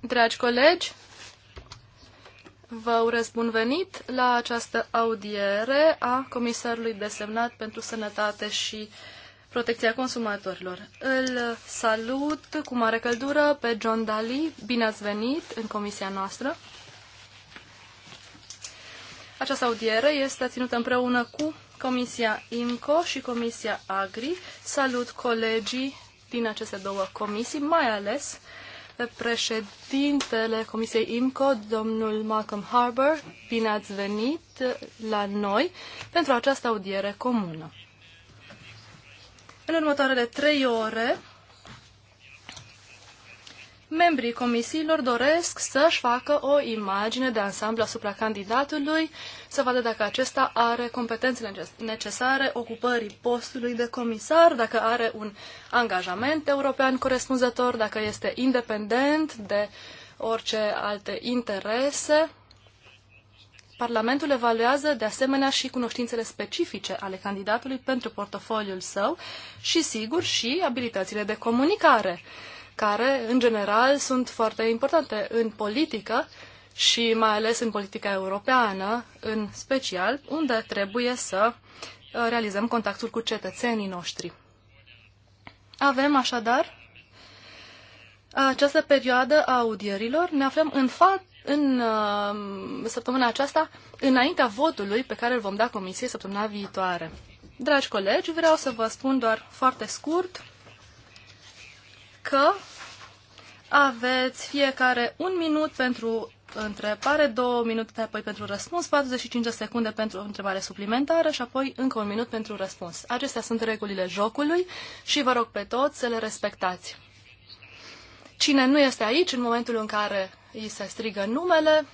Dragi colegi, vă urez bun venit la această audiere a Comisarului Desemnat pentru Sănătate și Protecția Consumatorilor. Îl salut cu mare căldură pe John Daly. Bine ați venit în comisia noastră. Această audiere este ținută împreună cu Comisia IMCO și Comisia AGRI. Salut colegii din aceste două comisii, mai ales pe președintele Comisiei IMCO, domnul Malcolm Harbour. Bine ați venit la noi pentru această audiere comună. În următoarele trei ore membrii comisiilor doresc să-și facă o imagine de ansamblu asupra candidatului, să vadă dacă acesta are competențele necesare ocupării postului de comisar, dacă are un angajament european corespunzător, dacă este independent de orice alte interese. Parlamentul evaluează de asemenea și cunoștințele specifice ale candidatului pentru portofoliul său și, sigur, și abilitățile de comunicare care, în general, sunt foarte importante în politică și mai ales în politica europeană, în special, unde trebuie să uh, realizăm contactul cu cetățenii noștri. Avem așadar această perioadă a audierilor. Ne aflăm în, fa- în uh, săptămâna aceasta, înaintea votului pe care îl vom da Comisiei săptămâna viitoare. Dragi colegi, vreau să vă spun doar foarte scurt că aveți fiecare un minut pentru întrebare, două minute apoi pentru răspuns, 45 de secunde pentru o întrebare suplimentară și apoi încă un minut pentru răspuns. Acestea sunt regulile jocului și vă rog pe toți să le respectați. Cine nu este aici în momentul în care îi se strigă numele,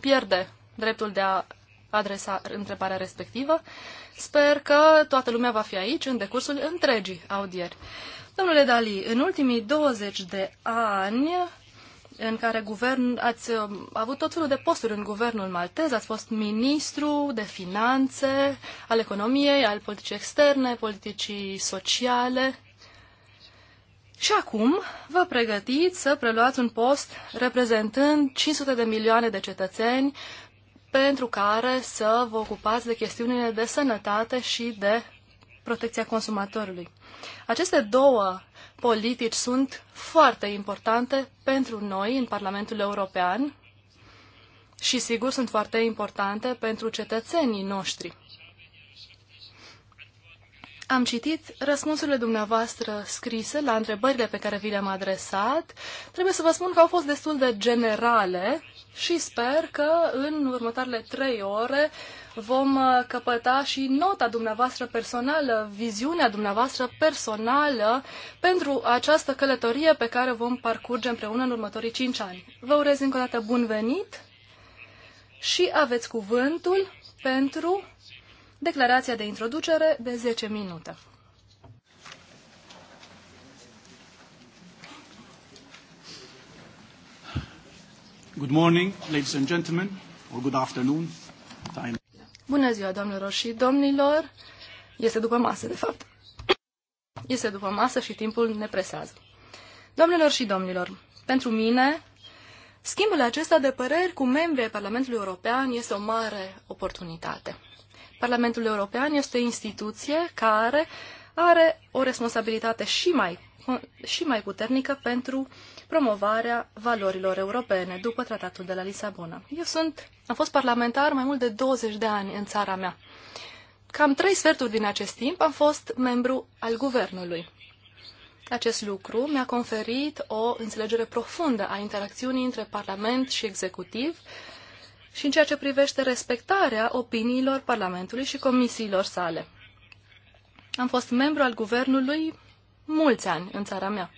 pierde dreptul de a adresa întrebarea respectivă. Sper că toată lumea va fi aici în decursul întregii audieri. Domnule Dali, în ultimii 20 de ani în care guvern, ați um, avut tot felul de posturi în guvernul maltez, ați fost ministru de finanțe, al economiei, al politicii externe, politicii sociale. Și acum vă pregătiți să preluați un post reprezentând 500 de milioane de cetățeni pentru care să vă ocupați de chestiunile de sănătate și de protecția consumatorului. Aceste două politici sunt foarte importante pentru noi în Parlamentul European și sigur sunt foarte importante pentru cetățenii noștri. Am citit răspunsurile dumneavoastră scrise la întrebările pe care vi le-am adresat. Trebuie să vă spun că au fost destul de generale și sper că în următoarele trei ore uh, vom uh, căpăta și nota dumneavoastră personală, viziunea dumneavoastră personală pentru această călătorie pe care o vom parcurge împreună în următorii 5 ani. Vă urez încă o dată bun venit și aveți cuvântul pentru declarația de introducere de 10 minute. Good morning, ladies and gentlemen, or good afternoon. Time. Bună ziua, doamnelor și domnilor! Este după masă, de fapt. Este după masă și timpul ne presează. Doamnelor și domnilor, pentru mine, schimbul acesta de păreri cu membrii Parlamentului European este o mare oportunitate. Parlamentul European este o instituție care are o responsabilitate și mai, și mai puternică pentru promovarea valorilor europene după tratatul de la Lisabona. Eu sunt, am fost parlamentar mai mult de 20 de ani în țara mea. Cam trei sferturi din acest timp am fost membru al guvernului. Acest lucru mi-a conferit o înțelegere profundă a interacțiunii între Parlament și Executiv și în ceea ce privește respectarea opiniilor Parlamentului și comisiilor sale. Am fost membru al guvernului mulți ani în țara mea.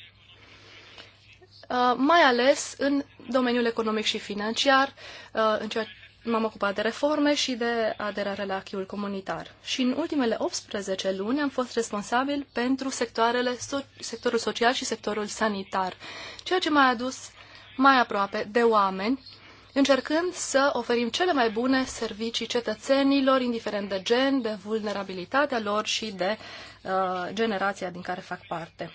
Uh, mai ales în domeniul economic și financiar, uh, în ceea m-am ocupat de reforme și de aderare la achiul comunitar. Și în ultimele 18 luni am fost responsabil pentru sectoarele sectorul social și sectorul sanitar, ceea ce m-a adus mai aproape de oameni, încercând să oferim cele mai bune servicii cetățenilor, indiferent de gen, de vulnerabilitatea lor și de uh, generația din care fac parte.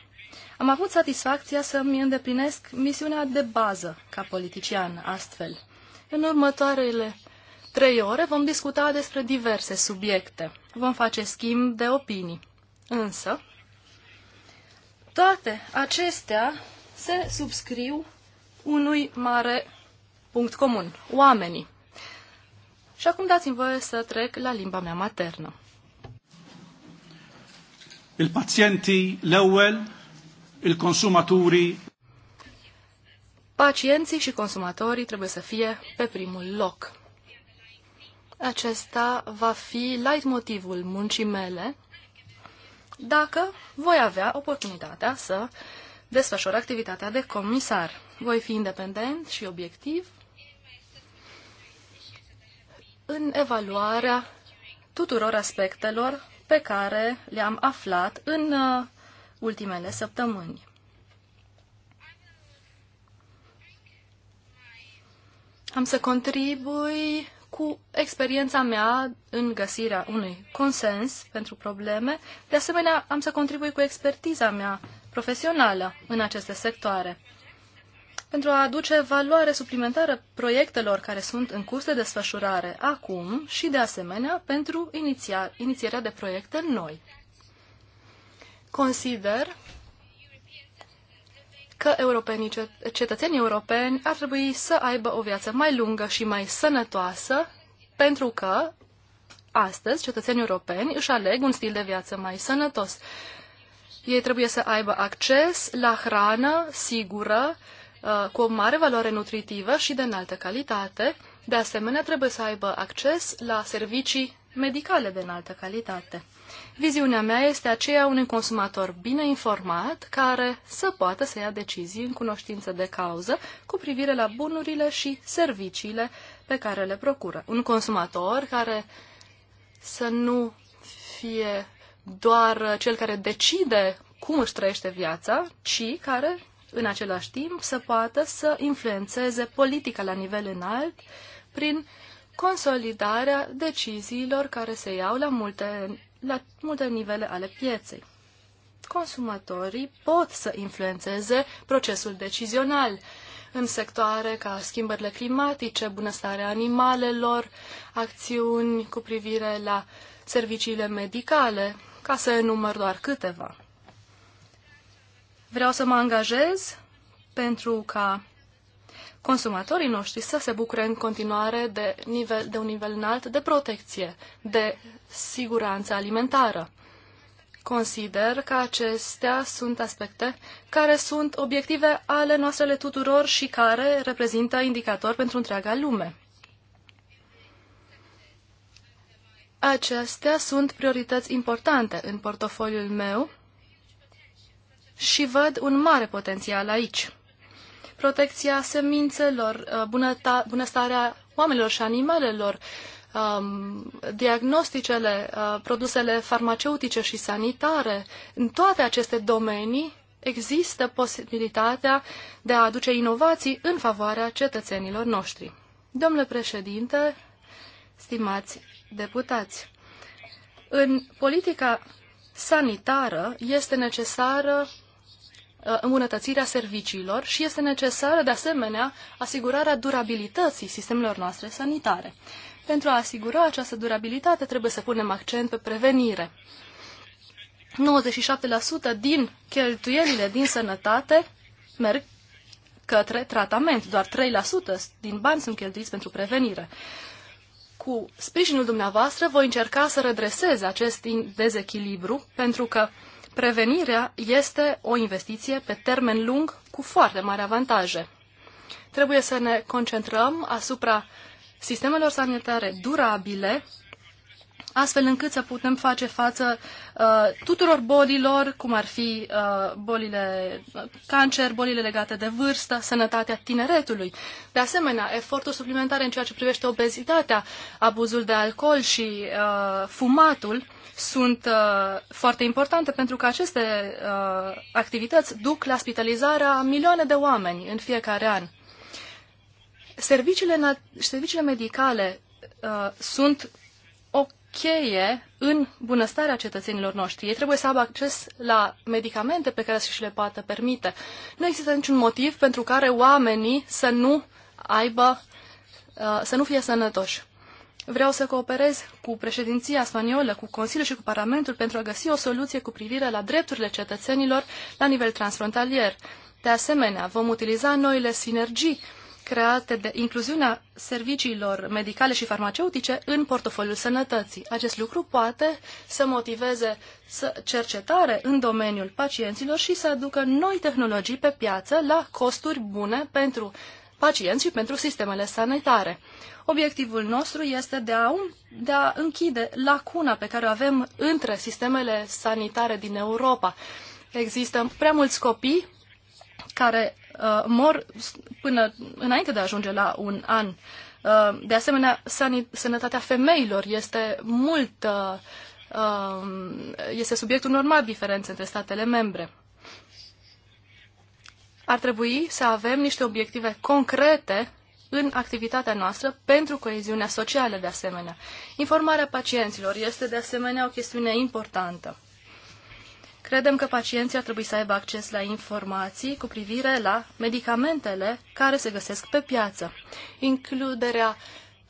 Am avut satisfacția să-mi îndeplinesc misiunea de bază ca politician astfel. În următoarele trei ore vom discuta despre diverse subiecte. Vom face schimb de opinii. Însă, toate acestea se subscriu unui mare punct comun, oamenii. Și acum dați-mi voie să trec la limba mea maternă. il pacienti l-ewwel il consumatori. Pacienții și consumatorii trebuie să fie pe primul loc. Acesta va fi leitmotivul muncii mele dacă voi avea oportunitatea să desfășor activitatea de comisar. Voi fi independent și obiectiv în evaluarea tuturor aspectelor pe care le-am aflat în uh, ultimele săptămâni. Am să contribui cu experiența mea în găsirea unui consens pentru probleme. De asemenea, am să contribui cu expertiza mea profesională în aceste sectoare. Pentru a aduce valoare suplimentară proiectelor care sunt în curs de desfășurare acum și, de asemenea, pentru inițierea de proiecte noi. Consider că europenii, cetățenii europeni ar trebui să aibă o viață mai lungă și mai sănătoasă, pentru că astăzi cetățenii europeni își aleg un stil de viață mai sănătos. Ei trebuie să aibă acces la hrană sigură, uh, cu o mare valoare nutritivă și de înaltă calitate. De asemenea, trebuie să aibă acces la servicii medicale de înaltă calitate. Viziunea mea este aceea unui consumator bine informat care să poată să ia decizii în cunoștință de cauză cu privire la bunurile și serviciile pe care le procură. Un consumator care să nu fie doar cel care decide cum își trăiește viața, ci care, în același timp, să poată să influențeze politica la nivel înalt prin consolidarea deciziilor care se iau la multe, la multe nivele ale pieței. Consumatorii pot să influențeze procesul decizional în sectoare ca schimbările climatice, bunăstarea animalelor, acțiuni cu privire la serviciile medicale, ca să enumăr doar câteva. Vreau să mă angajez pentru ca consumatorii noștri să se bucure în continuare de, nivel, de un nivel înalt de protecție, de siguranță alimentară. Consider că acestea sunt aspecte care sunt obiective ale noastrele tuturor și care reprezintă indicator pentru întreaga lume. Acestea sunt priorități importante în portofoliul meu și văd un mare potențial aici protecția semințelor, uh, bunăta, bunăstarea oamenilor și animalelor, um, diagnosticele, uh, produsele farmaceutice și sanitare. În toate aceste domenii există posibilitatea de a aduce inovații în favoarea cetățenilor noștri. Domnule președinte, stimați deputați, în politica sanitară este necesară Uh, îmbunătățirea serviciilor și este necesară, de asemenea, asigurarea durabilității sistemelor noastre sanitare. Pentru a asigura această durabilitate, trebuie să punem accent pe prevenire. 97% din cheltuielile din sănătate merg către tratament. Doar 3% din bani sunt cheltuiți pentru prevenire. Cu sprijinul dumneavoastră voi încerca să redresez acest dezechilibru, pentru că uh, Prevenirea este o investiție pe termen lung cu foarte mari avantaje. Trebuie să ne concentrăm asupra sistemelor sanitare durabile, astfel încât să putem face față uh, tuturor bolilor, cum ar fi uh, bolile uh, cancer, bolile legate de vârstă, sănătatea tineretului. De asemenea, eforturi suplimentare în ceea ce privește obezitatea, abuzul de alcool și uh, fumatul sunt uh, foarte importante pentru că aceste uh, activități duc la spitalizarea milioane de oameni în fiecare an. Serviciile, serviciile medicale uh, sunt o cheie în bunăstarea cetățenilor noștri. Ei trebuie să aibă acces la medicamente pe care să și le poată permite. Nu există niciun motiv pentru care oamenii să nu aibă, uh, să nu fie sănătoși. Vreau să cooperez cu președinția spaniolă, cu Consiliul și cu Parlamentul pentru a găsi o soluție cu privire la drepturile cetățenilor la nivel transfrontalier. De asemenea, vom utiliza noile sinergii create de incluziunea serviciilor medicale și farmaceutice în portofoliul sănătății. Acest lucru poate să motiveze cercetare în domeniul pacienților și să aducă noi tehnologii pe piață la costuri bune pentru pacienți și pentru sistemele sanitare. Obiectivul nostru este de a, un, de a închide lacuna pe care o avem între sistemele sanitare din Europa. Există prea mulți copii care uh, mor până înainte de a ajunge la un an. Uh, de asemenea, sănătatea femeilor este mult uh, um, este subiectul normal diferențe între statele membre ar trebui să avem niște obiective concrete în activitatea noastră pentru coeziunea socială, de asemenea. Informarea pacienților este, de asemenea, o chestiune importantă. Credem că pacienții ar trebui să aibă acces la informații cu privire la medicamentele care se găsesc pe piață. Includerea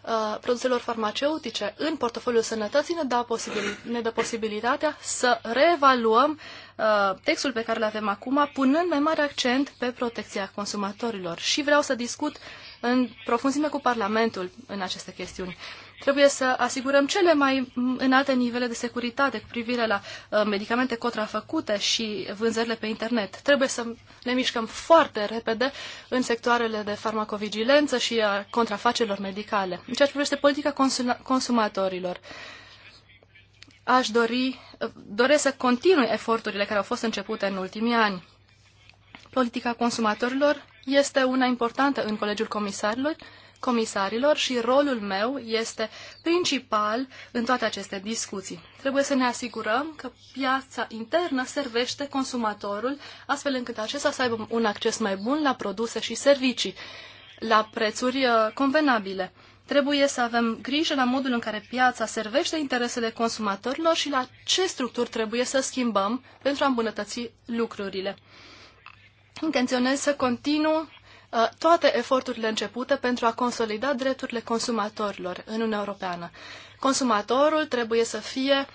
uh, produselor farmaceutice în portofoliul sănătății ne dă, posibil, ne dă posibilitatea să reevaluăm Uh, textul pe care îl avem acum, punând mai mare accent pe protecția consumatorilor. Și vreau să discut în profunzime cu Parlamentul în aceste chestiuni. Trebuie să asigurăm cele mai înalte nivele de securitate cu privire la uh, medicamente contrafăcute și vânzările pe internet. Trebuie să ne mișcăm foarte repede în sectoarele de farmacovigilență și a contrafacerilor medicale. În ceea ce privește politica consum consumatorilor. Uh, aș dori, doresc să continui eforturile care au fost începute în ultimii ani. Politica consumatorilor este una importantă în Colegiul Comisarilor, comisarilor și rolul meu este principal în toate aceste discuții. Trebuie să ne asigurăm că piața internă servește consumatorul, astfel încât acesta să aibă un acces mai bun la produse și servicii, la prețuri uh, convenabile. Trebuie să avem grijă la modul în care piața servește interesele consumatorilor și la ce structuri trebuie să schimbăm pentru a îmbunătăți lucrurile. Intenționez să continu uh, toate eforturile începute pentru a consolida drepturile consumatorilor în Uniunea Europeană. Consumatorul trebuie să fie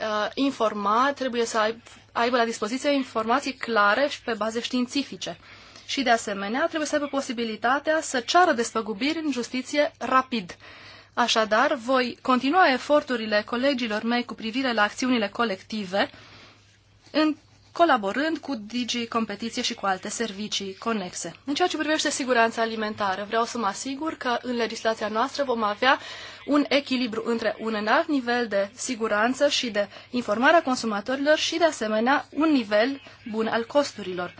uh, informat, trebuie să aibă la dispoziție informații clare și pe baze științifice și, de asemenea, trebuie să aibă posibilitatea să ceară despăgubiri în justiție rapid. Așadar, voi continua eforturile colegilor mei cu privire la acțiunile colective, în colaborând cu Digi Competiție și cu alte servicii conexe. În ceea ce privește siguranța alimentară, vreau să mă asigur că în legislația noastră vom avea un echilibru între un înalt nivel de siguranță și de informare a consumatorilor și, de asemenea, un nivel bun al costurilor.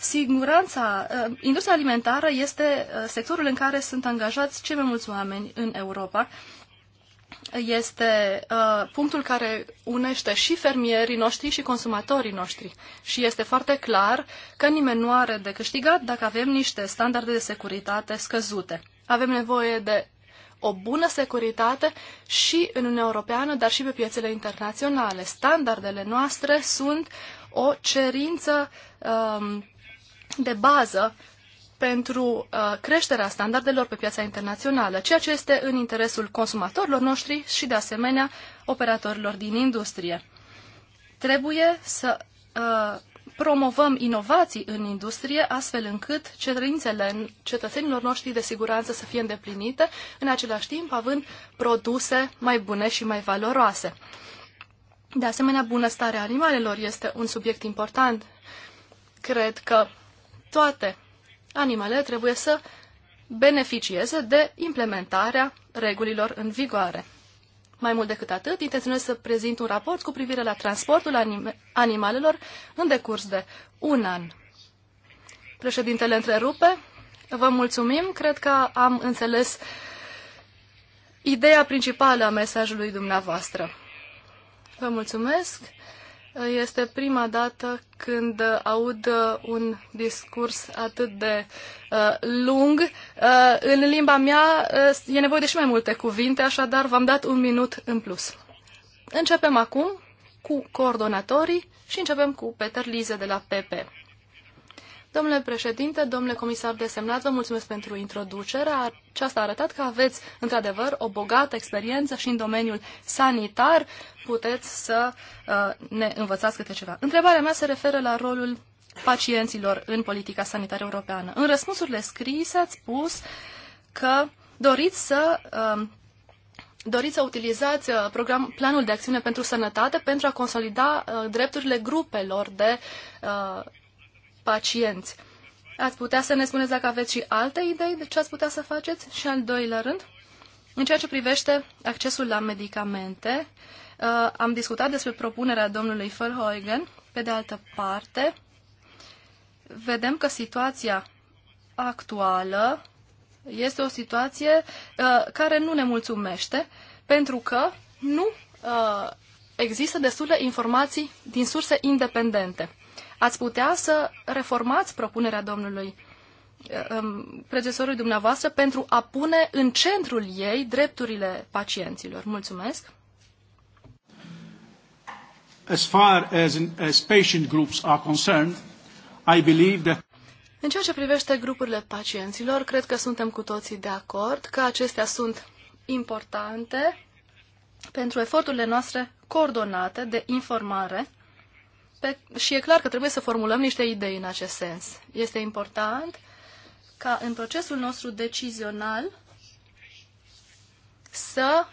Siguranța, uh, industria alimentară este uh, sectorul în care sunt angajați cei mai mulți oameni în Europa. Este uh, punctul care unește și fermierii noștri și consumatorii noștri. Și este foarte clar că nimeni nu are de câștigat dacă avem niște standarde de securitate scăzute. Avem nevoie de o bună securitate și în Uniunea Europeană, dar și pe piețele internaționale. Standardele noastre sunt o cerință um, de bază pentru uh, creșterea standardelor pe piața internațională, ceea ce este în interesul consumatorilor noștri și, de asemenea, operatorilor din industrie. Trebuie să uh, promovăm inovații în industrie, astfel încât cerințele cetățenilor noștri de siguranță să fie îndeplinite, în același timp având produse mai bune și mai valoroase. De asemenea, bunăstarea animalelor este un subiect important. Cred că toate animalele trebuie să beneficieze de implementarea regulilor în vigoare. Mai mult decât atât, intenționez să prezint un raport cu privire la transportul anim animalelor în decurs de un an. Președintele întrerupe, vă mulțumim, cred că am înțeles ideea principală a mesajului dumneavoastră. Vă mulțumesc. Este prima dată când aud un discurs atât de uh, lung. Uh, în limba mea uh, e nevoie de și mai multe cuvinte, așadar v-am dat un minut în plus. Începem acum cu coordonatorii și începem cu Peter Lize de la PP. Domnule președinte, domnule comisar desemnat, vă mulțumesc pentru introducere. Aceasta a arătat că aveți, într-adevăr, o bogată experiență și în domeniul sanitar puteți să uh, ne învățați câte ceva. Întrebarea mea se referă la rolul pacienților în politica sanitară europeană. În răspunsurile scrise ați spus că doriți să uh, doriți să utilizați uh, program, planul de acțiune pentru sănătate pentru a consolida uh, drepturile grupelor de uh, pacienți. Ați putea să ne spuneți dacă aveți și alte idei de ce ați putea să faceți? Și al doilea rând, în ceea ce privește accesul la medicamente, uh, am discutat despre propunerea domnului Verheugen. Pe de altă parte, vedem că situația actuală este o situație uh, care nu ne mulțumește, pentru că nu uh, există destule informații din surse independente ați putea să reformați propunerea domnului uh, um, predecesorului dumneavoastră pentru a pune în centrul ei drepturile pacienților. Mulțumesc! As far as, as patient groups are concerned, I believe that în ceea ce privește grupurile pacienților, cred că suntem cu toții de acord că acestea sunt importante pentru eforturile noastre coordonate de informare pe, și e clar că trebuie să formulăm niște idei în acest sens. Este important ca în procesul nostru decizional să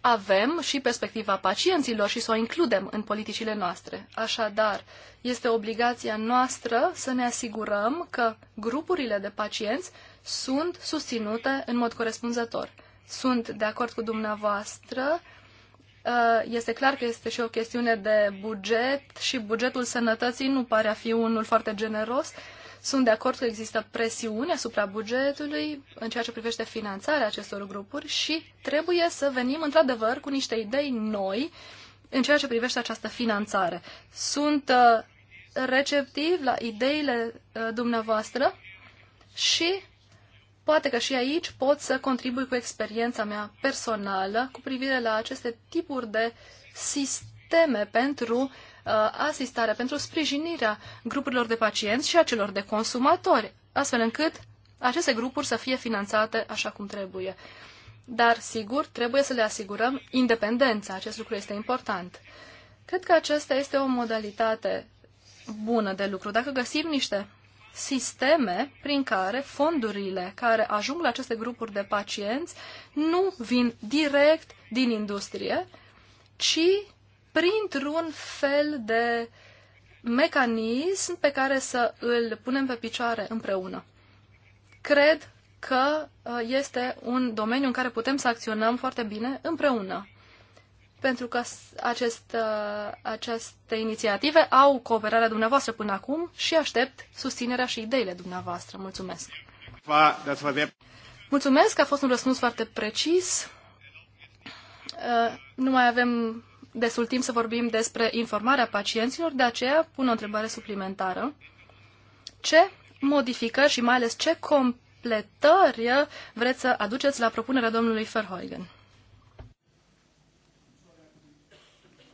avem și perspectiva pacienților și să o includem în politicile noastre. Așadar, este obligația noastră să ne asigurăm că grupurile de pacienți sunt susținute în mod corespunzător. Sunt de acord cu dumneavoastră Uh, este clar că este și o chestiune de buget și bugetul sănătății nu pare a fi unul foarte generos. Sunt de acord că există presiune asupra bugetului în ceea ce privește finanțarea acestor grupuri și trebuie să venim într-adevăr cu niște idei noi în ceea ce privește această finanțare. Sunt uh, receptiv la ideile uh, dumneavoastră și poate că și aici pot să contribui cu experiența mea personală cu privire la aceste tipuri de sisteme pentru uh, asistarea, pentru sprijinirea grupurilor de pacienți și a celor de consumatori, astfel încât aceste grupuri să fie finanțate așa cum trebuie. Dar, sigur, trebuie să le asigurăm independența. Acest lucru este important. Cred că aceasta este o modalitate bună de lucru. Dacă găsim niște sisteme prin care fondurile care ajung la aceste grupuri de pacienți nu vin direct din industrie, ci printr-un fel de mecanism pe care să îl punem pe picioare împreună. Cred că uh, este un domeniu în care putem să acționăm foarte bine împreună pentru că acest, uh, aceste inițiative au cooperarea dumneavoastră până acum și aștept susținerea și ideile dumneavoastră. Mulțumesc! Da, Mulțumesc, a fost un răspuns foarte precis. Uh, nu mai avem destul timp să vorbim despre informarea pacienților, de aceea pun o întrebare suplimentară. Ce modificări și mai ales ce completări vreți să aduceți la propunerea domnului Verheugen?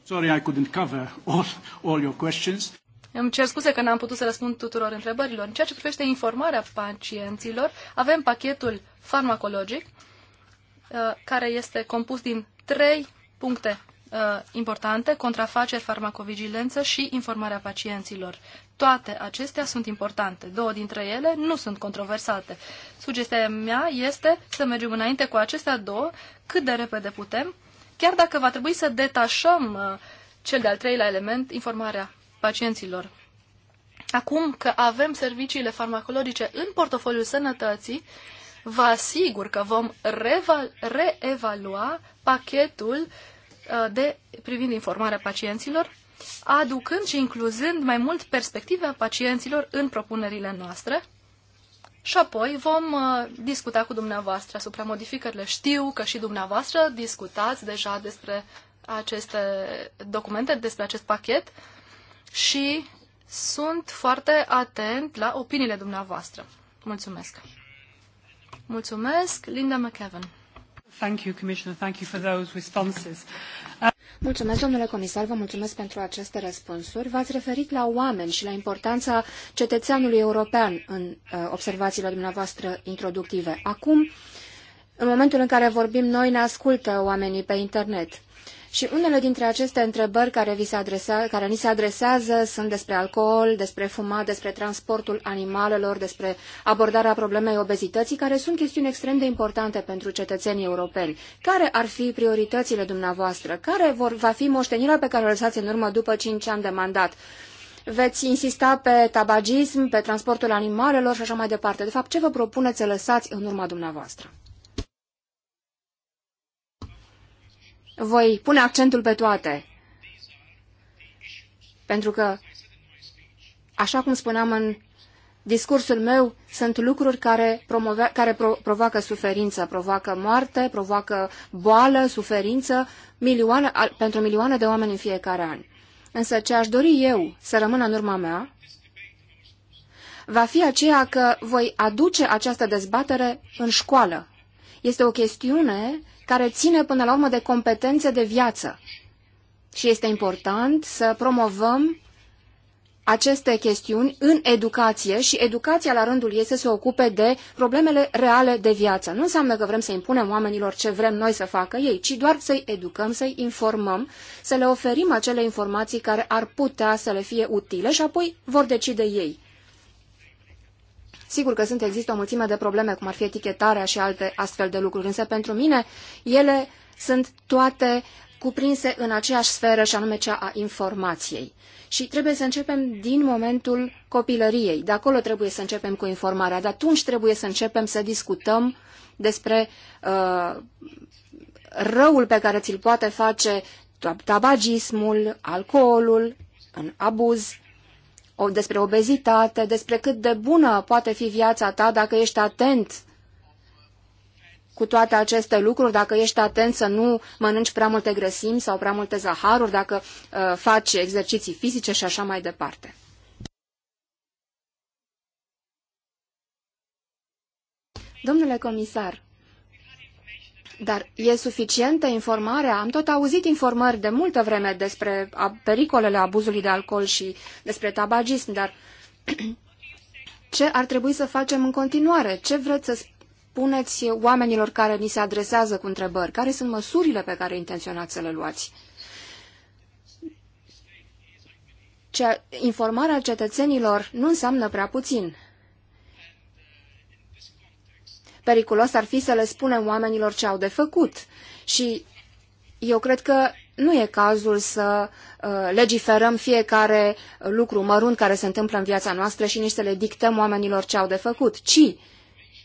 Sorry, I couldn't cover all, all your questions. Îmi cer scuze că n-am putut să răspund tuturor întrebărilor. În ceea ce privește informarea pacienților, avem pachetul farmacologic, uh, care este compus din trei puncte uh, importante, contrafaceri, farmacovigilență și informarea pacienților. Toate acestea sunt importante. Două dintre ele nu sunt controversate. Sugestia mea este să mergem înainte cu acestea două cât de repede putem, chiar dacă va trebui să detașăm uh, cel de-al treilea element, informarea pacienților. Acum că avem serviciile farmacologice în portofoliul sănătății, vă asigur că vom reevalua pachetul uh, de privind informarea pacienților, aducând și incluzând mai mult perspectiva pacienților în propunerile noastre, și apoi vom uh, discuta cu dumneavoastră asupra modificările. Știu că și dumneavoastră discutați deja despre aceste documente, despre acest pachet și sunt foarte atent la opiniile dumneavoastră. Mulțumesc! Mulțumesc, Linda McKevin. Thank you, Commissioner. Thank you for those responses. Mulțumesc, domnule comisar, vă mulțumesc pentru aceste răspunsuri. V-ați referit la oameni și la importanța cetățeanului european în uh, observațiile dumneavoastră introductive. Acum, în momentul în care vorbim, noi ne ascultă oamenii pe internet. Și unele dintre aceste întrebări care, vi se adresa, care ni se adresează sunt despre alcool, despre fumat, despre transportul animalelor, despre abordarea problemei obezității, care sunt chestiuni extrem de importante pentru cetățenii europeni. Care ar fi prioritățile dumneavoastră? Care vor, va fi moștenirea pe care o lăsați în urmă după 5 ani de mandat? Veți insista pe tabagism, pe transportul animalelor și așa mai departe. De fapt, ce vă propuneți să lăsați în urma dumneavoastră? voi pune accentul pe toate. Pentru că, așa cum spuneam în discursul meu, sunt lucruri care, promove, care pro, provoacă suferință, provoacă moarte, provoacă boală, suferință milioane, pentru milioane de oameni în fiecare an. Însă ce aș dori eu să rămână în urma mea va fi aceea că voi aduce această dezbatere în școală. Este o chestiune care ține până la urmă de competențe de viață. Și este important să promovăm aceste chestiuni în educație și educația la rândul ei să se ocupe de problemele reale de viață. Nu înseamnă că vrem să impunem oamenilor ce vrem noi să facă ei, ci doar să-i educăm, să-i informăm, să le oferim acele informații care ar putea să le fie utile și apoi vor decide ei. Sigur că sunt, există o mulțime de probleme, cum ar fi etichetarea și alte astfel de lucruri, însă pentru mine ele sunt toate cuprinse în aceeași sferă și anume cea a informației. Și trebuie să începem din momentul copilăriei. De acolo trebuie să începem cu informarea, de atunci trebuie să începem să discutăm despre uh, răul pe care ți-l poate face tabagismul, alcoolul, în abuz o, despre obezitate, despre cât de bună poate fi viața ta dacă ești atent cu toate aceste lucruri, dacă ești atent să nu mănânci prea multe grăsimi sau prea multe zaharuri, dacă uh, faci exerciții fizice și așa mai departe. Domnule comisar, dar e suficientă informarea? Am tot auzit informări de multă vreme despre pericolele abuzului de alcool și despre tabagism, dar ce ar trebui să facem în continuare? Ce vreți să spuneți oamenilor care ni se adresează cu întrebări? Care sunt măsurile pe care intenționați să le luați? Ce, informarea cetățenilor nu înseamnă prea puțin periculos ar fi să le spunem oamenilor ce au de făcut. Și eu cred că nu e cazul să uh, legiferăm fiecare lucru mărunt care se întâmplă în viața noastră și nici să le dictăm oamenilor ce au de făcut, ci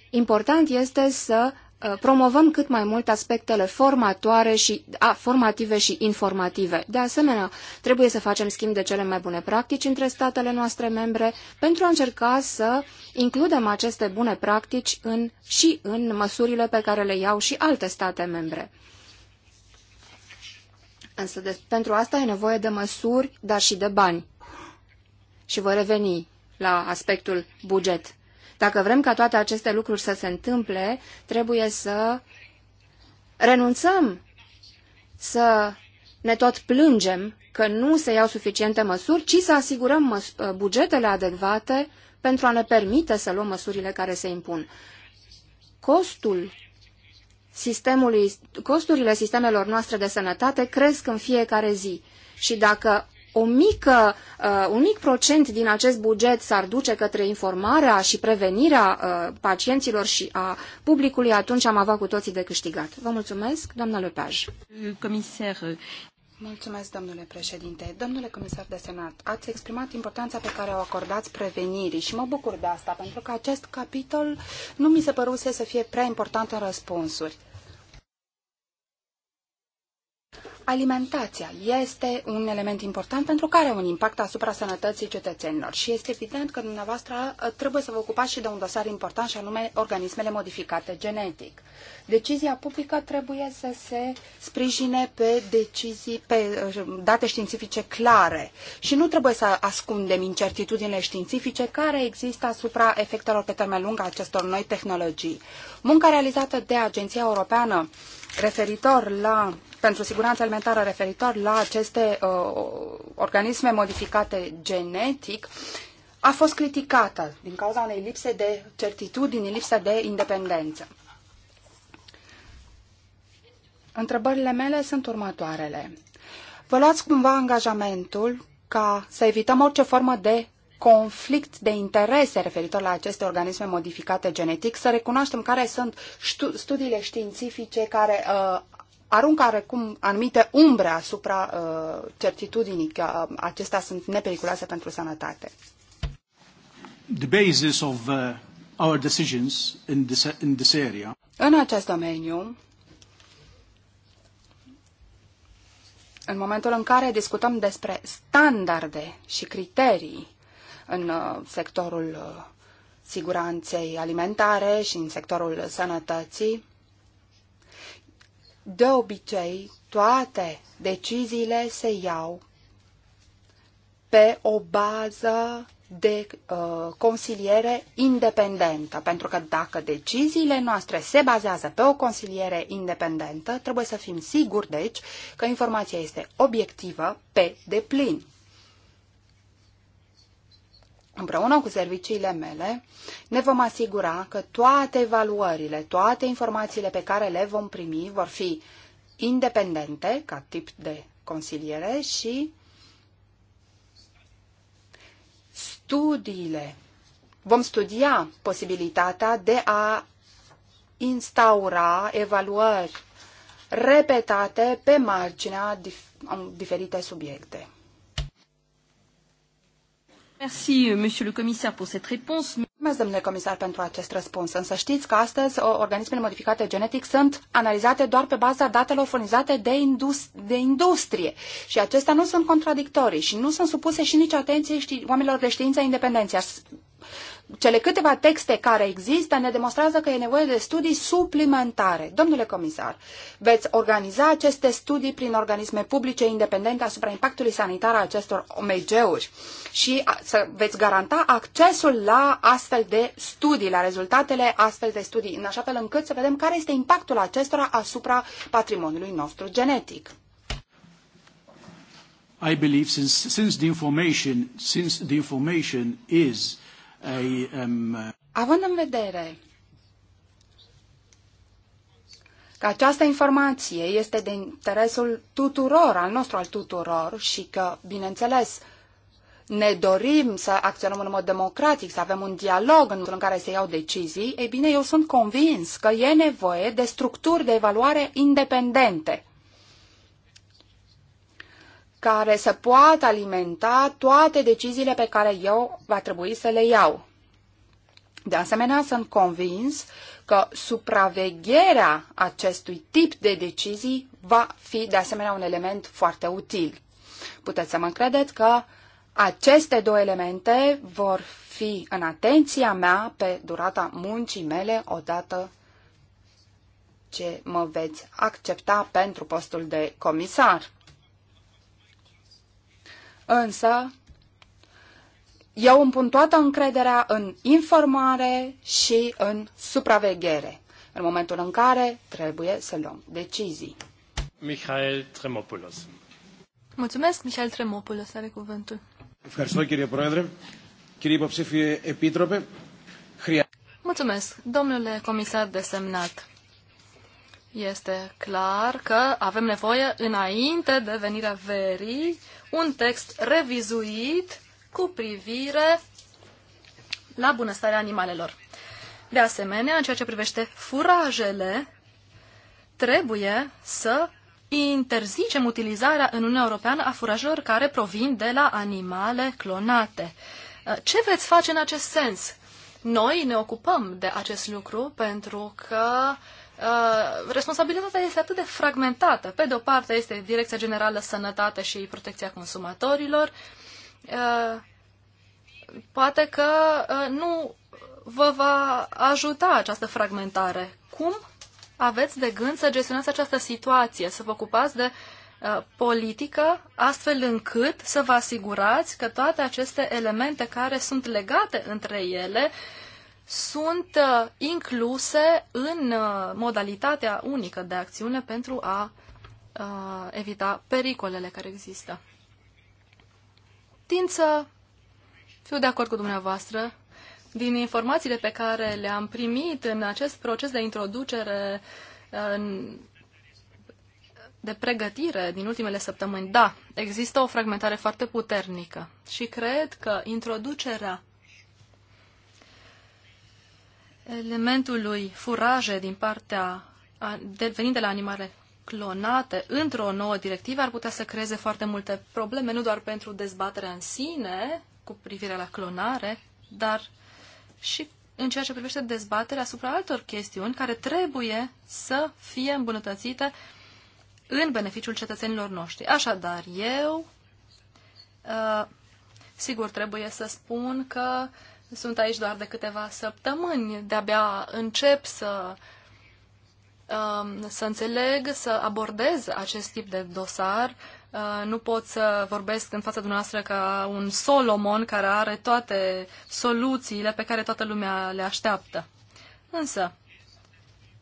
important este să Uh, promovăm cât mai mult aspectele formatoare și, a, formative și informative. De asemenea, trebuie să facem schimb de cele mai bune practici între statele noastre membre pentru a încerca să includem aceste bune practici în, și în măsurile pe care le iau și alte state membre. Însă de, pentru asta e nevoie de măsuri, dar și de bani. Și voi reveni la aspectul buget. Dacă vrem ca toate aceste lucruri să se întâmple, trebuie să renunțăm să ne tot plângem că nu se iau suficiente măsuri, ci să asigurăm măs uh, bugetele adecvate pentru a ne permite să luăm măsurile care se impun. Costul sistemului, costurile sistemelor noastre de sănătate cresc în fiecare zi și dacă o mică, uh, un mic procent din acest buget s-ar duce către informarea și prevenirea uh, pacienților și a publicului, atunci am avea cu toții de câștigat. Vă mulțumesc, doamna Lepaj. Comisar. Mulțumesc, domnule președinte. Domnule comisar de senat, ați exprimat importanța pe care o acordați prevenirii și mă bucur de asta, pentru că acest capitol nu mi se păruse să fie prea important în răspunsuri. alimentația este un element important pentru care are un impact asupra sănătății cetățenilor și este evident că dumneavoastră uh, trebuie să vă ocupați și de un dosar important și anume organismele modificate genetic. Decizia publică trebuie să se sprijine pe decizii, pe uh, date științifice clare și nu trebuie să ascundem incertitudinile științifice care există asupra efectelor pe termen lung a acestor noi tehnologii. Munca realizată de Agenția Europeană referitor la, pentru siguranța alimentară referitor la aceste uh, organisme modificate genetic a fost criticată din cauza unei lipse de certitudini, lipsă de independență. Întrebările mele sunt următoarele. Vă luați cumva angajamentul ca să evităm orice formă de conflict de interese referitor la aceste organisme modificate genetic, să recunoaștem care sunt studiile științifice care uh, aruncă arecum anumite umbre asupra uh, certitudinii că uh, acestea sunt nepericuloase pentru sănătate. The basis of uh, our decisions in this, in this area. În acest domeniu, în momentul în care discutăm despre standarde și criterii în uh, sectorul uh, siguranței alimentare și în sectorul sănătății. De obicei, toate deciziile se iau pe o bază de uh, consiliere independentă, pentru că dacă deciziile noastre se bazează pe o consiliere independentă, trebuie să fim siguri, deci, că informația este obiectivă pe deplin. Împreună cu serviciile mele, ne vom asigura că toate evaluările, toate informațiile pe care le vom primi vor fi independente ca tip de consiliere și studiile. Vom studia posibilitatea de a instaura evaluări repetate pe marginea dif- diferite subiecte. Merci, euh, monsieur le pour cette réponse. Mulțumesc, domnule comisar, pentru acest răspuns. Însă știți că astăzi organismele modificate genetic sunt analizate doar pe baza datelor furnizate de, indust- de industrie și acestea nu sunt contradictorii și nu sunt supuse și nici atenției ști- oamenilor de știință independenți cele câteva texte care există ne demonstrează că e nevoie de studii suplimentare. Domnule comisar, veți organiza aceste studii prin organisme publice independente asupra impactului sanitar a acestor OMG-uri și să veți garanta accesul la astfel de studii, la rezultatele astfel de studii, în așa fel încât să vedem care este impactul acestora asupra patrimoniului nostru genetic. I believe since, since the information since the information is Uh, Având în vedere că această informație este de interesul tuturor, al nostru al tuturor și că, bineînțeles, ne dorim să acționăm în mod democratic, să avem un dialog în, în care se iau decizii, ei bine, eu sunt convins că e nevoie de structuri de evaluare independente care să poată alimenta toate deciziile pe care eu va trebui să le iau. De asemenea, sunt convins că supravegherea acestui tip de decizii va fi, de asemenea, un element foarte util. Puteți să mă credeți că aceste două elemente vor fi în atenția mea pe durata muncii mele odată ce mă veți accepta pentru postul de comisar. Însă, eu îmi pun toată încrederea în informare și în supraveghere, în momentul în care trebuie să luăm decizii. Michael Tremopoulos. Mulțumesc, Michael Tremopoulos, are cuvântul. Mulțumesc, domnule comisar desemnat. Este clar că avem nevoie, înainte de venirea verii, un text revizuit cu privire la bunăstarea animalelor. De asemenea, în ceea ce privește furajele, trebuie să interzicem utilizarea în Uniunea Europeană a furajelor care provin de la animale clonate. Ce veți face în acest sens? Noi ne ocupăm de acest lucru pentru că uh, Uh, responsabilitatea este atât de fragmentată. Pe de o parte este Direcția Generală Sănătate și Protecția Consumatorilor. Uh, poate că uh, nu vă va ajuta această fragmentare. Cum aveți de gând să gestionați această situație, să vă ocupați de politică, astfel încât să vă asigurați că toate aceste elemente care sunt legate între ele uh, sunt uh, incluse în uh, modalitatea unică de acțiune pentru a uh, evita pericolele care există. Tind să fiu de acord cu dumneavoastră. Din informațiile pe care le-am primit în acest proces de introducere de pregătire din ultimele săptămâni, da, există o fragmentare foarte puternică și cred că introducerea elementului furaje din partea de, venind de la animale clonate într-o nouă directivă ar putea să creeze foarte multe probleme, nu doar pentru dezbaterea în sine cu privire la clonare, dar și în ceea ce privește dezbaterea asupra altor chestiuni care trebuie să fie îmbunătățite în beneficiul cetățenilor noștri. Așadar, eu, uh, sigur, trebuie să spun că uh, sunt aici doar de câteva săptămâni, de-abia încep să, um, să înțeleg, să abordez acest tip de dosar. Uh, nu pot să vorbesc în fața dumneavoastră ca un Solomon care are toate soluțiile pe care toată lumea le așteaptă. Însă,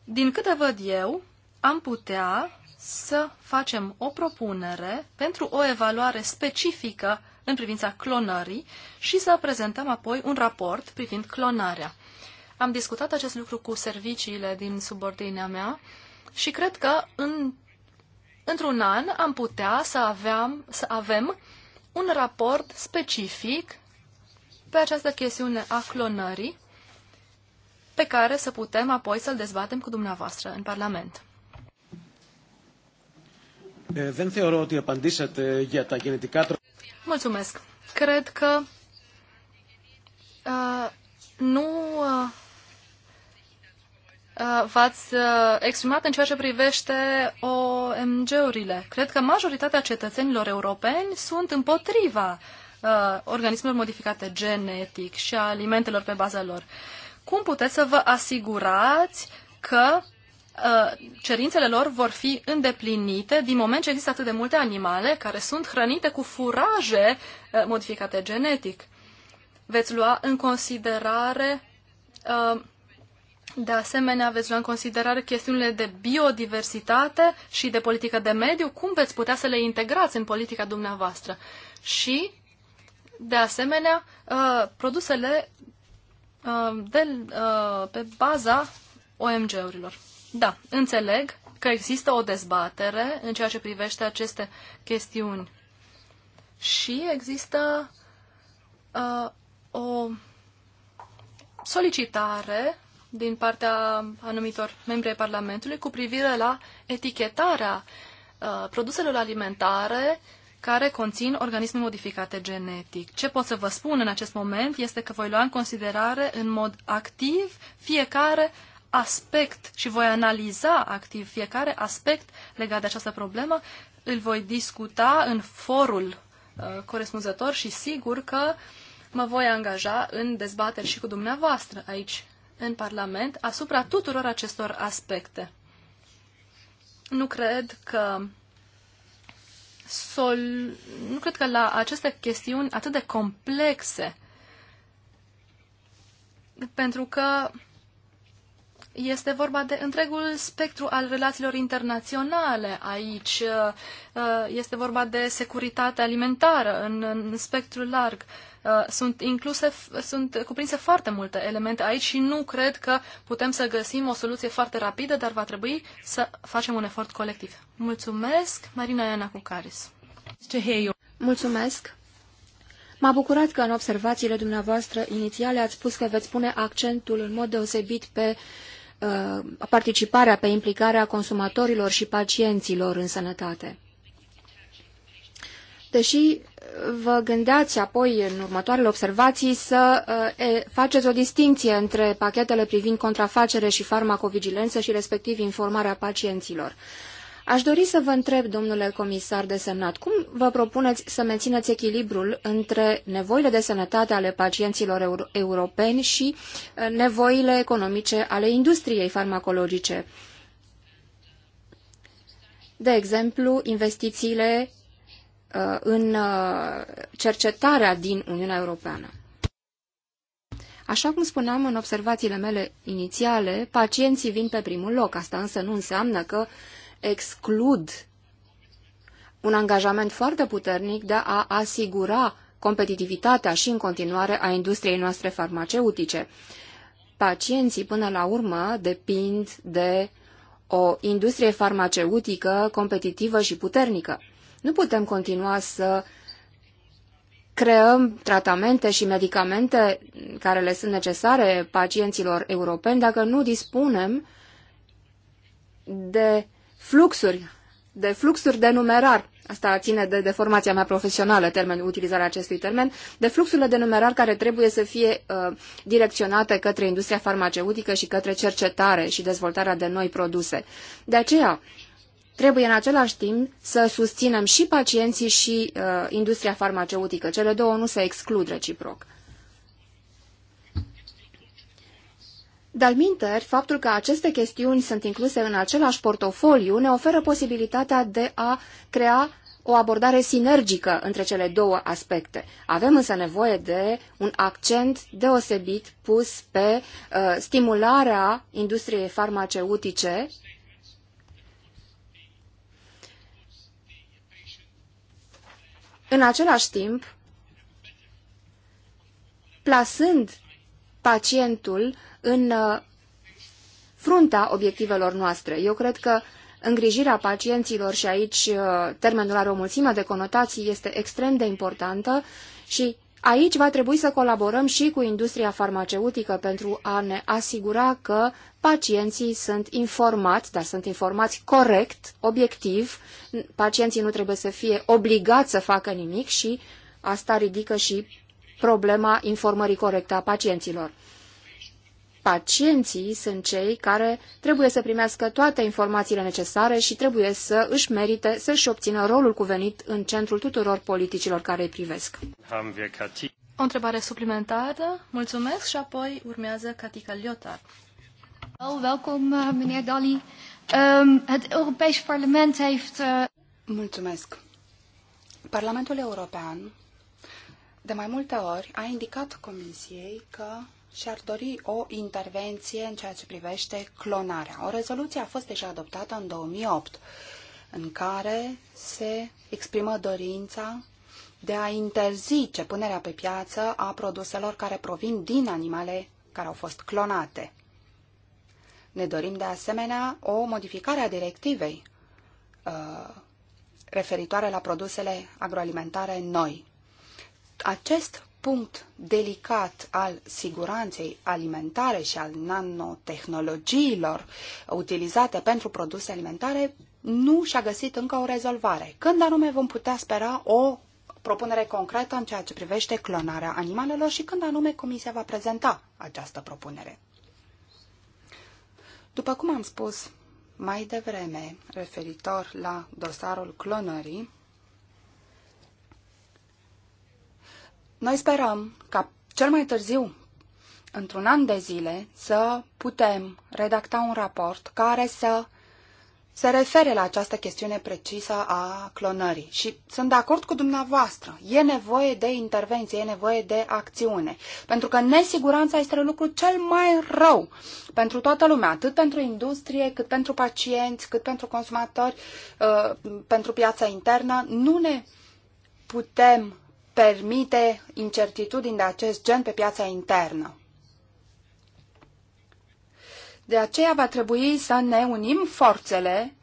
din câte văd eu, am putea să facem o propunere pentru o evaluare specifică în privința clonării și să prezentăm apoi un raport privind clonarea. Am discutat acest lucru cu serviciile din subordinea mea și cred că în, într-un an am putea să, aveam, să avem un raport specific pe această chestiune a clonării pe care să putem apoi să-l dezbatem cu dumneavoastră în Parlament. Δεν θεωρώ ότι απαντήσατε για τα γενετικά Mulțumesc. Cred că uh, nu uh, uh, v-ați uh, exprimat în ceea ce privește OMG-urile. Cred că majoritatea cetățenilor europeni sunt împotriva uh, organismelor modificate genetic și a alimentelor pe baza lor. Cum puteți să vă asigurați că Uh, cerințele lor vor fi îndeplinite din moment ce există atât de multe animale care sunt hrănite cu furaje uh, modificate genetic. Veți lua în considerare, uh, de asemenea, veți lua în considerare chestiunile de biodiversitate și de politică de mediu, cum veți putea să le integrați în politica dumneavoastră. Și, de asemenea, produsele de, pe baza OMG-urilor. Da, înțeleg că există o dezbatere în ceea ce privește aceste chestiuni și există uh, o solicitare din partea anumitor membri ai Parlamentului cu privire la etichetarea uh, produselor alimentare care conțin organisme modificate genetic. Ce pot să vă spun în acest moment este că voi lua în considerare în mod activ fiecare uh, aspect și voi analiza activ fiecare aspect legat de această problemă, îl voi discuta în forul uh, corespunzător și sigur că mă voi angaja în dezbateri și cu dumneavoastră aici în Parlament asupra tuturor acestor aspecte. Nu cred că sol... nu cred că la aceste chestiuni atât de complexe pentru că este vorba de întregul spectru al relațiilor internaționale aici. Uh, uh, este vorba de securitate alimentară în, în spectrul larg. Uh, sunt incluse, sunt cuprinse foarte multe elemente aici și nu cred că putem să găsim o soluție foarte rapidă, dar va trebui să facem un efort colectiv. Mulțumesc, Marina Iana Cucaris. Mulțumesc. M-a bucurat că în observațiile dumneavoastră inițiale ați spus că veți pune accentul în mod deosebit pe Uh, participarea, pe implicarea consumatorilor și pacienților în sănătate. Deși vă gândeați apoi în următoarele observații să uh, e, faceți o distinție între pachetele privind contrafacere și farmacovigilență și respectiv informarea pacienților. Aș dori să vă întreb, domnule comisar de desemnat, cum vă propuneți să mențineți echilibrul între nevoile de sănătate ale pacienților euro europeni și uh, nevoile economice ale industriei farmacologice? De exemplu, investițiile uh, în uh, cercetarea din Uniunea Europeană. Așa cum spuneam în observațiile mele inițiale, pacienții vin pe primul loc. Asta însă nu înseamnă că exclud un angajament foarte puternic de a asigura competitivitatea și în continuare a industriei noastre farmaceutice. Pacienții, până la urmă, depind de o industrie farmaceutică competitivă și puternică. Nu putem continua să creăm tratamente și medicamente care le sunt necesare pacienților europeni dacă nu dispunem de fluxuri, de fluxuri de numerar, asta ține de deformația mea profesională, termen, utilizarea acestui termen, de fluxurile de numerar care trebuie să fie uh, direcționate către industria farmaceutică și către cercetare și dezvoltarea de noi produse. De aceea, trebuie în același timp să susținem și pacienții și uh, industria farmaceutică. Cele două nu se exclud reciproc. Dalminter, faptul că aceste chestiuni sunt incluse în același portofoliu ne oferă posibilitatea de a crea o abordare sinergică între cele două aspecte. Avem însă nevoie de un accent deosebit pus pe uh, stimularea industriei farmaceutice în același timp plasând pacientul în uh, frunta obiectivelor noastre. Eu cred că îngrijirea pacienților și aici uh, termenul are o mulțime de conotații, este extrem de importantă și aici va trebui să colaborăm și cu industria farmaceutică pentru a ne asigura că pacienții sunt informați, dar sunt informați corect, obiectiv, pacienții nu trebuie să fie obligați să facă nimic și asta ridică și problema informării corecte a pacienților. Pacienții sunt cei care trebuie să primească toate informațiile necesare și trebuie să își merite să-și obțină rolul cuvenit în centrul tuturor politicilor care îi privesc. O întrebare suplimentară, mulțumesc, și apoi urmează Catica Liotar. Welkom, eh, meneer Dalli. Ehm, het Europees Parlement heeft... Eh, mulțumesc. Parlamentul European de mai multe ori a indicat Comisiei că și-ar dori o intervenție în ceea ce privește clonarea. O rezoluție a fost deja adoptată în 2008, în care se exprimă dorința de a interzice punerea pe piață a produselor care provin din animale care au fost clonate. Ne dorim de asemenea o modificare a directivei uh, referitoare la produsele agroalimentare noi acest punct delicat al siguranței alimentare și al nanotehnologiilor utilizate pentru produse alimentare nu și-a găsit încă o rezolvare. Când anume vom putea spera o propunere concretă în ceea ce privește clonarea animalelor și când anume Comisia va prezenta această propunere. După cum am spus mai devreme, referitor la dosarul clonării, Noi sperăm ca cel mai târziu, într-un an de zile, să putem redacta un raport care să se refere la această chestiune precisă a clonării. Și sunt de acord cu dumneavoastră. E nevoie de intervenție, e nevoie de acțiune. Pentru că nesiguranța este lucrul cel mai rău pentru toată lumea, atât pentru industrie, cât pentru pacienți, cât pentru consumatori, uh, pentru piața internă. Nu ne putem permite incertitudini de acest gen pe piața internă. De aceea va trebui să ne unim forțele,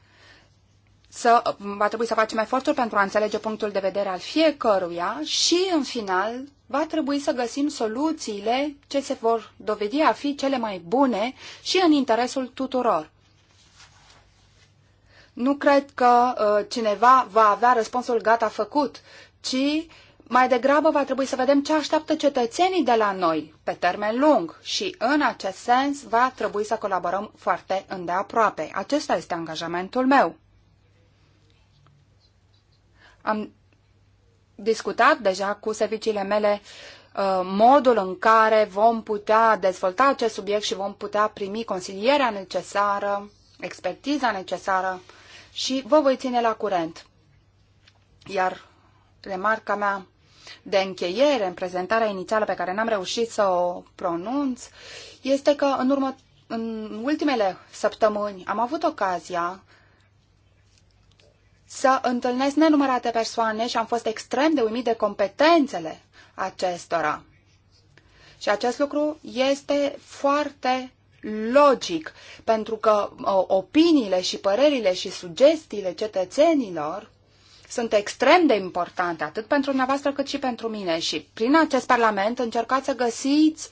să, va trebui să facem eforturi pentru a înțelege punctul de vedere al fiecăruia și, în final, va trebui să găsim soluțiile ce se vor dovedi a fi cele mai bune și în interesul tuturor. Nu cred că uh, cineva va avea răspunsul gata făcut, ci mai degrabă va trebui să vedem ce așteaptă cetățenii de la noi pe termen lung și în acest sens va trebui să colaborăm foarte îndeaproape. Acesta este angajamentul meu. Am discutat deja cu serviciile mele uh, modul în care vom putea dezvolta acest subiect și vom putea primi consilierea necesară, expertiza necesară și vă voi ține la curent. Iar remarca mea de încheiere, în prezentarea inițială pe care n-am reușit să o pronunț, este că în, urmă, în ultimele săptămâni am avut ocazia să întâlnesc nenumărate persoane și am fost extrem de uimit de competențele acestora. Și acest lucru este foarte logic, pentru că uh, opiniile și părerile și sugestiile cetățenilor sunt extrem de importante, atât pentru dumneavoastră cât și pentru mine. Și prin acest Parlament încercați să găsiți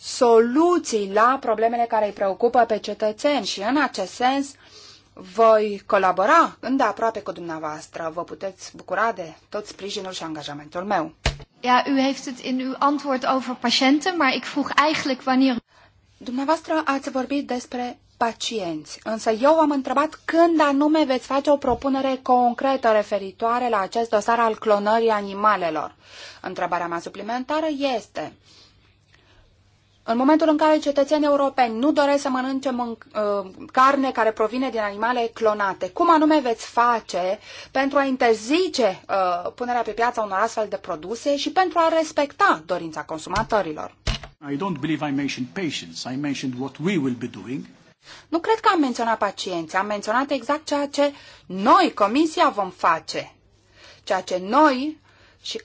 soluții la problemele care îi preocupă pe cetățeni și în acest sens voi colabora îndeaproape cu dumneavoastră. Vă puteți bucura de tot sprijinul și angajamentul meu. Ja, u heeft het in uw antwoord over patiënten, maar ik vroeg eigenlijk wanneer... Dumneavoastră ați vorbit despre pacienți. Însă eu am întrebat când anume veți face o propunere concretă referitoare la acest dosar al clonării animalelor. Întrebarea mea suplimentară este, în momentul în care cetățenii europeni nu doresc să mănânce uh, carne care provine din animale clonate, cum anume veți face pentru a interzice uh, punerea pe piață unor astfel de produse și pentru a respecta dorința consumatorilor? I don't believe I mentioned patients. I mentioned what we will be doing. Nu cred că am menționat pacienți, am menționat exact ceea ce noi, comisia, vom face. Ceea ce noi și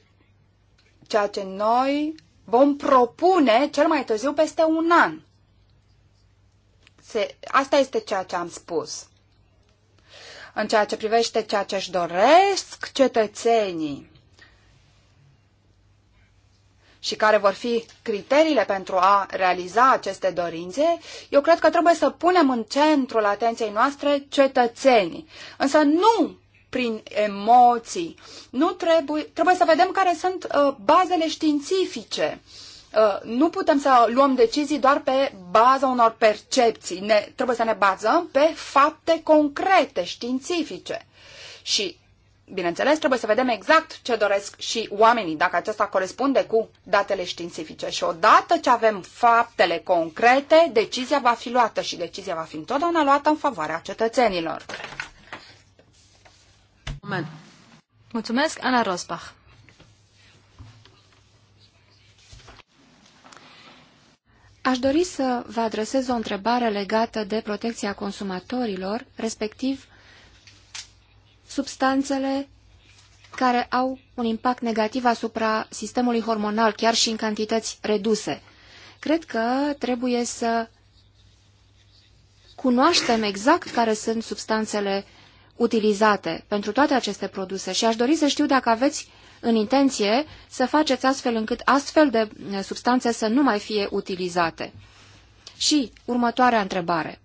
ceea ce noi vom propune cel mai târziu peste un an. Se, asta este ceea ce am spus. În ceea ce privește ceea ce își doresc cetățenii, și care vor fi criteriile pentru a realiza aceste dorințe, eu cred că trebuie să punem în centrul atenției noastre cetățenii. Însă nu prin emoții. Nu trebuie, trebuie să vedem care sunt uh, bazele științifice. Uh, nu putem să luăm decizii doar pe baza unor percepții. Ne, trebuie să ne bazăm pe fapte concrete, științifice. Și Bineînțeles, trebuie să vedem exact ce doresc și oamenii, dacă acesta corespunde cu datele științifice. Și odată ce avem faptele concrete, decizia va fi luată și decizia va fi întotdeauna luată în favoarea cetățenilor. Moment. Mulțumesc, Ana Rosbach. Aș dori să vă adresez o întrebare legată de protecția consumatorilor, respectiv substanțele care au un impact negativ asupra sistemului hormonal, chiar și în cantități reduse. Cred că trebuie să cunoaștem exact care sunt substanțele utilizate pentru toate aceste produse și aș dori să știu dacă aveți în intenție să faceți astfel încât astfel de eh, substanțe să nu mai fie utilizate. Și următoarea întrebare.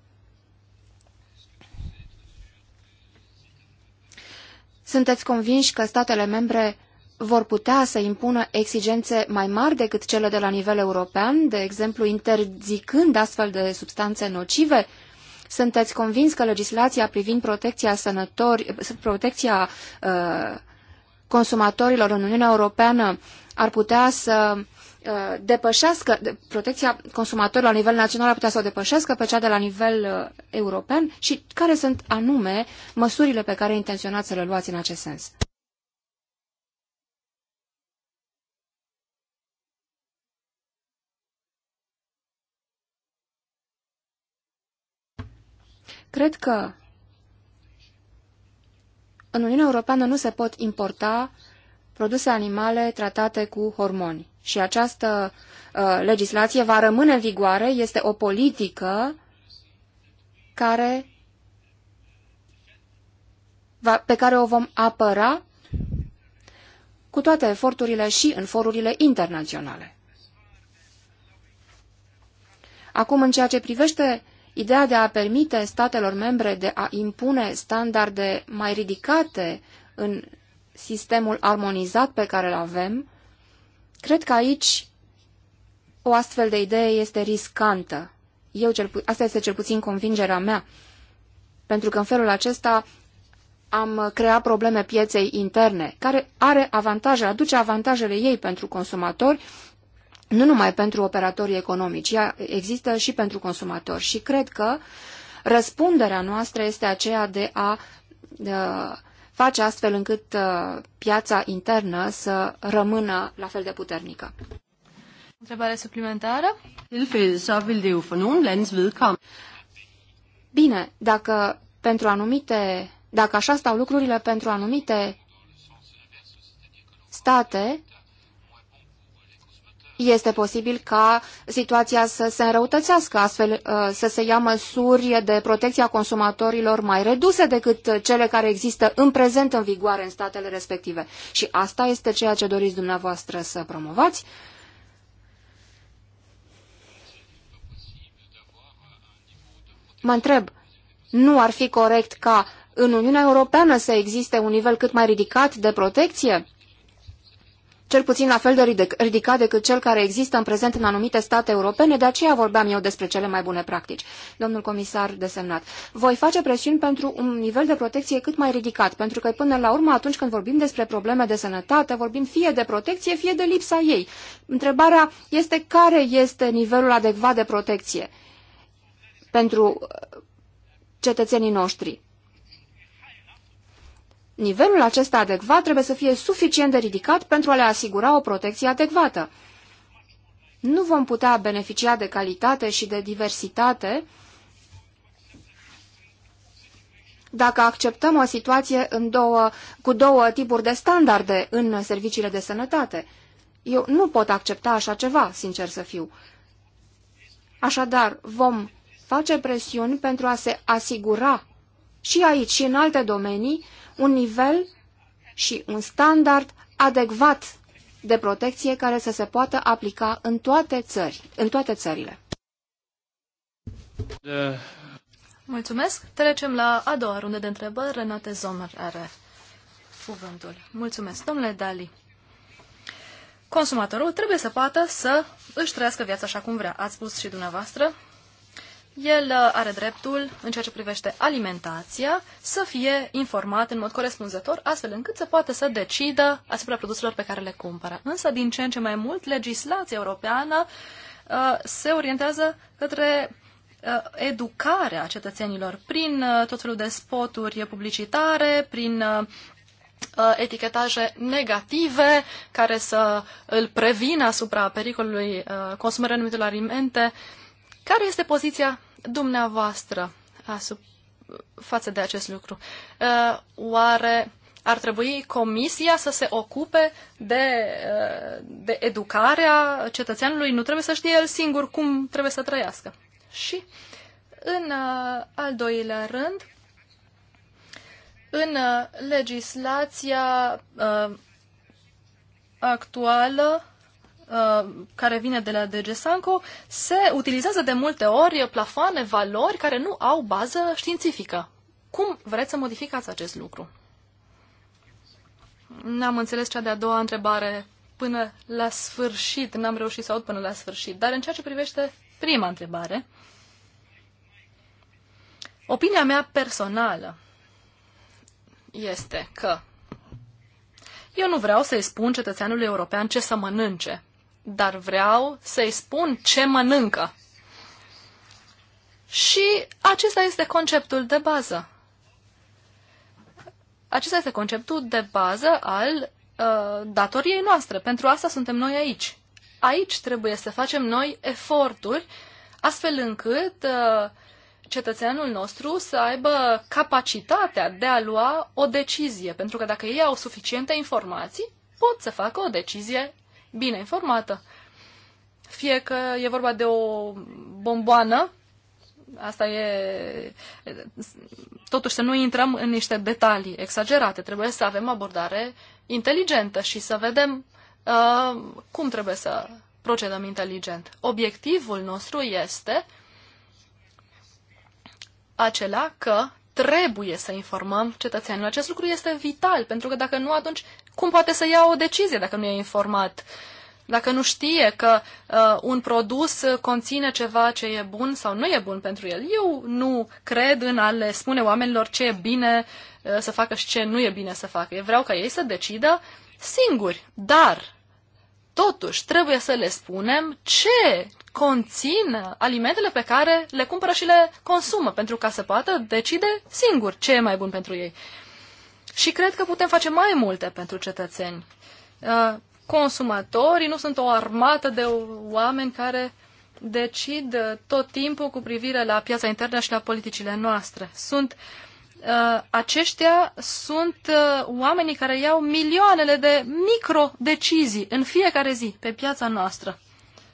Sunteți convinși că statele membre vor putea să impună exigențe mai mari decât cele de la nivel european, de exemplu interzicând astfel de substanțe nocive? Sunteți convins că legislația privind protecția, sănători, protecția uh, consumatorilor în Uniunea Europeană ar putea să Uh, depășească protecția consumatorilor la nivel național ar putea să o depășească pe cea de la nivel uh, european și care sunt anume măsurile pe care intenționați să le luați în acest sens? Cred că în Uniunea Europeană nu se pot importa uh, produse animale tratate cu hormoni. Și această uh, legislație va rămâne în vigoare, este o politică care, va, pe care o vom apăra cu toate eforturile și în forurile internaționale. Acum, în ceea ce privește ideea de a permite statelor membre de a impune standarde mai ridicate în sistemul armonizat pe care îl avem, cred că aici o astfel de idee este riscantă. Eu cel asta este cel puțin convingerea mea, pentru că în felul acesta am creat probleme pieței interne, care are avantaje, aduce avantajele ei pentru consumatori, nu numai pentru operatorii economici, ea există și pentru consumatori. Și cred că răspunderea noastră este aceea de a, de a face astfel încât uh, piața internă să rămână la fel de puternică. Întrebare suplimentară? Bine, dacă pentru anumite, dacă așa stau lucrurile pentru anumite state, este posibil ca situația să se înrăutățească, astfel uh, să se ia măsuri de protecție a consumatorilor mai reduse decât cele care există în prezent în vigoare în statele respective. Și asta este ceea ce doriți dumneavoastră să promovați? Mă întreb, nu ar fi corect ca în Uniunea Europeană să existe un nivel cât mai ridicat de protecție? cel puțin la fel de ridicat decât cel care există în prezent în anumite state europene, de aceea vorbeam eu despre cele mai bune practici. Domnul comisar desemnat, voi face presiuni pentru un nivel de protecție cât mai ridicat, pentru că până la urmă, atunci când vorbim despre probleme de sănătate, vorbim fie de protecție, fie de lipsa ei. Întrebarea este care este nivelul adecvat de protecție pentru cetățenii noștri nivelul acesta adecvat trebuie să fie suficient de ridicat pentru a le asigura o protecție adecvată. Nu vom putea beneficia de calitate și de diversitate dacă acceptăm o situație în două, cu două tipuri de standarde în serviciile de sănătate. Eu nu pot accepta așa ceva, sincer să fiu. Așadar, vom face presiuni pentru a se asigura și aici și în alte domenii un nivel și un standard adecvat de protecție care să se poată aplica în toate, țări, în toate țările. De... Mulțumesc. Trecem la a doua rundă de întrebări. Renate Zomer are cuvântul. Mulțumesc. Domnule Dali, consumatorul trebuie să poată să își trăiască viața așa cum vrea. Ați spus și dumneavoastră el uh, are dreptul, în ceea ce privește alimentația, să fie informat în mod corespunzător, astfel încât să poată să decidă asupra produselor pe care le cumpără. Însă, din ce în ce mai mult, legislația europeană uh, se orientează către uh, educarea cetățenilor prin tot felul de spoturi publicitare, prin etichetaje negative care să îl prevină asupra pericolului consumării anumitor alimente. Care este poziția dumneavoastră asup, față de acest lucru. Uh, oare ar trebui comisia să se ocupe de, uh, de educarea cetățeanului? Nu trebuie să știe el singur cum trebuie să trăiască. Și, în uh, al doilea rând, în legislația actuală Uh, care vine de la DG Sanco, se utilizează de multe ori plafane valori care nu au bază științifică. Cum vreți să modificați acest lucru? N-am înțeles cea de-a doua întrebare până la sfârșit, n-am reușit să aud până la sfârșit, dar în ceea ce privește prima întrebare, opinia mea personală este că eu nu vreau să-i spun cetățeanului european ce să mănânce dar vreau să-i spun ce mănâncă. Și acesta este conceptul de bază. Acesta este conceptul de bază al uh, datoriei noastre. Pentru asta suntem noi aici. Aici trebuie să facem noi eforturi astfel încât uh, cetățeanul nostru să aibă capacitatea de a lua o decizie. Pentru că dacă ei au suficiente informații, pot să facă o decizie bine informată. Fie că e vorba de o bomboană, asta e... Totuși să nu intrăm în niște detalii exagerate. Trebuie să avem abordare inteligentă și să vedem uh, cum trebuie să procedăm inteligent. Obiectivul nostru este acela că trebuie să informăm cetățenii. Acest lucru este vital, pentru că dacă nu, atunci cum poate să ia o decizie dacă nu e informat? Dacă nu știe că uh, un produs conține ceva ce e bun sau nu e bun pentru el. Eu nu cred în a le spune oamenilor ce e bine uh, să facă și ce nu e bine să facă. Eu vreau ca ei să decidă singuri. Dar, totuși, trebuie să le spunem ce conțin alimentele pe care le cumpără și le consumă, pentru ca să poată decide singur ce e mai bun pentru ei. Uh, și cred că putem face mai multe pentru cetățeni. Uh, consumatorii nu sunt o armată de oameni care decid uh, tot timpul cu privire la piața internă și la politicile noastre. Sunt uh, aceștia sunt oamenii care iau milioanele de microdecizii în fiecare zi pe piața noastră.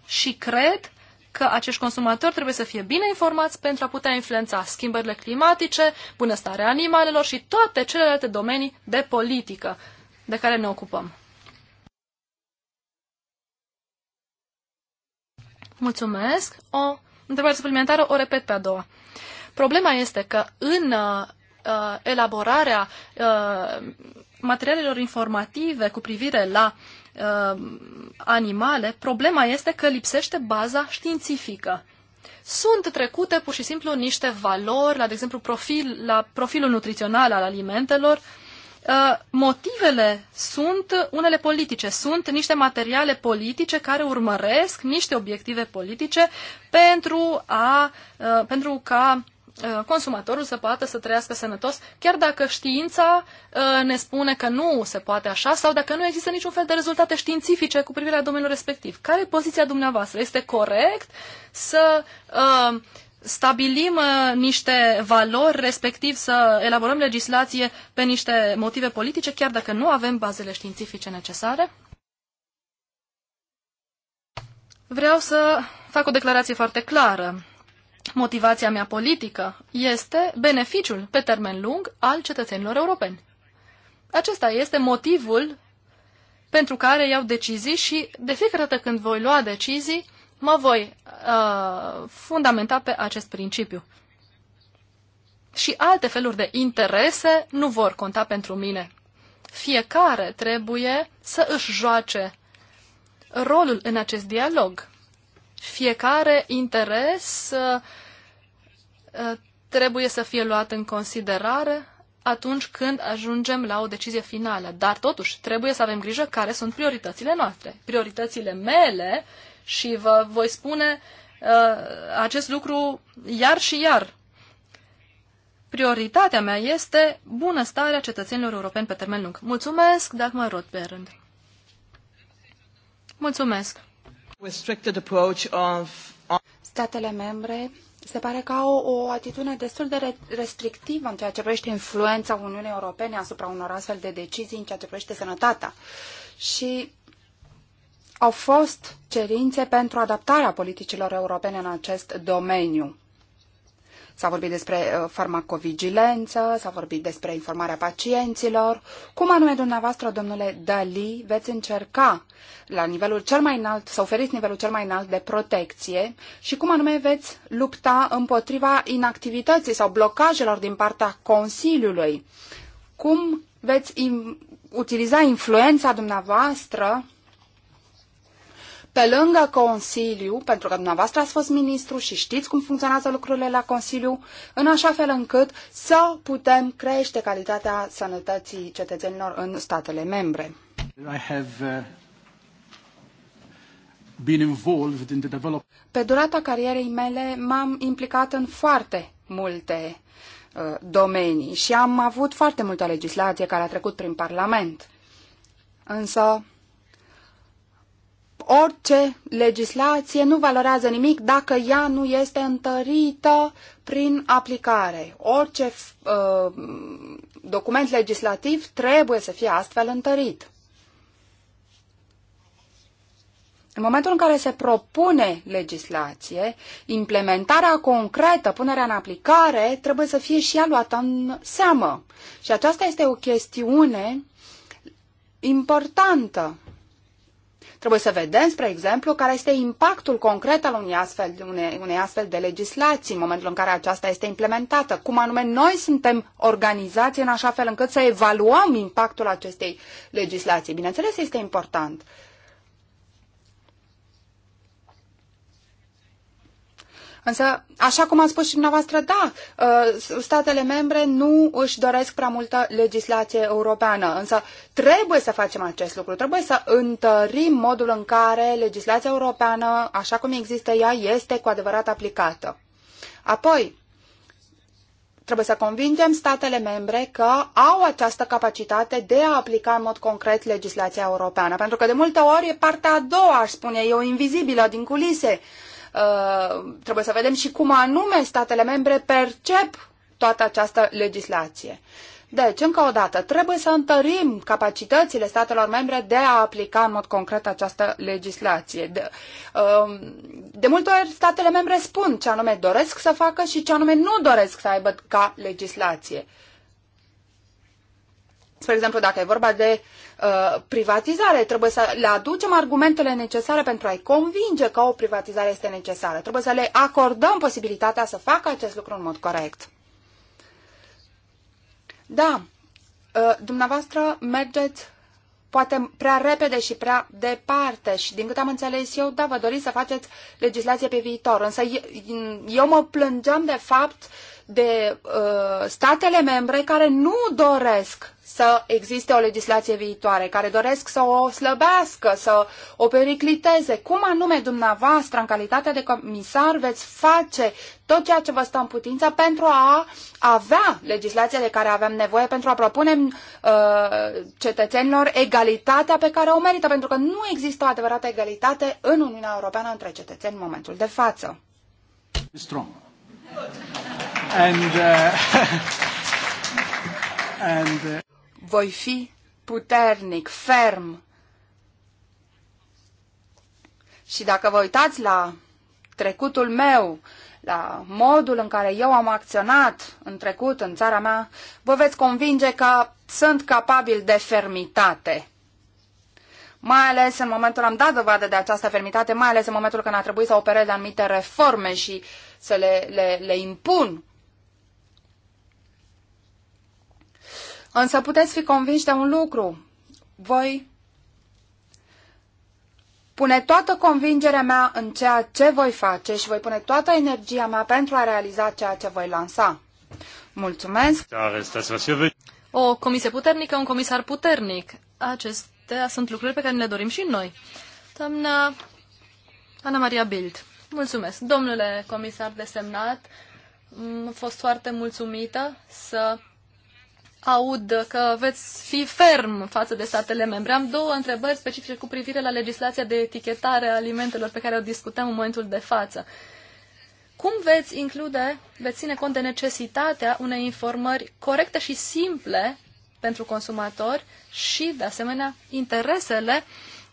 Și cred că acești consumatori trebuie să fie bine informați pentru a putea influența schimbările climatice, bunăstarea animalelor și toate celelalte domenii de politică de care ne ocupăm. Mulțumesc. O întrebare suplimentară o repet pe a doua. Problema este că în uh, uh elaborarea uh, materialelor informative cu privire la uh, animale, problema este că lipsește baza științifică. Sunt trecute pur și simplu niște valori, la, de exemplu, profil, la profilul nutrițional al alimentelor. Uh, motivele sunt unele politice, sunt niște materiale politice care urmăresc niște obiective politice pentru, a, uh, pentru ca Uh, consumatorul să poată să trăiască sănătos, chiar dacă știința uh, ne spune că nu se poate așa sau dacă nu există niciun fel de rezultate științifice cu privire la domeniul respectiv. Care e poziția dumneavoastră? Este corect să uh, stabilim niște valori, respectiv să elaborăm legislație pe niște motive politice, chiar dacă nu avem bazele științifice necesare? Vreau să fac o declarație foarte clară motivația mea politică este beneficiul pe termen lung al cetățenilor europeni. Acesta este motivul pentru care iau decizii și de fiecare dată când voi lua decizii, mă voi uh, fundamenta pe acest principiu. Și alte feluri de interese nu vor conta pentru mine. Fiecare trebuie să își joace rolul în acest dialog fiecare interes uh, trebuie să fie luat în considerare atunci când ajungem la o decizie finală. Dar totuși trebuie să avem grijă care sunt prioritățile noastre. Prioritățile mele și vă voi spune uh, acest lucru iar și iar. Prioritatea mea este bunăstarea cetățenilor europeni pe termen lung. Mulțumesc, Dagmar rând. Mulțumesc. Statele membre se pare că au o atitudine destul de restrictivă în ceea ce privește influența Uniunii Europene asupra unor astfel de decizii în ceea ce privește sănătatea. Și au fost cerințe pentru adaptarea politicilor europene în acest domeniu. S-a vorbit despre uh, farmacovigilență, s-a vorbit despre informarea pacienților. Cum anume dumneavoastră, domnule Dali, veți încerca la nivelul cel mai înalt, să oferiți nivelul cel mai înalt de protecție și cum anume veți lupta împotriva inactivității sau blocajelor din partea Consiliului? Cum veți utiliza influența dumneavoastră pe lângă Consiliu, pentru că dumneavoastră ați fost ministru și știți cum funcționează lucrurile la Consiliu, în așa fel încât să putem crește calitatea sănătății cetățenilor în statele membre. I have, uh, been involved in the Pe durata carierei mele m-am implicat în foarte multe uh, domenii și am avut foarte multă legislație care a trecut prin Parlament. Însă, orice legislație nu valorează nimic dacă ea nu este întărită prin aplicare. Orice uh, document legislativ trebuie să fie astfel întărit. În momentul în care se propune legislație, implementarea concretă, punerea în aplicare, trebuie să fie și ea luată în seamă. Și aceasta este o chestiune importantă Trebuie să vedem, spre exemplu, care este impactul concret al unei astfel, unei, unei astfel de legislații în momentul în care aceasta este implementată. Cum anume noi suntem organizați în așa fel încât să evaluăm impactul acestei legislații. Bineînțeles, este important. Însă, așa cum am spus și dumneavoastră, da, uh, statele membre nu își doresc prea multă legislație europeană, însă trebuie să facem acest lucru, trebuie să întărim modul în care legislația europeană, așa cum există ea, este cu adevărat aplicată. Apoi, trebuie să convingem statele membre că au această capacitate de a aplica în mod concret legislația europeană, pentru că de multe ori e partea a doua, aș spune eu, invizibilă din culise, Uh, trebuie să vedem și cum anume statele membre percep toată această legislație. Deci, încă o dată, trebuie să întărim capacitățile statelor membre de a aplica în mod concret această legislație. De, um, de multe ori, statele membre spun ce anume doresc să facă și ce anume nu doresc să aibă ca legislație. Spre exemplu, dacă e vorba de uh, privatizare, trebuie să le aducem argumentele necesare pentru a-i convinge că o privatizare este necesară. Trebuie să le acordăm posibilitatea să facă acest lucru în mod corect. Da, uh, dumneavoastră mergeți poate prea repede și prea departe și din câte am înțeles eu, da, vă doriți să faceți legislație pe viitor, însă eu, eu mă plângeam de fapt de uh, statele membre care nu doresc să existe o legislație viitoare, care doresc să o slăbească, să o pericliteze. Cum anume dumneavoastră, în calitate de comisar, veți face tot ceea ce vă stă în putință pentru a avea legislația de care avem nevoie, pentru a propune uh, cetățenilor egalitatea pe care o merită, pentru că nu există o adevărată egalitate în Uniunea Europeană între cetățeni în momentul de față. Strong. And, uh, and, uh voi fi puternic, ferm. Și dacă vă uitați la trecutul meu, la modul în care eu am acționat în trecut în țara mea, vă veți convinge că sunt capabil de fermitate. Mai ales în momentul am dat dovadă de această fermitate, mai ales în momentul când a trebuit să operez anumite reforme și să le, le, le impun Însă puteți fi convinși de un lucru. Voi pune toată convingerea mea în ceea ce voi face și voi pune toată energia mea pentru a realiza ceea ce voi lansa. Mulțumesc! O comisie puternică, un comisar puternic. Acestea sunt lucruri pe care ne le dorim și noi. Doamna Ana Maria Bild, mulțumesc. Domnule comisar desemnat, am fost foarte mulțumită să aud că veți fi ferm față de statele membre. Am două întrebări specifice cu privire la legislația de etichetare a alimentelor pe care o discutăm în momentul de față. Cum veți include, veți ține cont de necesitatea unei informări corecte și simple pentru consumatori și, de asemenea, interesele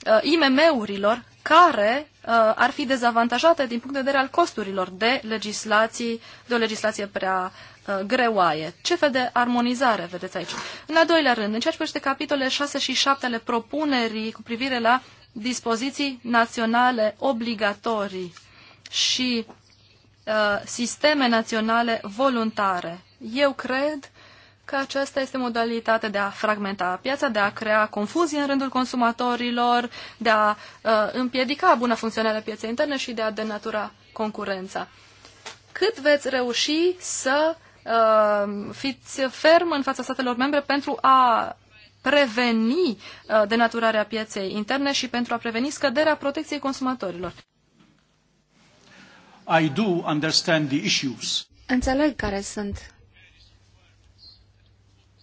uh, IMM-urilor care uh, ar fi dezavantajate din punct de vedere al costurilor de legislații, de o legislație prea Uh, greoaie. Ce fel de armonizare vedeți aici? În al doilea rând, în ceea ce privește capitolele 6 și 7 ale propunerii cu privire la dispoziții naționale obligatorii și uh, sisteme naționale voluntare. Eu cred că aceasta este modalitatea de a fragmenta piața, de a crea confuzie în rândul consumatorilor, de a uh, împiedica buna funcționare a pieței interne și de a denatura concurența. Cât veți reuși să uh, Uh, fiți ferm în fața statelor membre pentru a preveni uh, denaturarea pieței interne și pentru a preveni scăderea protecției consumatorilor. I do understand the issues. Înțeleg care sunt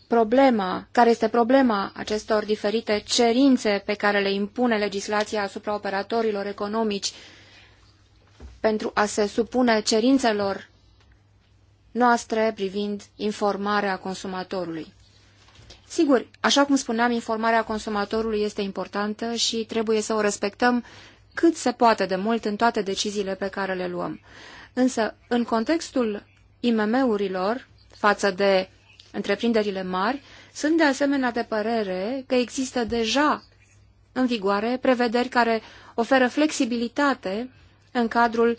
problema, care este problema acestor diferite cerințe pe care le impune legislația asupra operatorilor economici pentru a se supune cerințelor noastre privind informarea consumatorului. Sigur, așa cum spuneam, informarea consumatorului este importantă și trebuie să o respectăm cât se poate de mult în toate deciziile pe care le luăm. Însă, în contextul IMM-urilor, față de întreprinderile mari, sunt de asemenea de părere că există deja în vigoare prevederi care oferă flexibilitate în cadrul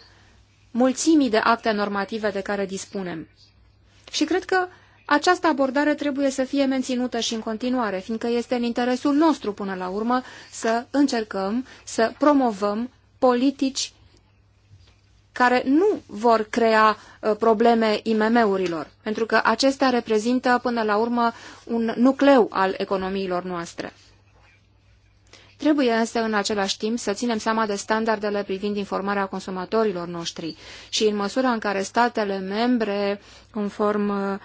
mulțimii de acte normative de care dispunem. Și cred că această abordare trebuie să fie menținută și în continuare, fiindcă este în interesul nostru până la urmă să încercăm să promovăm politici care nu vor crea uh, probleme IMM-urilor, pentru că acestea reprezintă până la urmă un nucleu al economiilor noastre. Trebuie însă în același timp să ținem seama de standardele privind informarea consumatorilor noștri și în măsura în care statele membre, conform uh,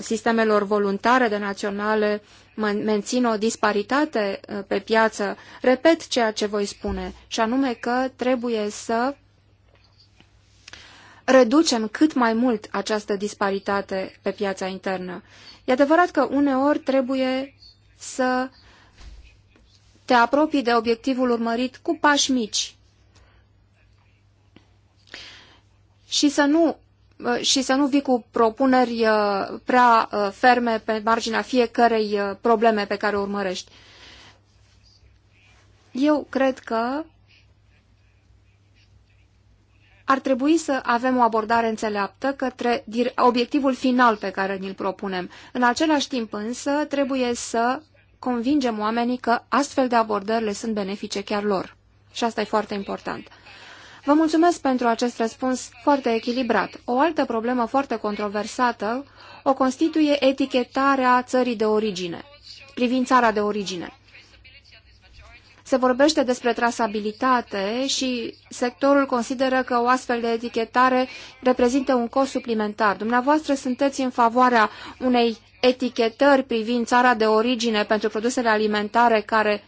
sistemelor voluntare de naționale, mențin o disparitate uh, pe piață, repet ceea ce voi spune, și anume că trebuie să reducem cât mai mult această disparitate pe piața internă. E adevărat că uneori trebuie să te apropii de obiectivul urmărit cu pași mici și să nu uh, și să nu vii cu propuneri uh, prea uh, ferme pe marginea fiecărei probleme pe care o urmărești. Eu cred că ar trebui să avem o abordare înțeleaptă către obiectivul final pe care ni-l propunem. În același timp însă trebuie să convingem oamenii că astfel de abordări le sunt benefice chiar lor. Și asta e foarte important. Vă mulțumesc pentru acest răspuns foarte echilibrat. O altă problemă foarte controversată o constituie etichetarea țării de origine, privind țara de origine. Se vorbește despre trasabilitate și sectorul consideră că o astfel de etichetare reprezintă un cost suplimentar. Dumneavoastră sunteți în favoarea unei etichetări privind țara de origine pentru produsele alimentare care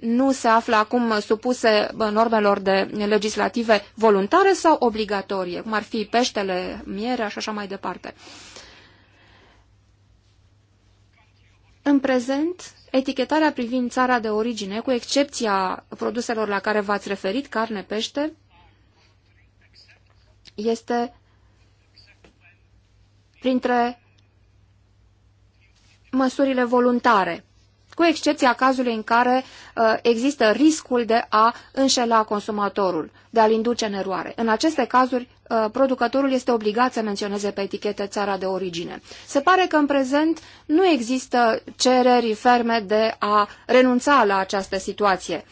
nu se află acum supuse normelor de legislative voluntare sau obligatorie, cum ar fi peștele, mierea și așa mai departe. În prezent, etichetarea privind țara de origine, cu excepția produselor la care v-ați referit, carne, pește, este printre măsurile voluntare, cu excepția cazului în care uh, există riscul de a înșela consumatorul, de a-l induce în eroare. În aceste cazuri, uh, producătorul este obligat să menționeze pe etichetă țara de origine. Se pare că în prezent nu există cereri ferme de a renunța la această situație.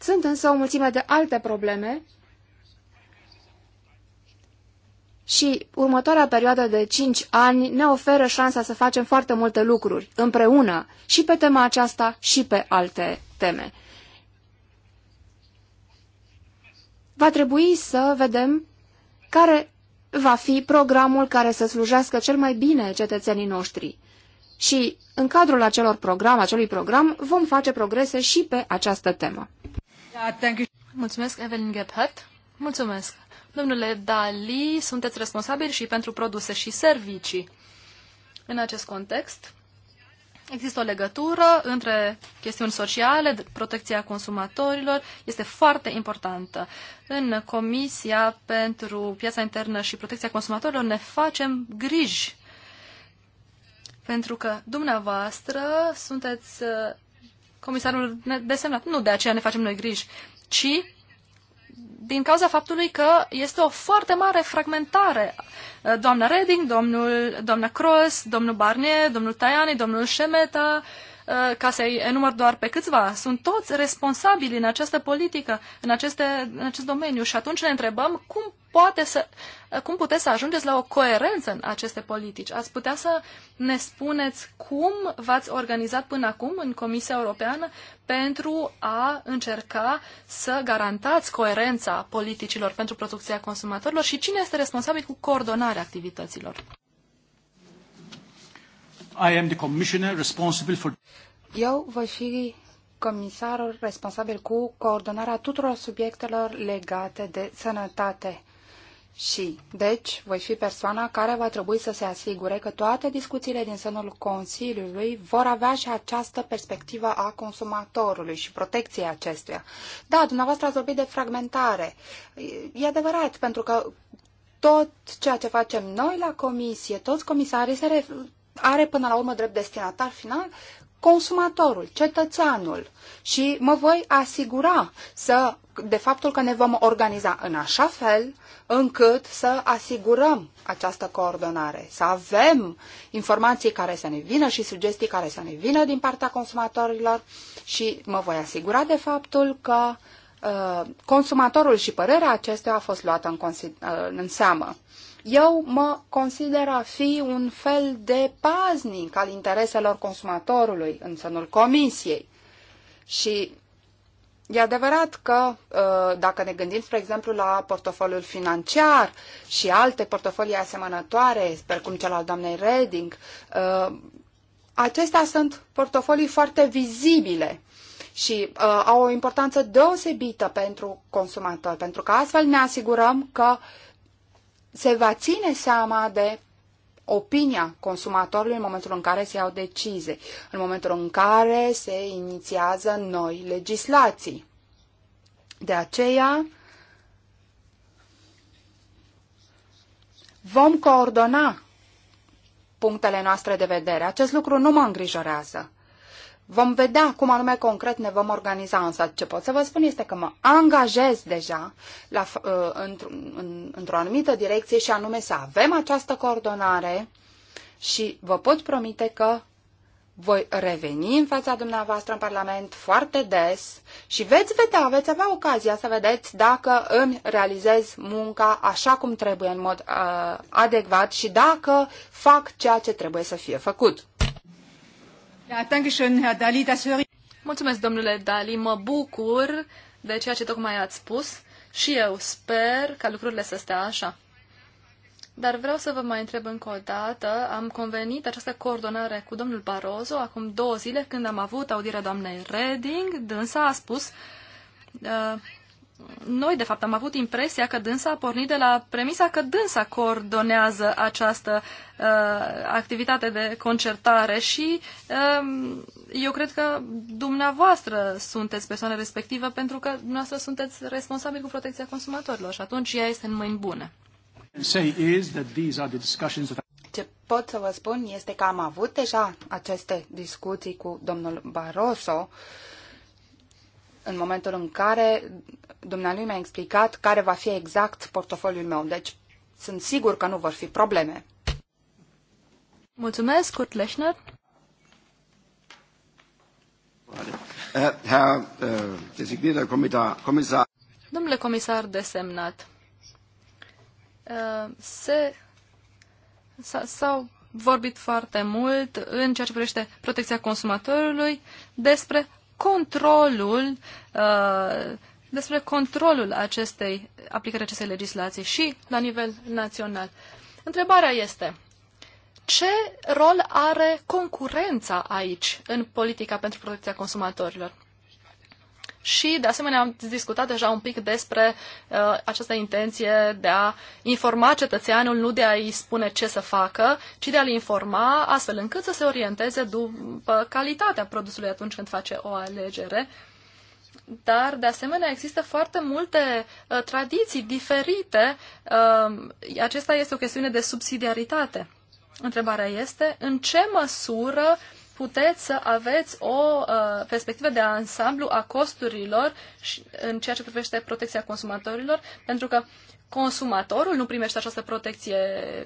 Sunt însă o mulțime de alte probleme și următoarea perioadă de 5 ani ne oferă șansa să facem foarte multe lucruri împreună și pe tema aceasta și pe alte teme. Va trebui să vedem care va fi programul care să slujească cel mai bine cetățenii noștri. Și în cadrul acelor program, acelui program vom face progrese și pe această temă. Da, Mulțumesc, Evelyn Gephardt. Mulțumesc. Domnule Dali, sunteți responsabili și pentru produse și servicii. În acest context, există o legătură între chestiuni sociale, protecția consumatorilor, este foarte importantă. În Comisia pentru Piața Internă și Protecția Consumatorilor ne facem griji pentru că dumneavoastră sunteți uh, comisarul desemnat. Nu de aceea ne facem noi griji, ci din cauza faptului că este o foarte mare fragmentare. Uh, doamna Reding, domnul, doamna Cross, domnul Barnier, domnul Tajani, domnul Șemeta, uh, Uh, ca să-i enumăr doar pe câțiva, sunt toți responsabili în această politică, în, aceste, în acest domeniu și atunci ne întrebăm cum, poate să, uh, cum puteți să ajungeți la o coerență în aceste politici. Ați putea să ne spuneți cum v-ați organizat până acum în Comisia Europeană pentru a încerca să garantați coerența politicilor pentru protecția consumatorilor și cine este responsabil cu coordonarea activităților. I am the commissioner responsible for... Eu voi fi comisarul responsabil cu coordonarea tuturor subiectelor legate de sănătate. Și, deci, voi fi persoana care va trebui să se asigure că toate discuțiile din sânul Consiliului vor avea și această perspectivă a consumatorului și protecției acestuia. Da, dumneavoastră ați vorbit de fragmentare. E adevărat, pentru că tot ceea ce facem noi la comisie, toți comisarii se are până la urmă drept destinatar final consumatorul, cetățeanul și mă voi asigura să, de faptul că ne vom organiza în așa fel încât să asigurăm această coordonare, să avem informații care să ne vină și sugestii care să ne vină din partea consumatorilor și mă voi asigura de faptul că uh, consumatorul și părerea acestuia a fost luată în, uh, în seamă. Eu mă consider a fi un fel de paznic al intereselor consumatorului în sânul comisiei. Și E adevărat că ă, dacă ne gândim, spre exemplu, la portofoliul financiar și alte portofolii asemănătoare, precum cel al doamnei Reding, ă, acestea sunt portofolii foarte vizibile și ă, au o importanță deosebită pentru consumator, pentru că astfel ne asigurăm că uh, se va ține seama de opinia consumatorului în momentul în care se iau decizii, în momentul în care se inițiază noi legislații. De aceea, vom coordona punctele noastre de vedere. Acest lucru nu mă îngrijorează. Vom vedea cum anume concret ne vom organiza, însă ce pot să vă spun este că mă angajez deja la, ă, într-o, într anumită direcție și anume să avem această coordonare și vă pot promite că voi reveni în fața dumneavoastră în Parlament foarte des și veți vedea, veți avea ocazia să vedeți dacă îmi realizez munca așa cum trebuie, în mod uh, adecvat și dacă fac ceea ce trebuie să fie făcut. Mulțumesc, domnule Dali, mă bucur de ceea ce tocmai ați spus și eu sper ca lucrurile să stea așa. Dar vreau să vă mai întreb încă o dată, am convenit această coordonare cu domnul Barozo acum două zile când am avut audirea doamnei Reding, dânsa a spus uh, noi, de fapt, am avut impresia că dânsa a pornit de la premisa că dânsa coordonează această uh, activitate de concertare și uh, eu cred că dumneavoastră sunteți persoana respectivă pentru că dumneavoastră sunteți responsabili cu protecția consumatorilor și atunci ea este în mâini bune. Ce pot să vă spun este că am avut deja aceste discuții cu domnul Barroso uh, în momentul în care dumnealui mi-a explicat care va fi exact portofoliul meu. Deci sunt sigur că nu vor fi probleme. Mulțumesc, Kurt Lechner. Äh, Domnule comisar desemnat, uh, se, s-au vorbit foarte mult în ceea ce privește protecția consumatorului despre controlul uh, despre controlul acestei aplicării acestei legislații și la nivel național. Întrebarea este, ce rol are concurența aici în politica pentru protecția consumatorilor? și, de asemenea, am discutat deja un pic despre uh, această intenție de a informa cetățeanul, nu de a-i spune ce să facă, ci de a-l informa astfel încât să se orienteze după calitatea produsului atunci când face o alegere. Dar, de asemenea, există foarte multe uh, tradiții diferite. Uh, acesta este o chestiune de subsidiaritate. Întrebarea este în ce măsură uh, puteți să aveți o uh, perspectivă de ansamblu a costurilor și, în ceea ce privește protecția consumatorilor, pentru că consumatorul nu primește această protecție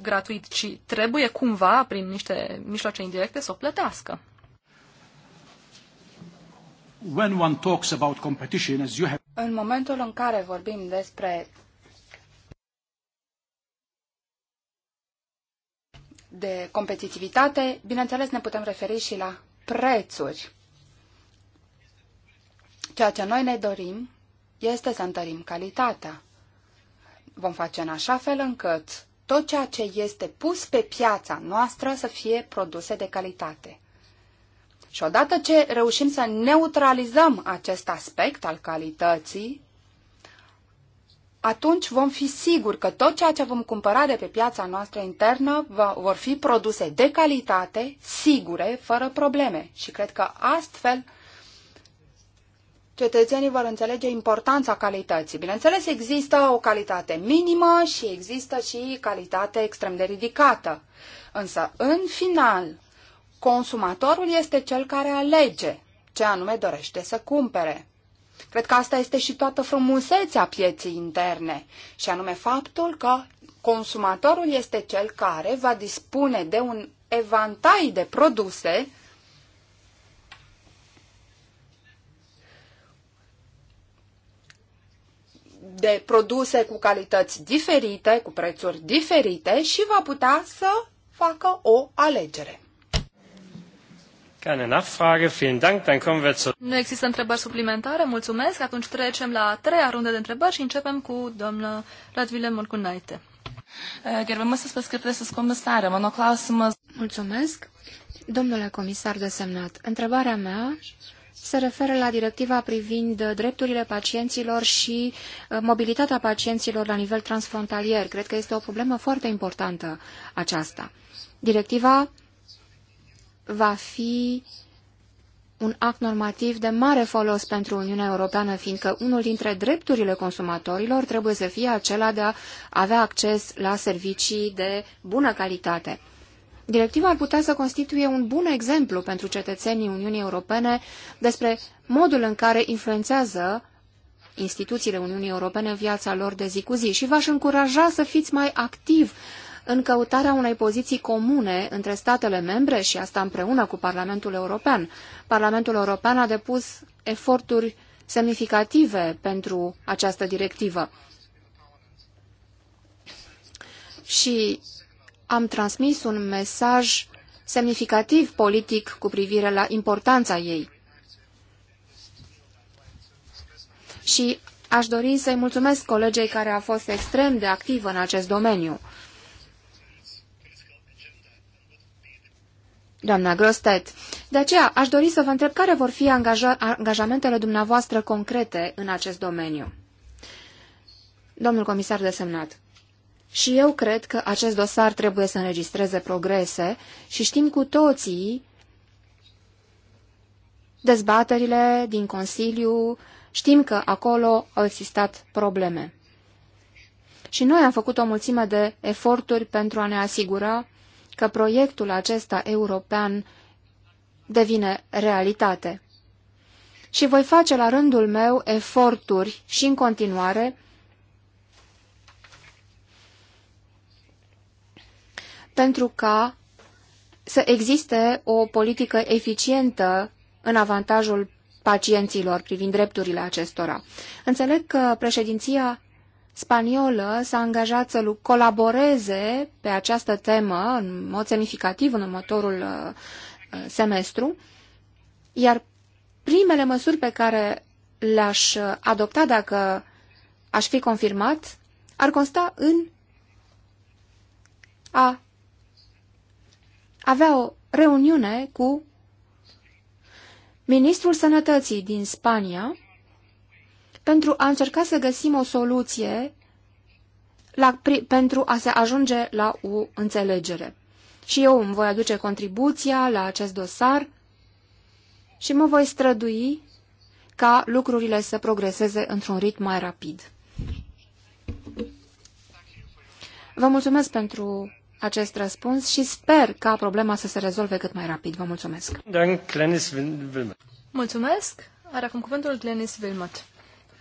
gratuit, ci trebuie cumva, prin niște mijloace indirecte, să o plătească. When one talks about competition, as you have... În momentul în care vorbim despre de competitivitate, bineînțeles ne putem referi și la prețuri. Ceea ce noi ne dorim este să întărim calitatea. Vom face în așa fel încât tot ceea ce este pus pe piața noastră să fie produse de calitate. Și odată ce reușim să neutralizăm acest aspect al calității, atunci vom fi siguri că tot ceea ce vom cumpăra de pe piața noastră internă va, vor fi produse de calitate, sigure, fără probleme. Și cred că astfel cetățenii vor înțelege importanța calității. Bineînțeles, există o calitate minimă și există și calitate extrem de ridicată. Însă, în final, consumatorul este cel care alege ce anume dorește să cumpere. Cred că asta este și toată frumusețea pieței interne, și anume faptul că consumatorul este cel care va dispune de un evantai de produse de produse cu calități diferite, cu prețuri diferite și va putea să facă o alegere. Nu există întrebări suplimentare, mulțumesc. Atunci trecem la a treia rundă de întrebări și începem cu doamna Radvile Morcunaite. Eh, Gerbiamasis paskirtasis komisarė, mano klausimas. Mulțumesc. Domnule comisar desemnat, întrebarea mea se referă la directiva privind drepturile pacienților și eh, mobilitatea pacienților la nivel transfrontalier. Cred că este o problemă foarte importantă aceasta. Directiva va fi un act normativ de mare folos pentru Uniunea Europeană, fiindcă unul dintre drepturile consumatorilor trebuie să fie acela de a avea acces la servicii de bună calitate. Directiva ar putea să constituie un bun exemplu pentru cetățenii Uniunii Europene despre modul în care influențează instituțiile Uniunii Europene viața lor de zi cu zi și v-aș încuraja să fiți mai activ în căutarea unei poziții comune între statele membre și asta împreună cu Parlamentul European. Parlamentul European a depus eforturi semnificative pentru această directivă. Și am transmis un mesaj semnificativ politic cu privire la importanța ei. Și aș dori să-i mulțumesc colegei care a fost extrem de activă în acest domeniu. Doamna Grostet, de aceea aș dori să vă întreb care vor fi angaja angajamentele dumneavoastră concrete în acest domeniu. Domnul comisar desemnat, și eu cred că acest dosar trebuie să înregistreze progrese și știm cu toții dezbaterile din Consiliu, știm că acolo au existat probleme. Și noi am făcut o mulțime de eforturi pentru a ne asigura că proiectul acesta european devine realitate. Și voi face la rândul meu eforturi și în continuare pentru ca să existe o politică eficientă în avantajul pacienților privind drepturile acestora. Înțeleg că președinția spaniolă s-a angajat să colaboreze pe această temă în mod semnificativ în următorul uh, uh, semestru, iar primele măsuri pe care le-aș uh, adopta dacă aș fi confirmat ar consta în a avea o reuniune cu ministrul sănătății din Spania, pentru a încerca să găsim o soluție la, pentru a se ajunge la o înțelegere. Și eu îmi voi aduce contribuția la acest dosar și mă voi strădui ca lucrurile să progreseze într-un ritm mai rapid. Vă mulțumesc pentru acest răspuns și sper ca problema să se rezolve cât mai rapid. Vă mulțumesc. Mulțumesc. Are acum cuvântul Glenis Wilmot.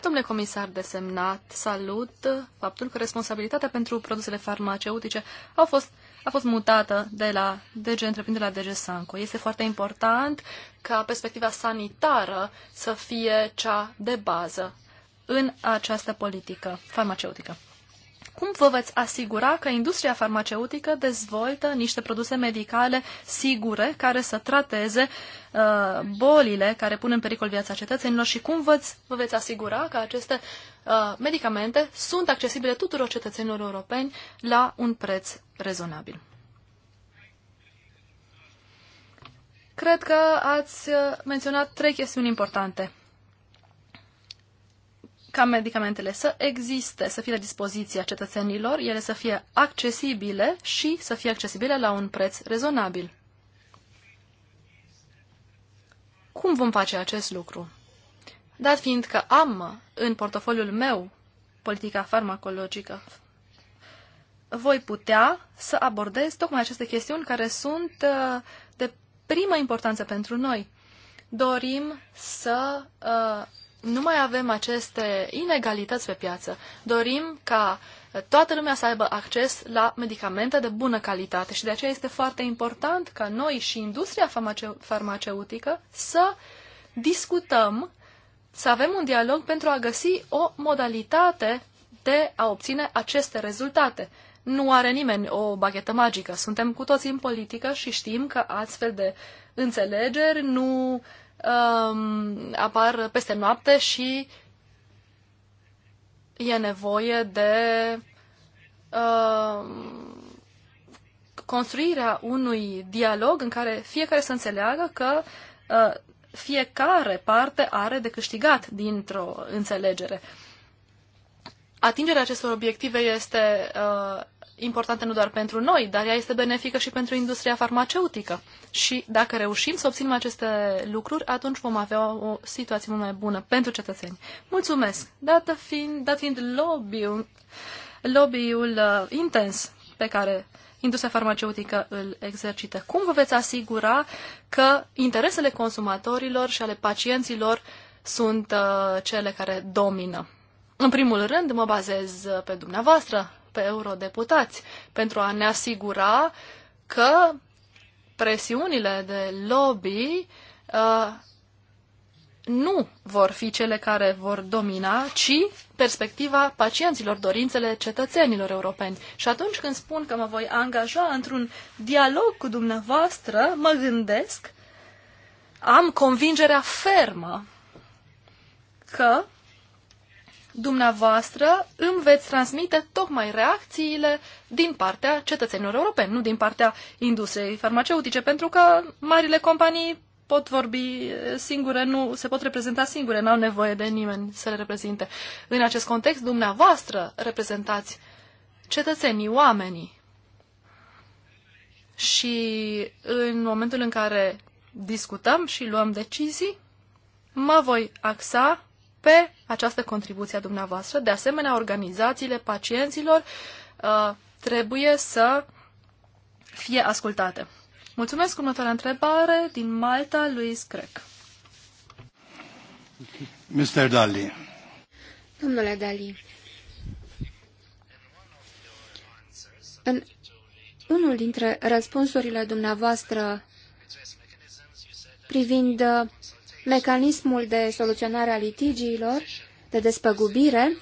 Domnule comisar desemnat, salut faptul că responsabilitatea pentru produsele farmaceutice a fost, a fost mutată de la DG Întreprindere la DG Sanco. Este foarte important ca perspectiva sanitară să fie cea de bază în această politică farmaceutică. Cum vă veți asigura că industria farmaceutică dezvoltă niște produse medicale sigure care să trateze uh, bolile care pun în pericol viața cetățenilor și cum veți, vă veți asigura că aceste uh, medicamente sunt accesibile tuturor cetățenilor europeni la un preț rezonabil? Cred că ați uh, menționat trei chestiuni importante ca medicamentele să existe, să fie la dispoziția cetățenilor, ele să fie accesibile și să fie accesibile la un preț rezonabil. Cum vom face acest lucru? Dat fiind că am în portofoliul meu politica farmacologică, voi putea să abordez tocmai aceste chestiuni care sunt uh, de primă importanță pentru noi. Dorim să uh, nu mai avem aceste inegalități pe piață. Dorim ca toată lumea să aibă acces la medicamente de bună calitate și de aceea este foarte important ca noi și industria farmace- farmaceutică să discutăm, să avem un dialog pentru a găsi o modalitate de a obține aceste rezultate. Nu are nimeni o baghetă magică. Suntem cu toții în politică și știm că astfel de înțelegeri nu uh, um, apar peste noapte și e nevoie de um, construirea unui dialog în care fiecare să înțeleagă că uh, fiecare parte are de câștigat dintr-o înțelegere. Atingerea acestor obiective este uh, importantă nu doar pentru noi, dar ea este benefică și pentru industria farmaceutică. Și dacă reușim să obținem aceste lucruri, atunci vom avea o situație mult mai bună pentru cetățeni. Mulțumesc! Dată fiind, dat fiind lobby-ul, lobby-ul uh, intens pe care industria farmaceutică îl exercită, cum vă veți asigura că interesele consumatorilor și ale pacienților sunt uh, cele care domină? În primul rând, mă bazez pe dumneavoastră, pe eurodeputați pentru a ne asigura că presiunile de lobby uh, nu vor fi cele care vor domina, ci perspectiva pacienților, dorințele cetățenilor europeni. Și atunci când spun că mă voi angaja într-un dialog cu dumneavoastră, mă gândesc, am convingerea fermă că dumneavoastră îmi veți transmite tocmai reacțiile din partea cetățenilor europeni, nu din partea industriei farmaceutice, pentru că marile companii pot vorbi eh, singure, nu se pot reprezenta singure, n-au nevoie de nimeni să le reprezinte. În acest context, dumneavoastră reprezentați cetățenii, oamenii. Și în momentul în care discutăm și luăm decizii, mă voi axa pe această contribuție a dumneavoastră. De asemenea, organizațiile pacienților uh, trebuie să fie ascultate. Mulțumesc. Următoarea întrebare din Malta, Luis Crec. Mr. Dali. Domnule Dali, în unul dintre răspunsurile dumneavoastră privind mecanismul de soluționare a litigiilor, de despăgubire,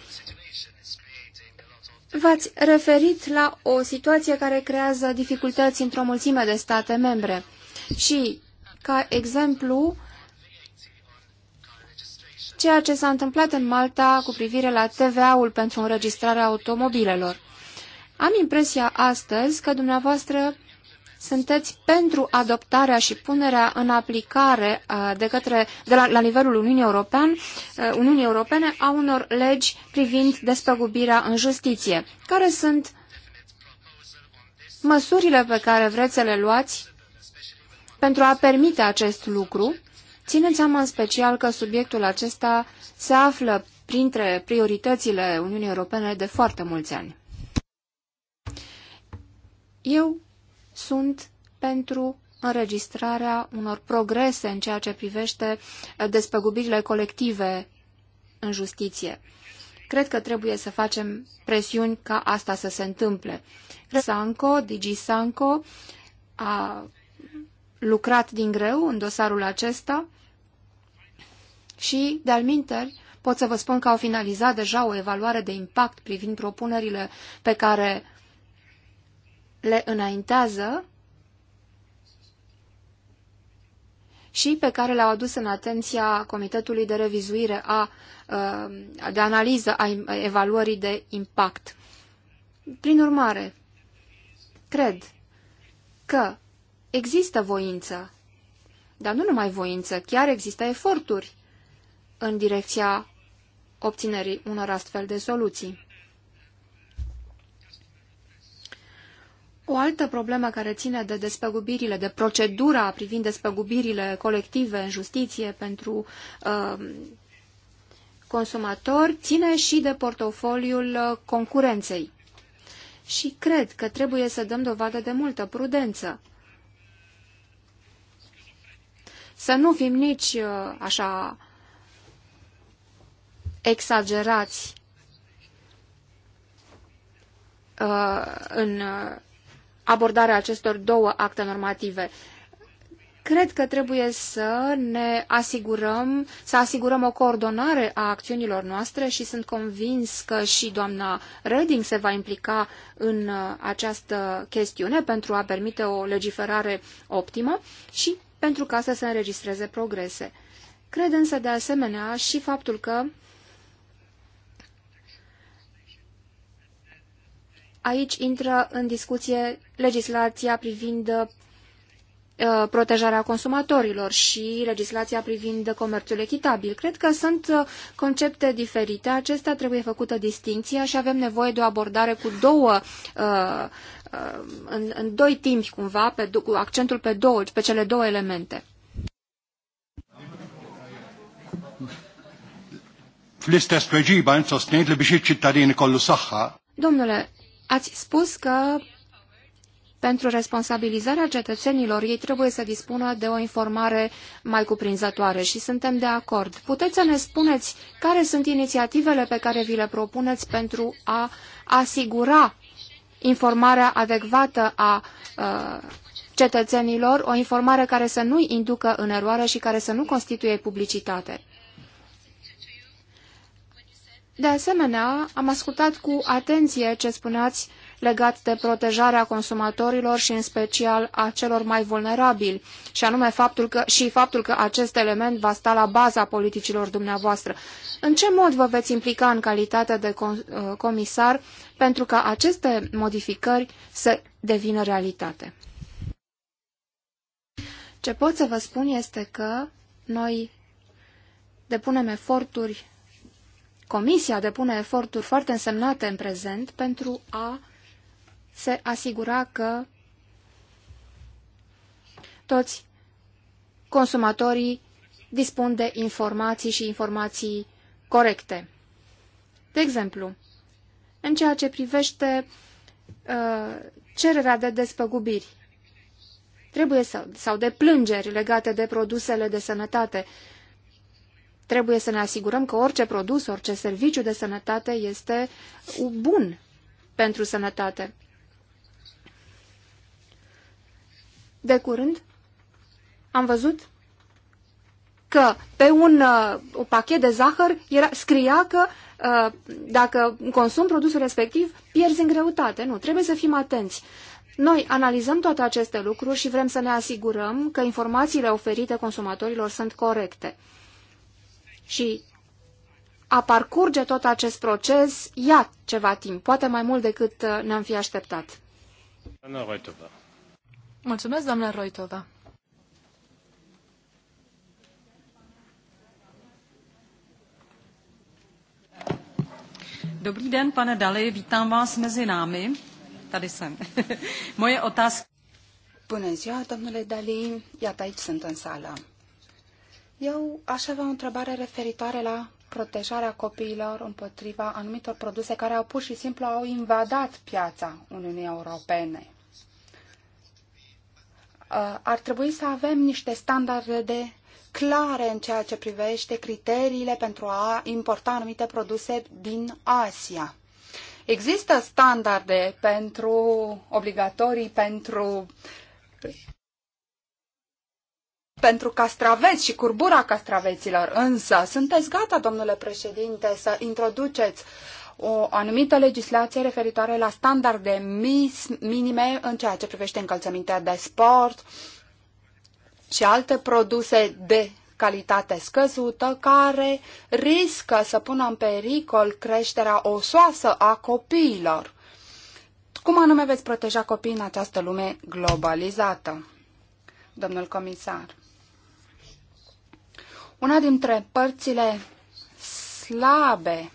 v-ați referit la o situație care creează dificultăți într-o mulțime de state membre. Și, ca exemplu, ceea ce s-a întâmplat în Malta cu privire la TVA-ul pentru înregistrarea automobilelor. Am impresia astăzi că dumneavoastră sunteți pentru adoptarea și punerea în aplicare de către, de la, la nivelul Uniunii, European, Uniunii Europene a unor legi privind despăgubirea în justiție. Care sunt măsurile pe care vreți să le luați pentru a permite acest lucru, țineți seama în special că subiectul acesta se află printre prioritățile Uniunii Europene de foarte mulți ani. Eu sunt pentru înregistrarea unor progrese în ceea ce privește eh, despăgubirile colective în justiție. Cred că trebuie să facem presiuni ca asta să se întâmple. Sanco, Digi Sanco, a lucrat din greu în dosarul acesta și, de-al pot să vă spun că au finalizat deja o evaluare de impact privind propunerile pe care le înaintează și pe care le-au adus în atenția Comitetului de Revizuire a, uh, de analiză a evaluării de impact. Prin urmare, cred că există voință, dar nu numai voință, chiar există eforturi în direcția obținerii unor astfel de soluții. O altă problemă care ține de despăgubirile, de procedura privind despăgubirile colective în justiție pentru uh, consumatori ține și de portofoliul uh, concurenței. Și cred că trebuie să dăm dovadă de multă prudență. Să nu fim nici uh, așa exagerați uh, în uh, abordarea acestor două acte normative. Cred că trebuie să ne asigurăm, să asigurăm o coordonare a acțiunilor noastre și sunt convins că și doamna Reding se va implica în uh, această chestiune pentru a permite o legiferare optimă și pentru ca să se înregistreze progrese. Cred însă de asemenea și faptul că Aici intră în discuție legislația privind uh, protejarea consumatorilor și legislația privind comerțul echitabil. Cred că sunt uh, concepte diferite. Acestea trebuie făcută distinția și avem nevoie de o abordare cu două uh, în, în doi timpi cumva, pe, cu accentul pe două, pe cele două elemente. Domnule, Ați spus că pentru responsabilizarea cetățenilor, ei trebuie să dispună de o informare mai cuprinzătoare și suntem de acord. Puteți să ne spuneți care sunt inițiativele pe care vi le propuneți pentru a asigura informarea adecvată a uh, cetățenilor, o informare care să nu-i inducă în eroare și care să nu constituie publicitate. De asemenea, am ascultat cu atenție ce spuneați legat de protejarea consumatorilor și în special a celor mai vulnerabili, și anume faptul că, și faptul că acest element va sta la baza politicilor dumneavoastră. În ce mod vă veți implica în calitate de uh, comisar pentru ca aceste modificări să devină realitate? Ce pot să vă spun este că noi depunem eforturi Comisia depune eforturi foarte însemnate în prezent pentru a se asigura că toți consumatorii dispun de informații și informații corecte. De exemplu, în ceea ce privește uh, cererea de despăgubiri, trebuie să, sau de plângeri legate de produsele de sănătate, uh, Trebuie să ne asigurăm că orice produs, orice serviciu de sănătate este bun pentru sănătate. De curând am văzut că pe un uh, o pachet de zahăr era, scria că uh, dacă consum produsul respectiv, pierzi în greutate. Nu, trebuie să fim atenți. Noi analizăm toate aceste lucruri și vrem să ne asigurăm că informațiile oferite consumatorilor sunt corecte și a parcurge tot acest proces ia ceva timp, poate mai mult decât uh, ne-am fi așteptat. Doamna Roitova. Mulțumesc, doamna Roitova. Dobrý den, pane Dali, vítám vás mezi námi. Tady jsem. Moje otázka... Bună ziua, domnule Dali, iată aici sunt în sală. Eu aș avea o întrebare referitoare la protejarea copiilor împotriva anumitor produse care au pur și simplu au invadat piața Uniunii Europene. Uh, ar trebui să avem niște standarde de clare în ceea ce privește criteriile pentru a importa anumite produse din Asia. Există standarde pentru obligatorii pentru pentru castraveți și curbura castraveților. Însă, sunteți gata, domnule președinte, să introduceți o anumită legislație referitoare la standarde minime în ceea ce privește încălțămintea de sport și alte produse de calitate scăzută care riscă să pună în pericol creșterea osoasă a copiilor. Cum anume veți proteja copiii în această lume globalizată? Domnul comisar. Una dintre părțile slabe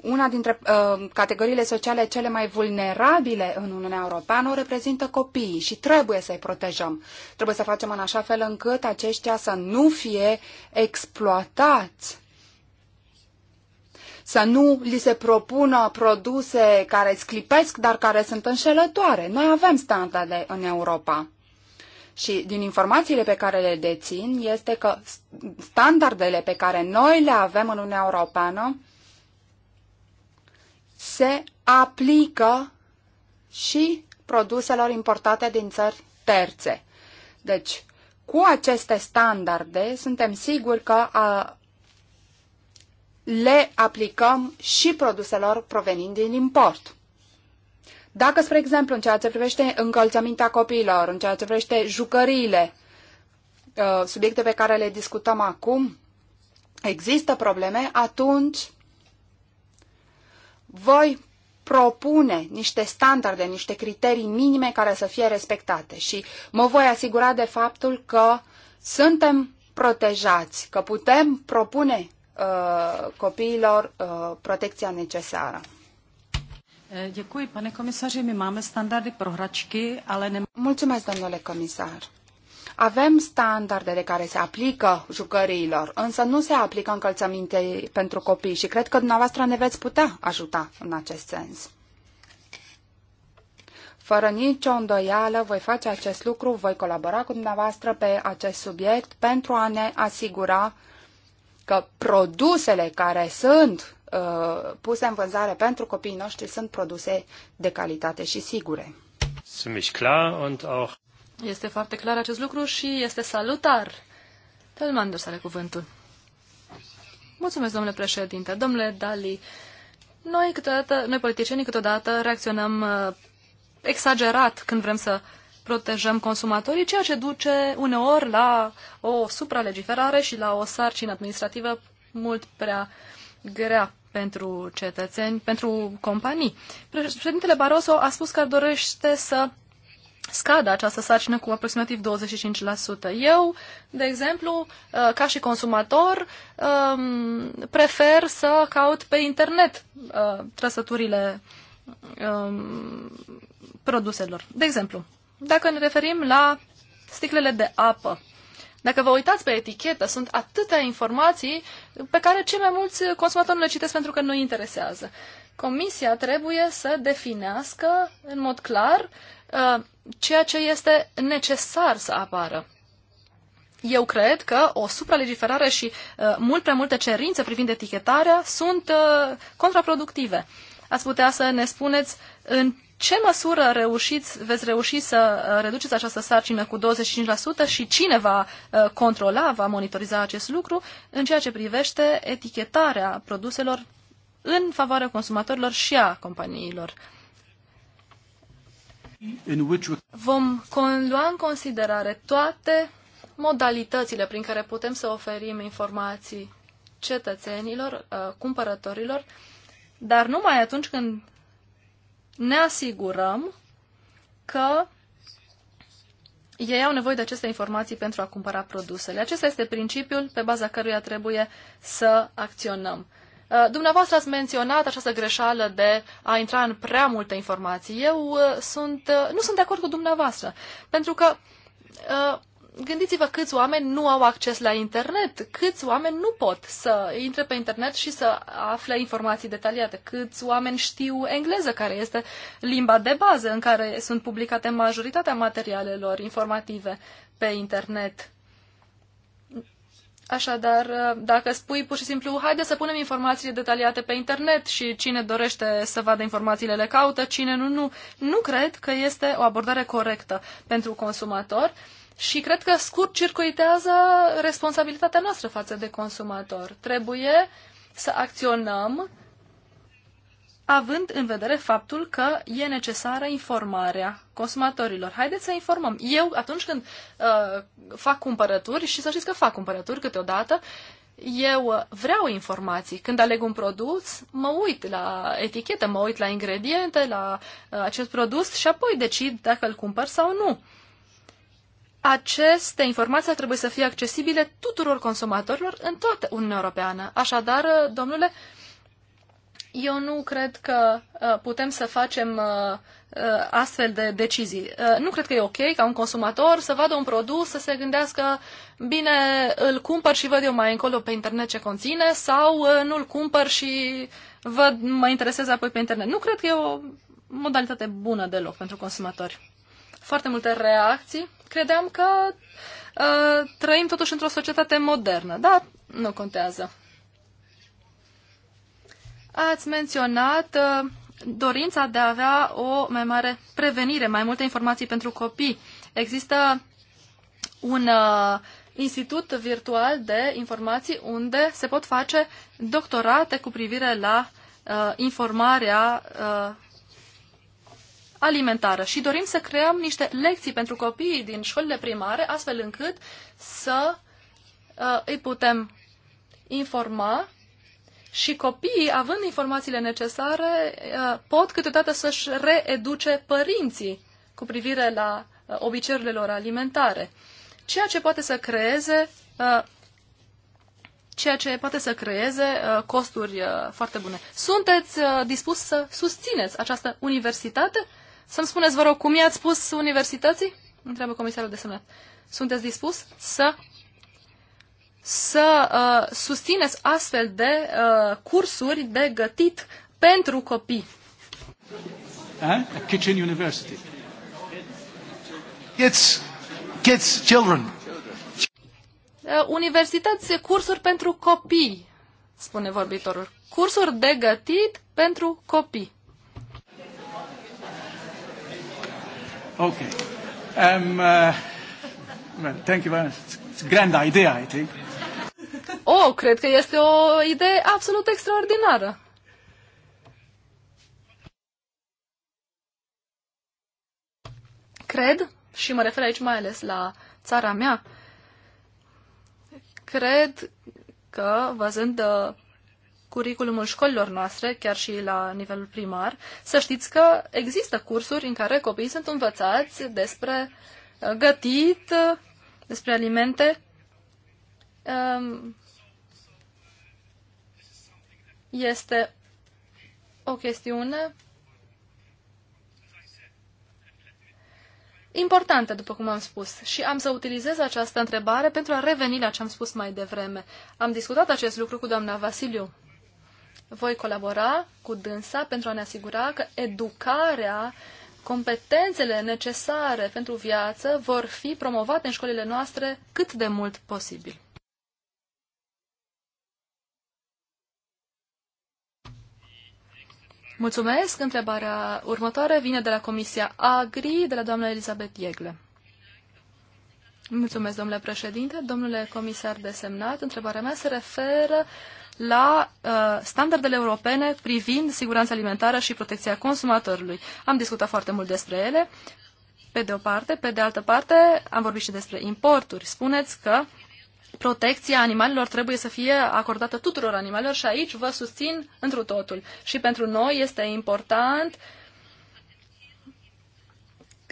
una dintre uh, categoriile sociale cele mai vulnerabile în Uniunea Europeană o reprezintă copiii și trebuie să-i protejăm. Trebuie să facem în așa fel încât aceștia să nu fie exploatați să nu li se propună produse care sclipesc, dar care sunt înșelătoare. Noi avem standarde în Europa. Și din informațiile pe care le dețin este că standardele pe care noi le avem în Uniunea Europeană se aplică și produselor importate din țări terțe. Deci, cu aceste standarde, suntem siguri că a, le aplicăm și produselor provenind din import. Dacă, spre exemplu, în ceea ce privește încălțămintea copiilor, în ceea ce privește jucăriile, uh, subiecte pe care le discutăm acum, există probleme, atunci voi propune niște standarde, niște criterii minime care să fie respectate și mă voi asigura de faptul că suntem protejați, că putem propune Uh, copiilor uh, protecția necesară. Eh, děkuji, pane komisaři. My máme standardy pro hračky, ale Mulțumesc, domnule comisar. Avem standardele care se aplică jucăriilor, însă nu se aplică încălțăminte pentru copii și cred că dumneavoastră ne veți putea ajuta în acest sens. Fără nicio îndoială voi face acest lucru, voi colabora cu dumneavoastră pe acest subiect pentru a ne asigura uh, că produsele care sunt uh, puse în vânzare pentru copiii noștri sunt produse de calitate și sigure. Este foarte clar acest lucru și este salutar. Telmandu are cuvântul. Mulțumesc, domnule președinte. Domnule Dali, noi, noi politicienii câteodată reacționăm uh, exagerat când vrem să protejăm consumatorii, ceea ce duce uneori la o supralegiferare și la o sarcină administrativă mult prea grea pentru cetățeni, pentru companii. Președintele Barroso a spus că dorește să scadă această sarcină cu aproximativ 25%. Eu, de exemplu, uh, ca și consumator, um, prefer să caut pe internet uh, trăsăturile um, produselor. De exemplu, dacă ne referim la sticlele de apă. Dacă vă uitați pe etichetă, sunt atâtea informații pe care cei mai mulți consumatori nu le citesc pentru că nu interesează. Comisia trebuie să definească în mod clar uh, ceea ce este necesar să apară. Eu cred că o supralegiferare și uh, mult prea multe cerințe privind etichetarea sunt uh, contraproductive. Ați putea să ne spuneți uh, în ce măsură reușiți, veți reuși să uh, reduceți această sarcină cu 25% și cine va uh, controla, va monitoriza acest lucru în ceea ce privește etichetarea produselor în favoarea consumatorilor și a companiilor? Vom lua în considerare toate modalitățile prin care putem să oferim informații cetățenilor, uh, cumpărătorilor, dar numai atunci când ne asigurăm că ei au nevoie de aceste informații pentru a cumpăra produsele. Acesta este principiul pe baza căruia trebuie să acționăm. Uh, dumneavoastră ați menționat această greșeală de a intra în prea multe informații. Eu uh, sunt, uh, nu sunt de acord cu dumneavoastră, pentru că gândiți-vă câți oameni nu au acces la internet, câți oameni nu pot să intre pe internet și să afle informații detaliate, câți oameni știu engleză, care este limba de bază în care sunt publicate majoritatea materialelor informative pe internet. Așadar, dacă spui pur și simplu, haide să punem informațiile detaliate pe internet și cine dorește să vadă informațiile le caută, cine nu, nu, nu cred că este o abordare corectă pentru consumator. Uh, și cred că scurt circuitează responsabilitatea noastră față de consumator. Trebuie să acționăm având în vedere faptul că e necesară informarea consumatorilor. Haideți să informăm. Eu, atunci când uh, fac cumpărături, și să știți că fac cumpărături câteodată, eu vreau informații. Când aleg un produs, mă uit la etichetă, mă uit la ingrediente, la uh, acest produs și apoi decid dacă îl cumpăr sau nu aceste informații ar trebui să fie accesibile tuturor consumatorilor în toată Uniunea Europeană. Așadar, domnule, eu nu cred că uh, putem să facem uh, uh, astfel de decizii. Nu cred că e ok ca un consumator să vadă un produs, să se gândească, bine, îl cumpăr și văd eu mai încolo pe internet ce conține sau nu îl cumpăr și văd, mă interesează apoi pe internet. Nu cred că e o modalitate bună deloc pentru consumatori. Foarte multe reacții credeam că uh, trăim totuși într-o societate modernă, dar nu contează. Ați menționat uh, dorința de a avea o mai mare prevenire, mai multe informații pentru copii. Există un uh, institut virtual de informații unde se pot face doctorate cu privire la uh, informarea uh, alimentară și dorim să creăm niște lecții pentru copiii din școlile primare, astfel încât să uh, îi putem informa și copiii, având informațiile necesare, uh, pot câteodată să-și reeduce părinții cu privire la uh, obiceiurile lor alimentare. Ceea ce poate să creeze uh, ceea ce poate să creeze uh, costuri uh, foarte bune. Sunteți uh, dispus să susțineți această universitate? Să-mi spuneți, vă rog, cum i-ați spus universității? Întreabă comisarul de semnat. Sunteți dispus să să uh, susțineți astfel de uh, cursuri de gătit pentru copii? Eh? A kitchen university. Kids, kids, children. Uh, universități, cursuri pentru copii, spune vorbitorul. Cursuri de gătit pentru copii. Okay. Um, uh, well, thank you very much. It's a grand idea, I think. Oh, cred că este o idee absolut extraordinară. Cred, și mă refer aici mai ales la țara mea, cred că, văzând uh, curriculumul școlilor noastre, chiar și la nivelul primar, să știți că există cursuri în care copiii sunt învățați despre uh, gătit, uh, despre alimente. Um, este o chestiune importantă, după cum am spus, și am să utilizez această întrebare pentru a reveni la ce am spus mai devreme. Am discutat acest lucru cu doamna Vasiliu voi colabora cu dânsa pentru a ne asigura că educarea, competențele necesare pentru viață vor fi promovate în școlile noastre cât de mult posibil. Mulțumesc. Întrebarea următoare vine de la Comisia Agri, de la doamna Elisabeth Iegle. Mulțumesc, domnule președinte. Domnule comisar desemnat, întrebarea mea se referă la uh, standardele europene privind siguranța alimentară și protecția consumatorului. Am discutat foarte mult despre ele, pe de o parte. Pe de altă parte, am vorbit și despre importuri. Spuneți că protecția animalelor trebuie să fie acordată tuturor animalelor și aici vă susțin întru totul. Și pentru noi este important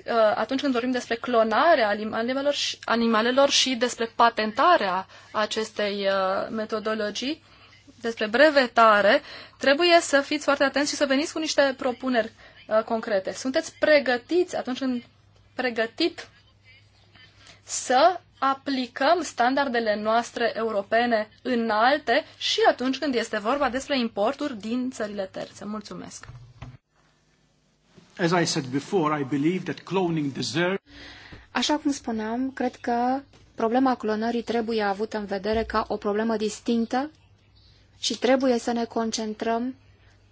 uh, atunci când vorbim despre clonarea animalelor și, animalelor și despre patentarea acestei uh, metodologii, despre brevetare, trebuie să fiți foarte atenți și să veniți cu niște propuneri uh, concrete. Sunteți pregătiți atunci când pregătit să aplicăm standardele noastre europene înalte și atunci când este vorba despre importuri din țările terțe. Mulțumesc! As I said before, I believe that cloning deserves... Așa cum spuneam, cred că problema clonării trebuie avută în vedere ca o problemă distinctă și trebuie să ne concentrăm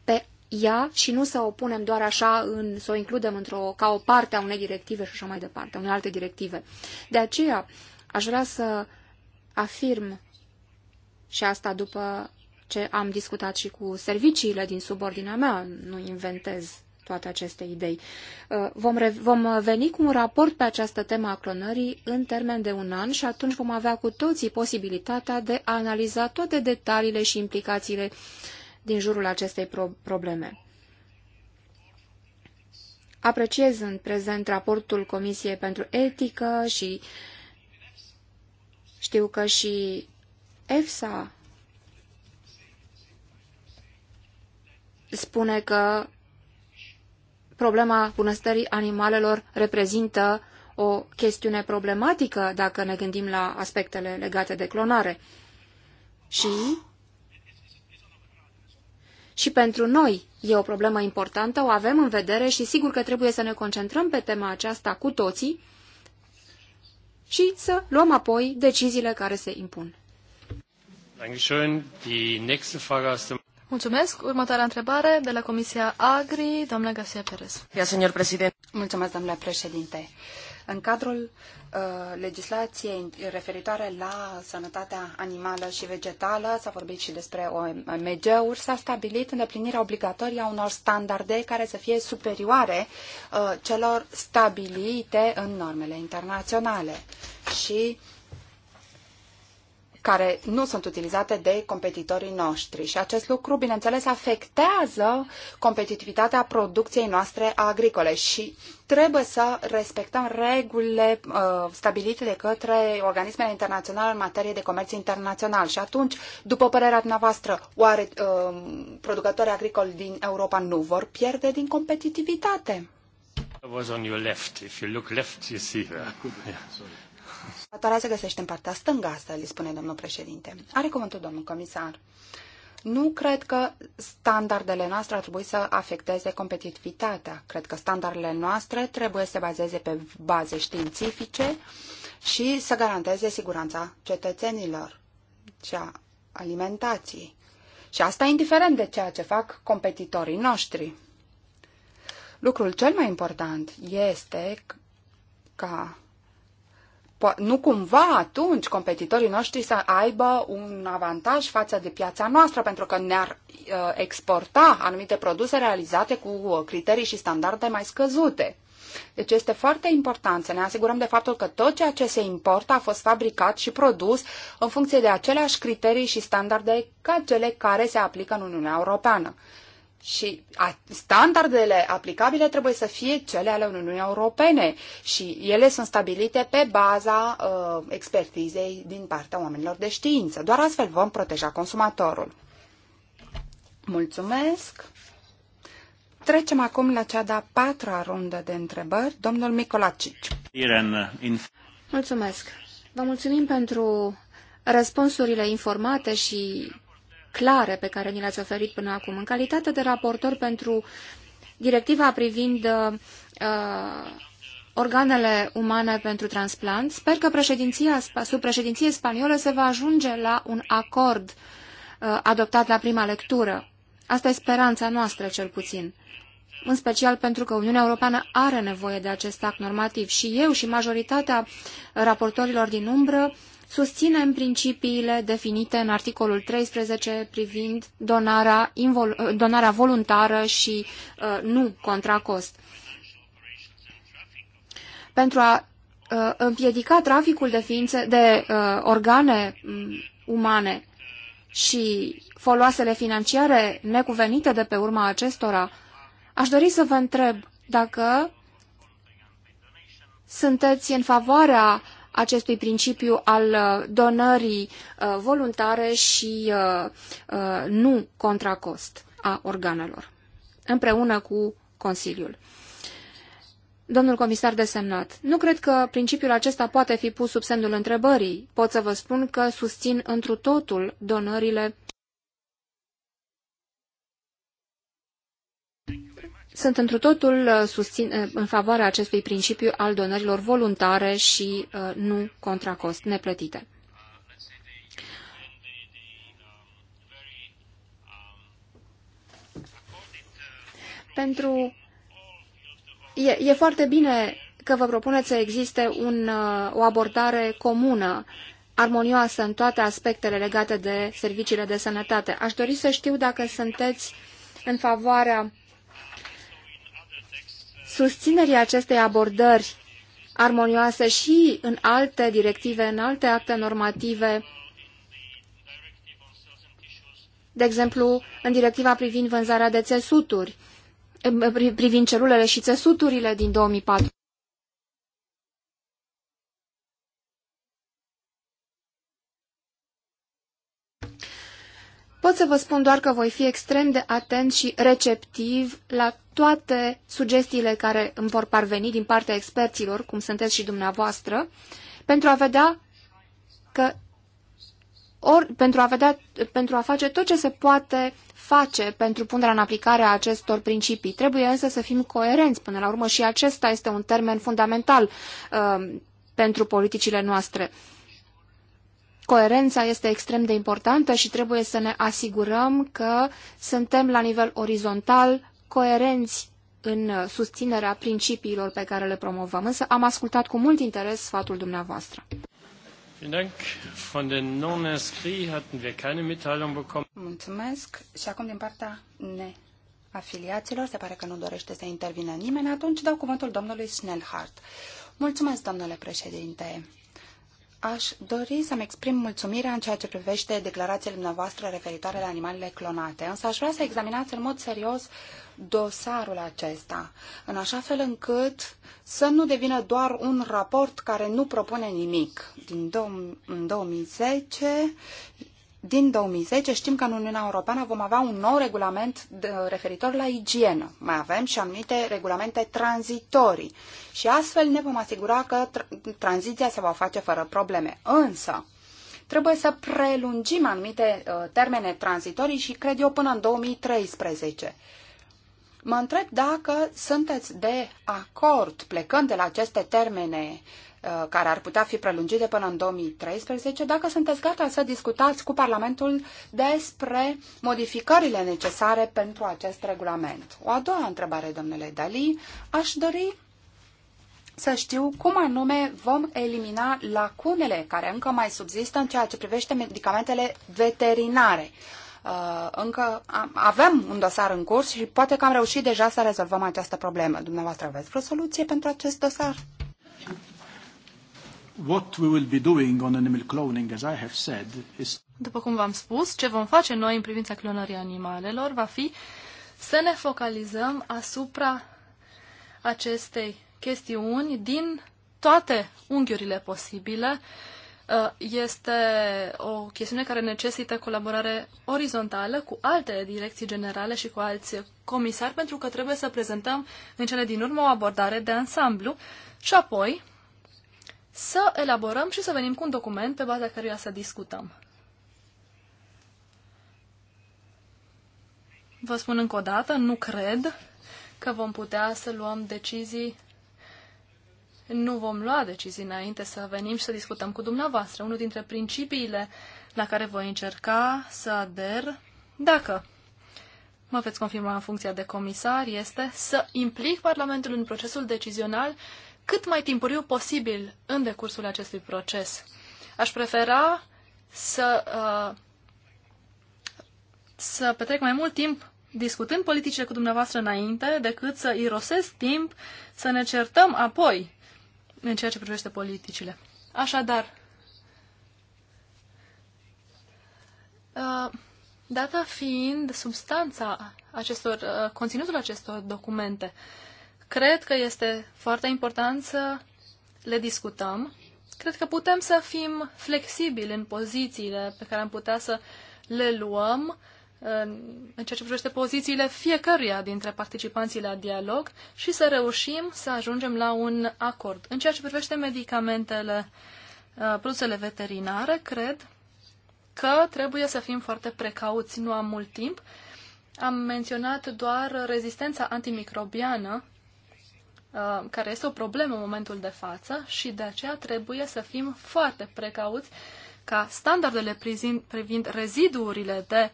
pe ea și nu să o punem doar așa, în, să o includem într-o, ca o parte a unei directive și așa mai departe, unei alte directive. De aceea aș vrea să afirm și asta după ce am discutat și cu serviciile din subordinea mea, nu inventez toate aceste idei. Uh, vom, vom uh, veni cu un raport pe această temă a clonării în termen de un an și atunci vom avea cu toții posibilitatea de a analiza toate detaliile și implicațiile din jurul acestei pro probleme. Apreciez în prezent raportul Comisiei pentru Etică și știu că și EFSA spune că problema bunăstării animalelor reprezintă o chestiune problematică dacă ne gândim la aspectele legate de clonare. Și și pentru noi e o problemă importantă, o avem în vedere și sigur că trebuie să ne concentrăm pe tema aceasta cu toții și să luăm apoi deciziile care se impun. Mulțumesc. Următoarea întrebare de la Comisia Agri, doamna Garcia Perez. Mulțumesc, domnule președinte. În cadrul uh, legislației referitoare la sănătatea animală și vegetală, s-a vorbit și despre OMG-uri, s-a stabilit îndeplinirea obligatorie a unor standarde care să fie superioare uh, celor stabilite în normele internaționale. Și care nu sunt utilizate de competitorii noștri. Și acest lucru, bineînțeles, afectează competitivitatea producției noastre agricole și trebuie să respectăm regulile uh, stabilite de către organismele internaționale în materie de comerț internațional. Și atunci, după părerea dumneavoastră, oare uh, producătorii agricoli din Europa nu vor pierde din competitivitate? was on your left. If you look left, you see her. Yeah. Următoarea se găsește în partea stângă, asta îi spune domnul președinte. Are cuvântul domnul comisar. Nu cred că standardele noastre ar trebui să afecteze competitivitatea. Cred că standardele noastre trebuie să se bazeze pe baze științifice și să garanteze siguranța cetățenilor și a alimentației. Și asta indiferent de ceea ce fac competitorii noștri. Lucrul cel mai important este ca nu cumva atunci competitorii noștri să aibă un avantaj față de piața noastră, pentru că ne-ar uh, exporta anumite produse realizate cu uh, criterii și standarde mai scăzute. Deci este foarte important să ne asigurăm de faptul că tot ceea ce se importă a fost fabricat și produs în funcție de aceleași criterii și standarde ca cele care se aplică în Uniunea Europeană și standardele aplicabile trebuie să fie cele ale Uniunii Europene și ele sunt stabilite pe baza uh, expertizei din partea oamenilor de știință. Doar astfel vom proteja consumatorul. Mulțumesc! Trecem acum la cea de-a patra rundă de întrebări. Domnul Micolacici. Mulțumesc! Vă mulțumim pentru răspunsurile informate și clare pe care ni le-ați oferit până acum. În calitate de raportor pentru directiva privind uh, uh organele umane pentru transplant, sper că președinția, sub președinție spaniolă se va ajunge la un acord uh, adoptat la prima lectură. Asta e speranța noastră, cel puțin în special pentru că Uniunea Europeană are nevoie de acest act normativ și eu și majoritatea raportorilor din umbră susținem principiile definite în articolul 13 privind donarea, uh, donarea voluntară și uh, nu contra cost. Pentru a uh, împiedica traficul de ființe, de uh, organe mm, umane și foloasele financiare necuvenite de pe urma acestora, aș dori să vă întreb dacă sunteți în favoarea acestui principiu al uh, donării uh, voluntare și uh, nu contracost a organelor, împreună cu Consiliul. Domnul comisar desemnat, nu cred că principiul acesta poate fi pus sub semnul întrebării. Pot să vă spun că susțin întru totul donările sunt întru totul uh, susțin, uh, în favoarea acestui principiu al donărilor voluntare și uh, nu contra cost, neplătite. Pentru... E, e foarte bine că vă propuneți să existe un, o abordare comună, armonioasă în toate aspectele legate de serviciile de sănătate. Aș dori să știu dacă sunteți în favoarea susținerii acestei abordări armonioase și în alte directive, în alte acte normative, de exemplu, în directiva privind vânzarea de țesuturi, privind celulele și țesuturile din 2004. Pot să vă spun doar că voi fi extrem de atent și receptiv la toate sugestiile care îmi vor parveni din partea experților, cum sunteți și dumneavoastră, pentru a vedea că or, pentru, a vedea, pentru a face tot ce se poate face pentru punerea în aplicare a acestor principii. Trebuie însă să fim coerenți până la urmă și acesta este un termen fundamental uh, pentru politicile noastre. Uh, Coerența este extrem de importantă și trebuie să ne asigurăm că suntem la nivel orizontal coerenți în susținerea principiilor pe care le promovăm. Însă am ascultat cu mult interes sfatul dumneavoastră. Mulțumesc. Și acum din partea neafiliaților, se pare că nu dorește să intervină nimeni, atunci dau cuvântul domnului Snellhardt. Mulțumesc, domnule președinte. Aș dori să-mi exprim mulțumirea în ceea ce privește declarațiile dumneavoastră referitoare la animalele clonate, însă aș vrea să examinați în mod serios dosarul acesta, în așa fel încât să nu devină doar un raport care nu propune nimic. Din în 2010 din 2010 știm că în Uniunea Europeană vom avea un nou regulament referitor la igienă. Mai avem și anumite regulamente tranzitorii și astfel ne vom asigura că tr- tranziția se va face fără probleme. Însă, trebuie să prelungim anumite uh, termene tranzitorii și cred eu până în 2013. Mă întreb dacă sunteți de acord, plecând de la aceste termene Uh, care ar putea fi prelungite până în 2013, dacă sunteți gata să discutați cu Parlamentul despre modificările necesare pentru acest regulament. O a doua întrebare, domnule Dali, aș dori să știu cum anume vom elimina lacunele care încă mai subzistă în ceea ce privește medicamentele veterinare. Uh, încă am, avem un dosar în curs și poate că am reușit deja să rezolvăm această problemă. Dumneavoastră aveți vreo soluție pentru acest dosar? What we will be doing on animal cloning, as I have said, is... După cum v-am spus, ce vom face noi în privința clonării animalelor va fi să ne focalizăm asupra acestei chestiuni din toate unghiurile posibile. Uh, este o chestiune care necesită colaborare orizontală cu alte direcții generale și cu alți comisari, pentru că trebuie să prezentăm în cele din urmă o abordare de ansamblu și apoi să elaborăm și să venim cu un document pe baza căruia să discutăm. Vă spun încă o dată, nu cred că vom putea să luăm decizii. Nu vom lua decizii înainte să venim și să discutăm cu dumneavoastră. Unul dintre principiile la care voi încerca să ader, dacă mă veți confirma în funcția de comisar, este să implic Parlamentul în procesul decizional cât mai timpuriu posibil în decursul acestui proces. Aș prefera să, uh, să petrec mai mult timp discutând politicile cu dumneavoastră înainte, decât să irosesc timp să ne certăm apoi în ceea ce privește politicile. Așadar, uh, data fiind substanța acestor, uh, conținutul acestor documente, uh, Cred că este foarte important să le discutăm. Cred că putem să fim flexibili în pozițiile pe care am putea să le luăm în ceea ce privește pozițiile fiecăruia dintre participanții la dialog și să reușim să ajungem la un acord. În ceea ce privește medicamentele, uh, produsele veterinare, cred că trebuie să fim foarte precauți, nu am mult timp. Am menționat doar rezistența antimicrobiană Uh, care este o problemă în momentul de față și de aceea trebuie să fim foarte precauți ca standardele privind reziduurile de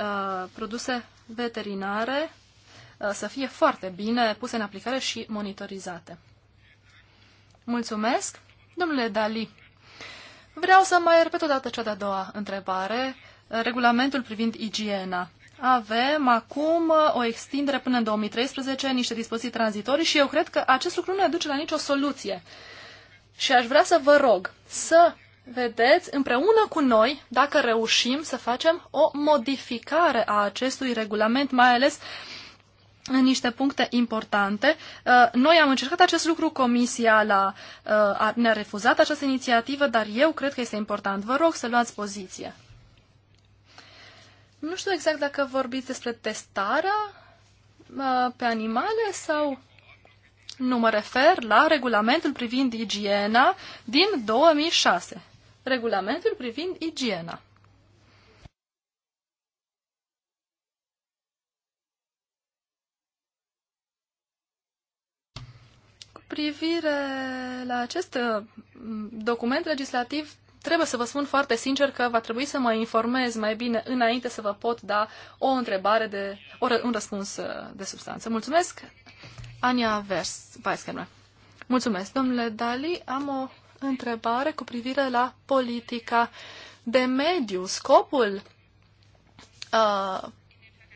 uh, produse veterinare uh, să fie foarte bine puse în aplicare și monitorizate. Mulțumesc, domnule Dali. Vreau să mai repet o dată cea de-a doua întrebare, uh, regulamentul privind igiena avem acum uh, o extindere până în 2013, niște dispoziții tranzitorii și eu cred că acest lucru nu ne duce la nicio soluție. Și aș vrea să vă rog să vedeți împreună cu noi dacă reușim să facem o modificare a acestui regulament, mai ales în niște puncte importante. Uh, noi am încercat acest lucru, Comisia la, uh, ne-a refuzat această inițiativă, dar eu cred că este important. Vă rog să luați poziție. Nu știu exact dacă vorbiți despre testarea uh, pe animale sau nu mă refer la regulamentul privind igiena din 2006. Regulamentul privind igiena. Cu privire la acest uh, document legislativ trebuie să vă spun foarte sincer că va trebui să mă informez mai bine înainte să vă pot da o întrebare de, o, un răspuns uh, de substanță. Mulțumesc, Ania Vers, Weiskerner. Mulțumesc, domnule Dali. Am o întrebare cu privire la politica de mediu. Scopul uh,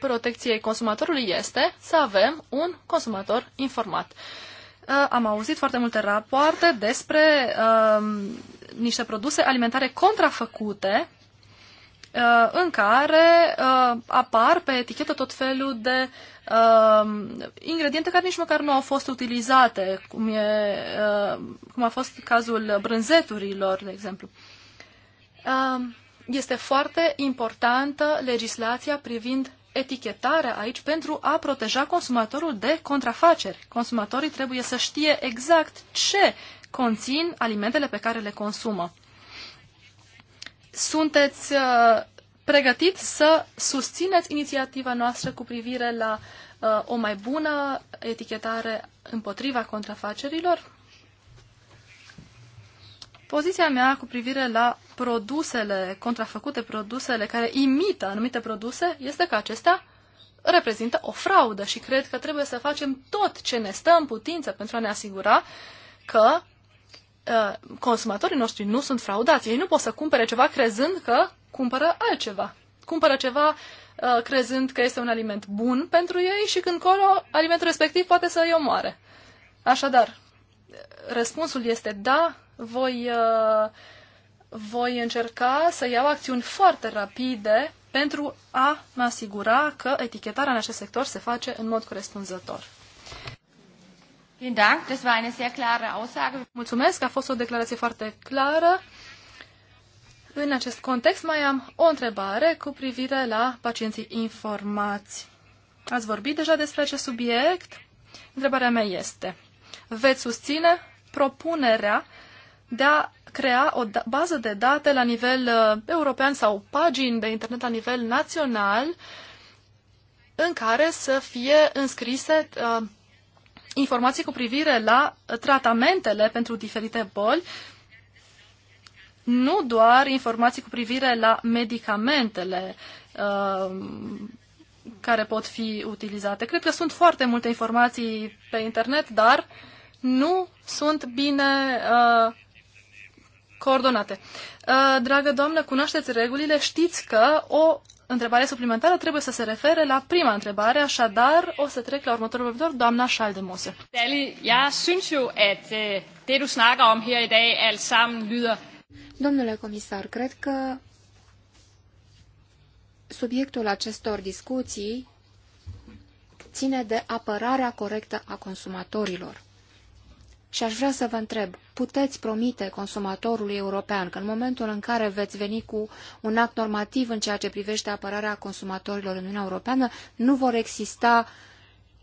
protecției consumatorului este să avem un consumator informat. Uh, am auzit foarte multe rapoarte despre uh, niște produse alimentare contrafăcute uh, în care uh, apar pe etichetă tot felul de uh, ingrediente care nici măcar nu au fost utilizate, cum, e, cum a fost cazul brânzeturilor, de exemplu. Este foarte importantă legislația privind etichetarea aici pentru a proteja consumatorul de contrafaceri. Consumatorii trebuie să știe exact ce conțin alimentele pe care le consumă. Sunteți uh, pregătit să susțineți inițiativa noastră cu privire la uh, o mai bună etichetare împotriva contrafacerilor? Poziția mea cu privire la produsele contrafăcute, produsele care imită anumite produse, este că acestea reprezintă o fraudă și cred că trebuie să facem tot ce ne stă în putință pentru a ne asigura că Uh, consumatorii noștri nu sunt fraudați. Ei nu pot să cumpere ceva crezând că cumpără altceva. Cumpără ceva uh, crezând că este un aliment bun pentru ei și când colo alimentul respectiv poate să îi omoare. Așadar, răspunsul este da, voi, uh, voi încerca să iau acțiuni foarte rapide pentru a mă asigura că etichetarea în acest sector se face în mod corespunzător. Mulțumesc, a fost o declarație foarte clară. În acest context mai am o întrebare cu privire la pacienții informați. Ați vorbit deja despre acest subiect? Întrebarea mea este, veți susține propunerea de a crea o da- bază de date la nivel uh, european sau pagini de internet la nivel național în care să fie înscrise uh, informații cu privire la tratamentele pentru diferite boli, nu doar informații cu privire la medicamentele uh, care pot fi utilizate. Cred că sunt foarte multe informații pe internet, dar nu sunt bine uh, coordonate. Uh, dragă doamnă, cunoașteți regulile, știți că o întrebare suplimentară trebuie să se refere la prima întrebare, așadar o să trec la următorul vorbitor, doamna Schaldemose. Dali, ja synes jo, at øh, det du snakker om her i dag, alt sammen lyder... Domnule comisar, cred că subiectul acestor discuții ține de apărarea corectă a consumatorilor. Și aș vrea să vă întreb, puteți promite consumatorului european că în momentul în care veți veni cu un act normativ în ceea ce privește apărarea consumatorilor în Uniunea Europeană, nu vor exista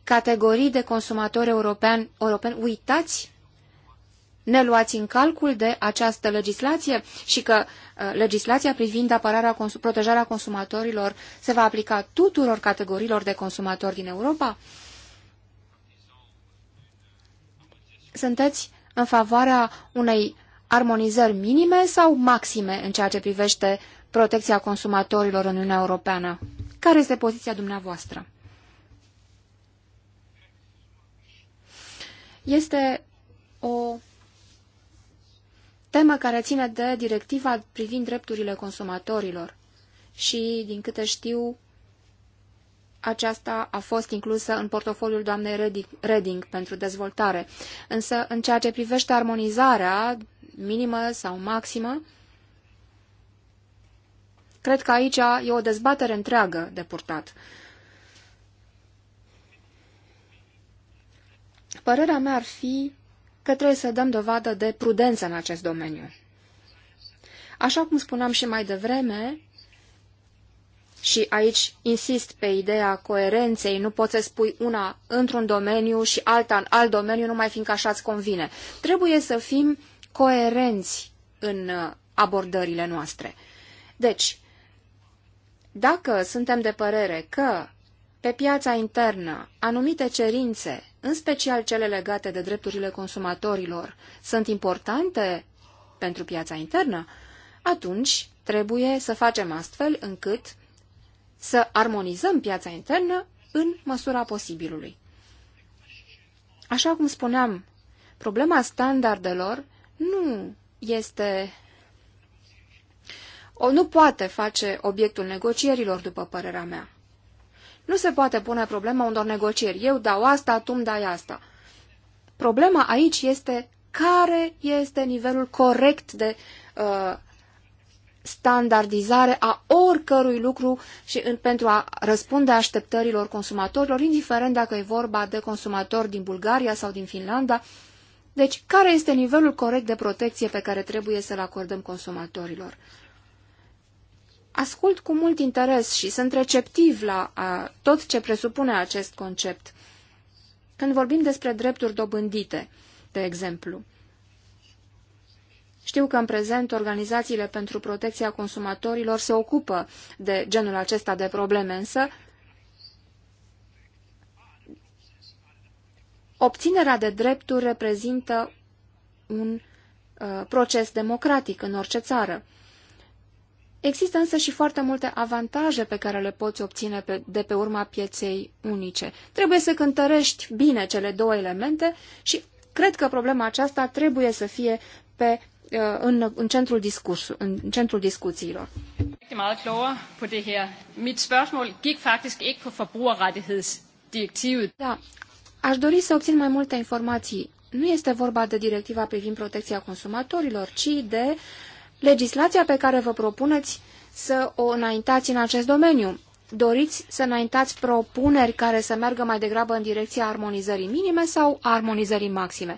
categorii de consumatori europeni, europeni uitați? Ne luați în calcul de această legislație și că uh, legislația privind apărarea, protejarea consumatorilor se va aplica tuturor categoriilor de consumatori din Europa? sunteți în favoarea unei armonizări minime sau maxime în ceea ce privește protecția consumatorilor în Uniunea Europeană? Care este poziția dumneavoastră? Este o temă care ține de directiva privind drepturile consumatorilor și, din câte știu, aceasta a fost inclusă în portofoliul doamnei Reding pentru dezvoltare. Însă, în ceea ce privește armonizarea minimă sau maximă, cred că aici e o dezbatere întreagă de purtat. Părerea mea ar fi că trebuie să dăm dovadă de prudență în acest domeniu. Așa cum spuneam și mai devreme, și aici insist pe ideea coerenței, nu poți să spui una într-un domeniu și alta în alt domeniu, numai fiindcă așa îți convine. Trebuie să fim coerenți în uh, abordările noastre. Deci, dacă suntem de părere că pe piața internă anumite cerințe, în special cele legate de drepturile consumatorilor, sunt importante pentru piața internă, atunci trebuie să facem astfel încât să armonizăm piața internă în măsura posibilului. Așa cum spuneam, problema standardelor nu este... O, nu poate face obiectul negocierilor, după părerea mea. Nu se poate pune problema unor negocieri. Eu dau asta, tu îmi dai asta. Problema aici este care este nivelul corect de uh, standardizare a oricărui lucru și în, pentru a răspunde așteptărilor consumatorilor, indiferent dacă e vorba de consumatori din Bulgaria sau din Finlanda. Deci, care este nivelul corect de protecție pe care trebuie să-l acordăm consumatorilor? Ascult cu mult interes și sunt receptiv la a, tot ce presupune acest concept. Când vorbim despre drepturi dobândite, de exemplu, știu că în prezent organizațiile pentru protecția consumatorilor se ocupă de genul acesta de probleme, însă obținerea de drepturi reprezintă un uh, proces democratic în orice țară. Există însă și foarte multe avantaje pe care le poți obține pe, de pe urma pieței unice. Trebuie să cântărești bine cele două elemente și cred că problema aceasta trebuie să fie pe Uh, în, în, centrul, discursul, în centrul discuțiilor. meget klogere på det her. Mit spørgsmål gik faktisk ikke på forbrugerrettighedsdirektivet. Da, aș dori să obțin mai multe informații. Nu este vorba de directiva privind protecția consumatorilor, ci de legislația pe care vă propuneți să o înaintați în acest domeniu doriți să înaintați propuneri care să meargă mai degrabă în direcția armonizării minime sau armonizării maxime.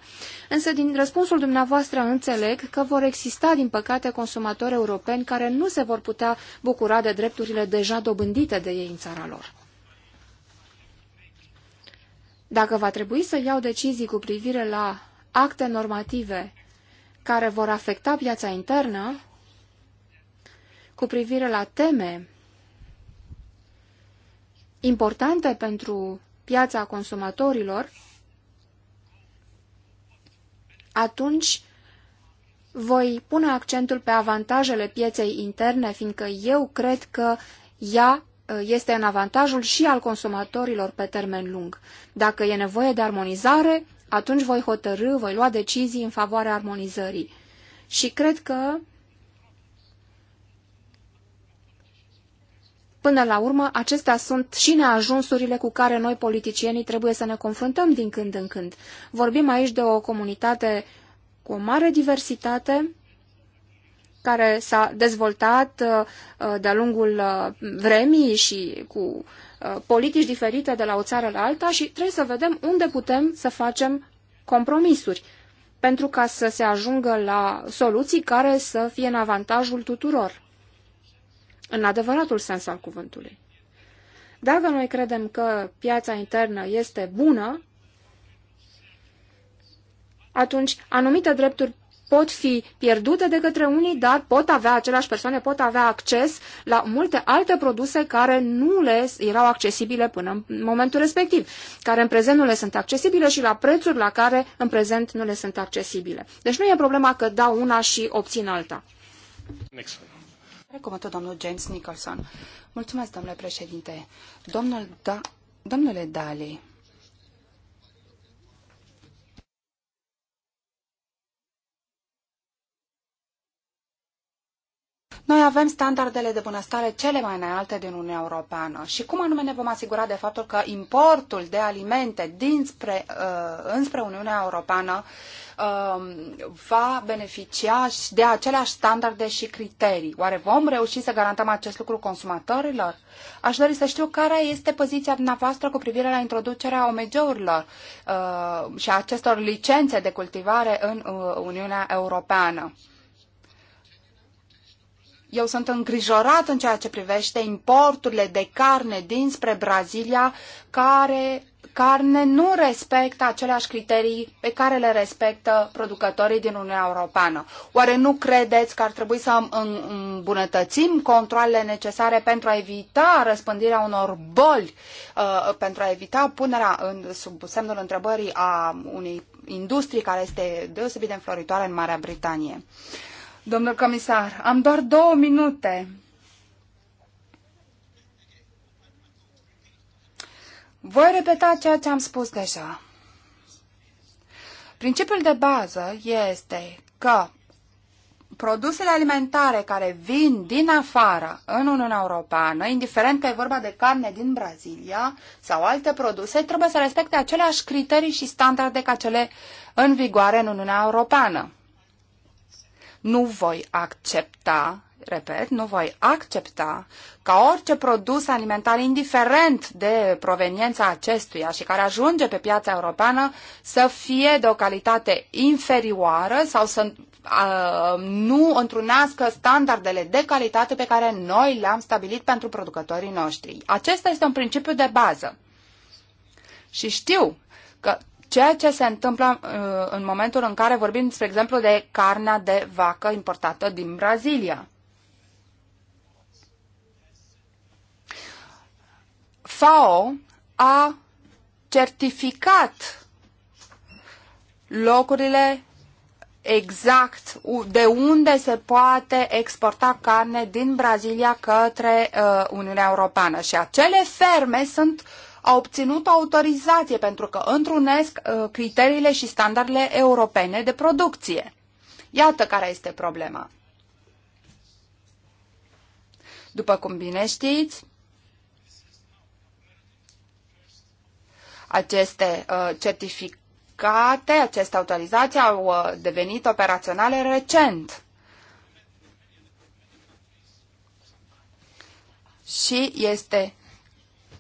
Însă din răspunsul dumneavoastră înțeleg că vor exista, din păcate, consumatori europeni care nu se vor putea bucura de drepturile deja dobândite de ei în țara lor. Dacă va trebui să iau decizii cu privire la acte normative care vor afecta piața internă, cu privire la teme importante pentru piața consumatorilor, atunci voi pune accentul pe avantajele pieței interne, fiindcă eu cred că ea ă, este în avantajul și al consumatorilor pe termen lung. Dacă e nevoie de armonizare, atunci voi hotărâ, voi lua decizii în favoarea armonizării. Și cred că Până la urmă, acestea sunt și neajunsurile cu care noi, politicienii, trebuie să ne confruntăm din când în când. Vorbim aici de o comunitate cu o mare diversitate, care s-a dezvoltat uh, uh, de-a lungul uh, vremii și cu politici diferite de la o țară la alta și trebuie să vedem unde putem să facem compromisuri pentru ca să se ajungă la soluții care să fie în avantajul tuturor în adevăratul sens al cuvântului. Dacă noi credem că piața internă este bună, atunci anumite drepturi pot fi pierdute de către unii, dar pot avea, aceleași persoane pot avea acces la multe alte produse care nu le erau accesibile până în momentul respectiv, care în prezent nu le sunt accesibile și la prețuri la care în prezent nu le sunt accesibile. Deci nu e problema că dau una și obțin alta. Excellent. Recomandă domnul James Nicholson. Mulțumesc, domnule președinte. Domnul da... Domnule Daly. Noi avem standardele de bunăstare cele mai înalte din Uniunea Europeană și cum anume ne vom asigura de faptul că importul de alimente dinspre, uh, înspre Uniunea Europeană um, va beneficia de aceleași standarde și criterii. Oare vom reuși să garantăm acest lucru consumatorilor? Aș dori să știu care este poziția dumneavoastră cu privire la introducerea OMG-urilor uh, și a acestor licențe de cultivare în uh, Uniunea Europeană. Eu sunt îngrijorat în ceea ce privește importurile de carne dinspre Brazilia, care carne nu respectă aceleași criterii pe care le respectă producătorii din Uniunea Europeană. Oare nu credeți că ar trebui să îmbunătățim controlele necesare pentru a evita răspândirea unor boli, uh, pentru a evita punerea în, sub semnul întrebării a unei industrii care este deosebit de înfloritoare în Marea Britanie? domnul comisar. Am doar două minute. Voi repeta ceea ce am spus deja. Principiul de bază este că produsele alimentare care vin din afară în Uniunea Europeană, indiferent că e vorba de carne din Brazilia sau alte produse, trebuie să respecte aceleași criterii și standarde ca cele în vigoare în Uniunea Europeană. Nu voi accepta, repet, nu voi accepta ca orice produs alimentar, indiferent de proveniența acestuia și care ajunge pe piața europeană, să fie de o calitate inferioară sau să nu întrunească standardele de calitate pe care noi le-am stabilit pentru producătorii noștri. Acesta este un principiu de bază. Și știu că ceea ce se întâmplă uh, în momentul în care vorbim, spre exemplu, de carnea de vacă importată din Brazilia. FAO a certificat locurile exact de unde se poate exporta carne din Brazilia către uh, Uniunea Europeană. Și acele ferme sunt uh, a obținut o autorizație pentru că întrunesc uh, criteriile și standardele europene de producție. Iată care este problema. După cum bine știți, aceste uh, certificate, aceste autorizații au uh, devenit operaționale recent. Și este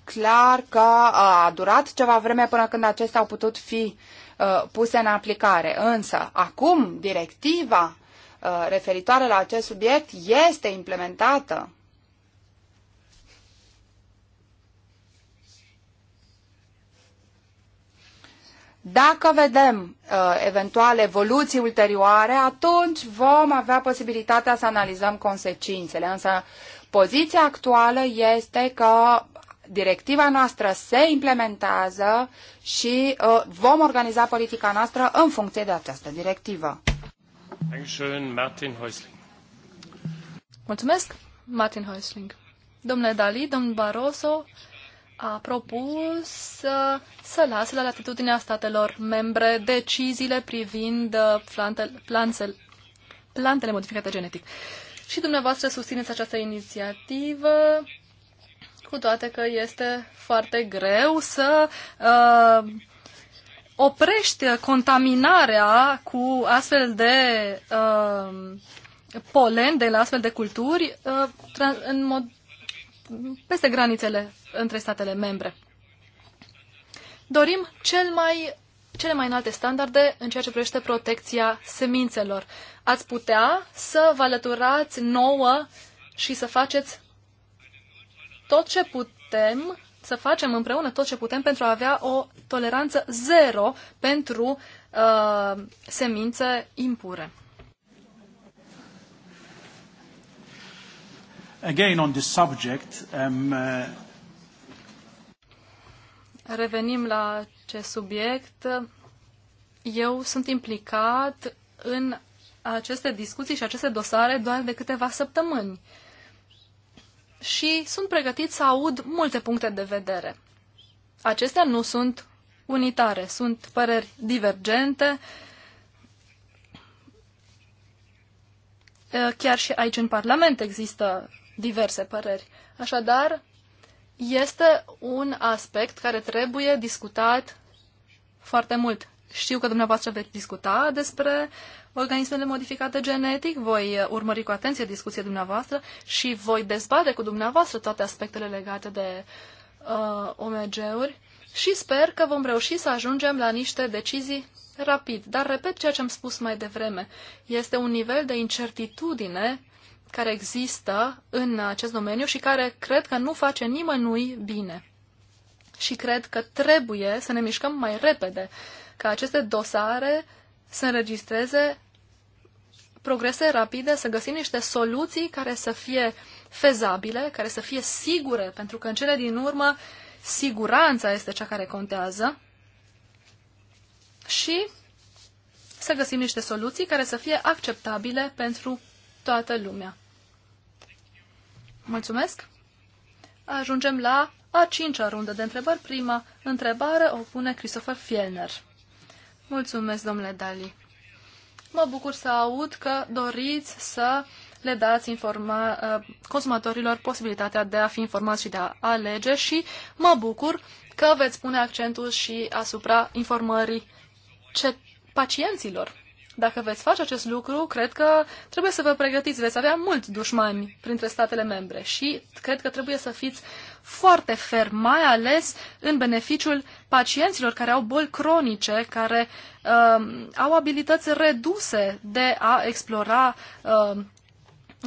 clar că uh, a durat ceva vreme până când acestea au putut fi uh, puse în aplicare. Însă, acum, directiva uh, referitoare la acest subiect este implementată. Dacă vedem uh, eventuale evoluții ulterioare, atunci vom avea posibilitatea să analizăm consecințele. Însă, poziția actuală este că directiva noastră se implementează și uh, vom organiza politica noastră în funcție de această directivă. Martin Häusling. Mulțumesc, Martin Häusling. Domnule Dali, domnul Barroso a propus să, lase la latitudinea statelor membre deciziile privind uh, plantele, plantele modificate genetic. Și dumneavoastră susțineți această inițiativă cu toate că este foarte greu să uh, oprești contaminarea cu astfel de uh, polen de la astfel de culturi uh, în mod peste granițele între statele membre. Dorim cel mai, cele mai înalte standarde în ceea ce privește protecția semințelor. Ați putea să vă alăturați nouă și să faceți tot ce putem, să facem împreună tot ce putem pentru a avea o toleranță zero pentru uh, semințe impure. Again on this subject, um, uh... Revenim la ce subiect. Eu sunt implicat în aceste discuții și aceste dosare doar de câteva săptămâni. Uh, și sunt pregătit să aud multe puncte de vedere. Acestea nu sunt unitare, sunt păreri divergente, chiar și aici în Parlament există diverse păreri. Așadar, este un aspect care trebuie discutat foarte mult. Știu că dumneavoastră veți discuta despre organismele modificate genetic, voi uh, urmări cu atenție discuția dumneavoastră și voi dezbate cu dumneavoastră toate aspectele legate de uh, OMG-uri și sper că vom reuși să ajungem la niște decizii rapid. Dar repet ceea ce am spus mai devreme. Este un nivel de incertitudine care există în acest domeniu și care cred că nu face nimănui bine. Și cred că trebuie să ne mișcăm mai repede ca aceste dosare să înregistreze progrese rapide, să găsim niște soluții care să fie fezabile, care să fie sigure, pentru că în cele din urmă siguranța este cea care contează și să găsim niște soluții care să fie acceptabile pentru toată lumea. Mulțumesc! Ajungem la a cincea rundă de întrebări. Prima întrebare o pune Christopher Fielner. Mulțumesc, domnule Dali. Mă bucur să aud că doriți să le dați informa, uh, consumatorilor posibilitatea de a fi informați și de a alege și mă bucur că veți pune accentul și asupra informării ce, pacienților. Dacă veți face acest lucru, cred că trebuie să vă pregătiți. Veți avea mulți dușmani printre statele membre și cred că trebuie să fiți foarte ferm, mai ales în beneficiul pacienților care au boli cronice, care uh, au abilități reduse de a explora uh,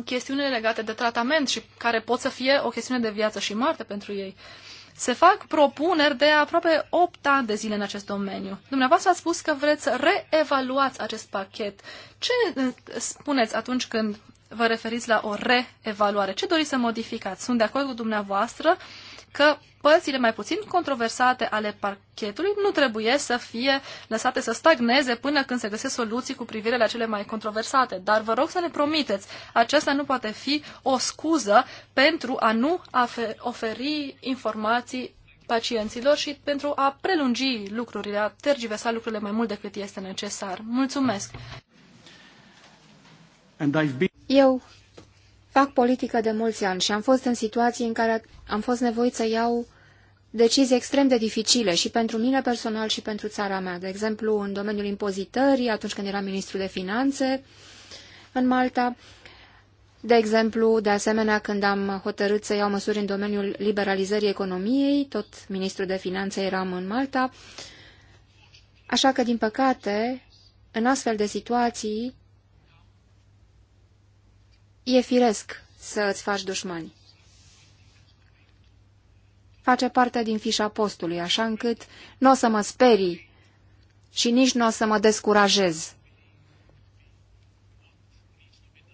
chestiunile legate de tratament și care pot să fie o chestiune de viață și moarte pentru ei. Se fac propuneri de aproape 8 ani de zile în acest domeniu. Dumneavoastră ați spus că vreți să reevaluați acest pachet. Ce uh, spuneți atunci când vă referiți la o reevaluare. Ce doriți să modificați? Sunt de acord cu dumneavoastră că părțile mai puțin controversate ale parchetului nu trebuie să fie lăsate să stagneze până când se găsesc soluții cu privire la cele mai controversate. Dar vă rog să ne promiteți, aceasta nu poate fi o scuză pentru a nu oferi informații pacienților și pentru a prelungi lucrurile, a tergiversa lucrurile mai mult decât este necesar. Mulțumesc! Eu fac politică de mulți ani și am fost în situații în care am fost nevoit să iau decizii extrem de dificile și pentru mine personal și pentru țara mea. De exemplu, în domeniul impozitării, atunci când eram ministru de finanțe în Malta, de exemplu, de asemenea, când am hotărât să iau măsuri în domeniul liberalizării economiei, tot ministru de finanțe eram în Malta, așa că, din păcate, în astfel de situații, E firesc să îți faci dușmani. Face parte din fișa postului, așa încât nu o să mă sperii și nici nu o să mă descurajez.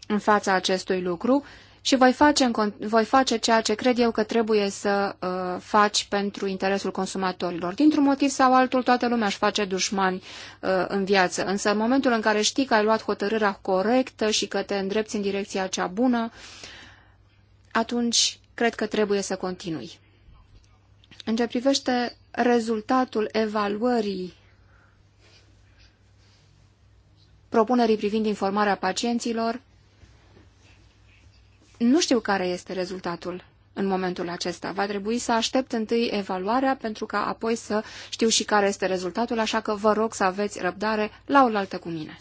În fața acestui lucru, și voi face, în, voi face ceea ce cred eu că trebuie să uh, faci pentru interesul consumatorilor. Dintr-un motiv sau altul, toată lumea își face dușmani uh, în viață, însă în momentul în care știi că ai luat hotărârea corectă și că te îndrepți în direcția cea bună, atunci cred că trebuie să continui. În ce privește rezultatul evaluării propunerii privind informarea pacienților, nu știu care este rezultatul în momentul acesta. Va trebui să aștept întâi evaluarea pentru ca apoi să știu și care este rezultatul, așa că vă rog să aveți răbdare la oaltă cu mine.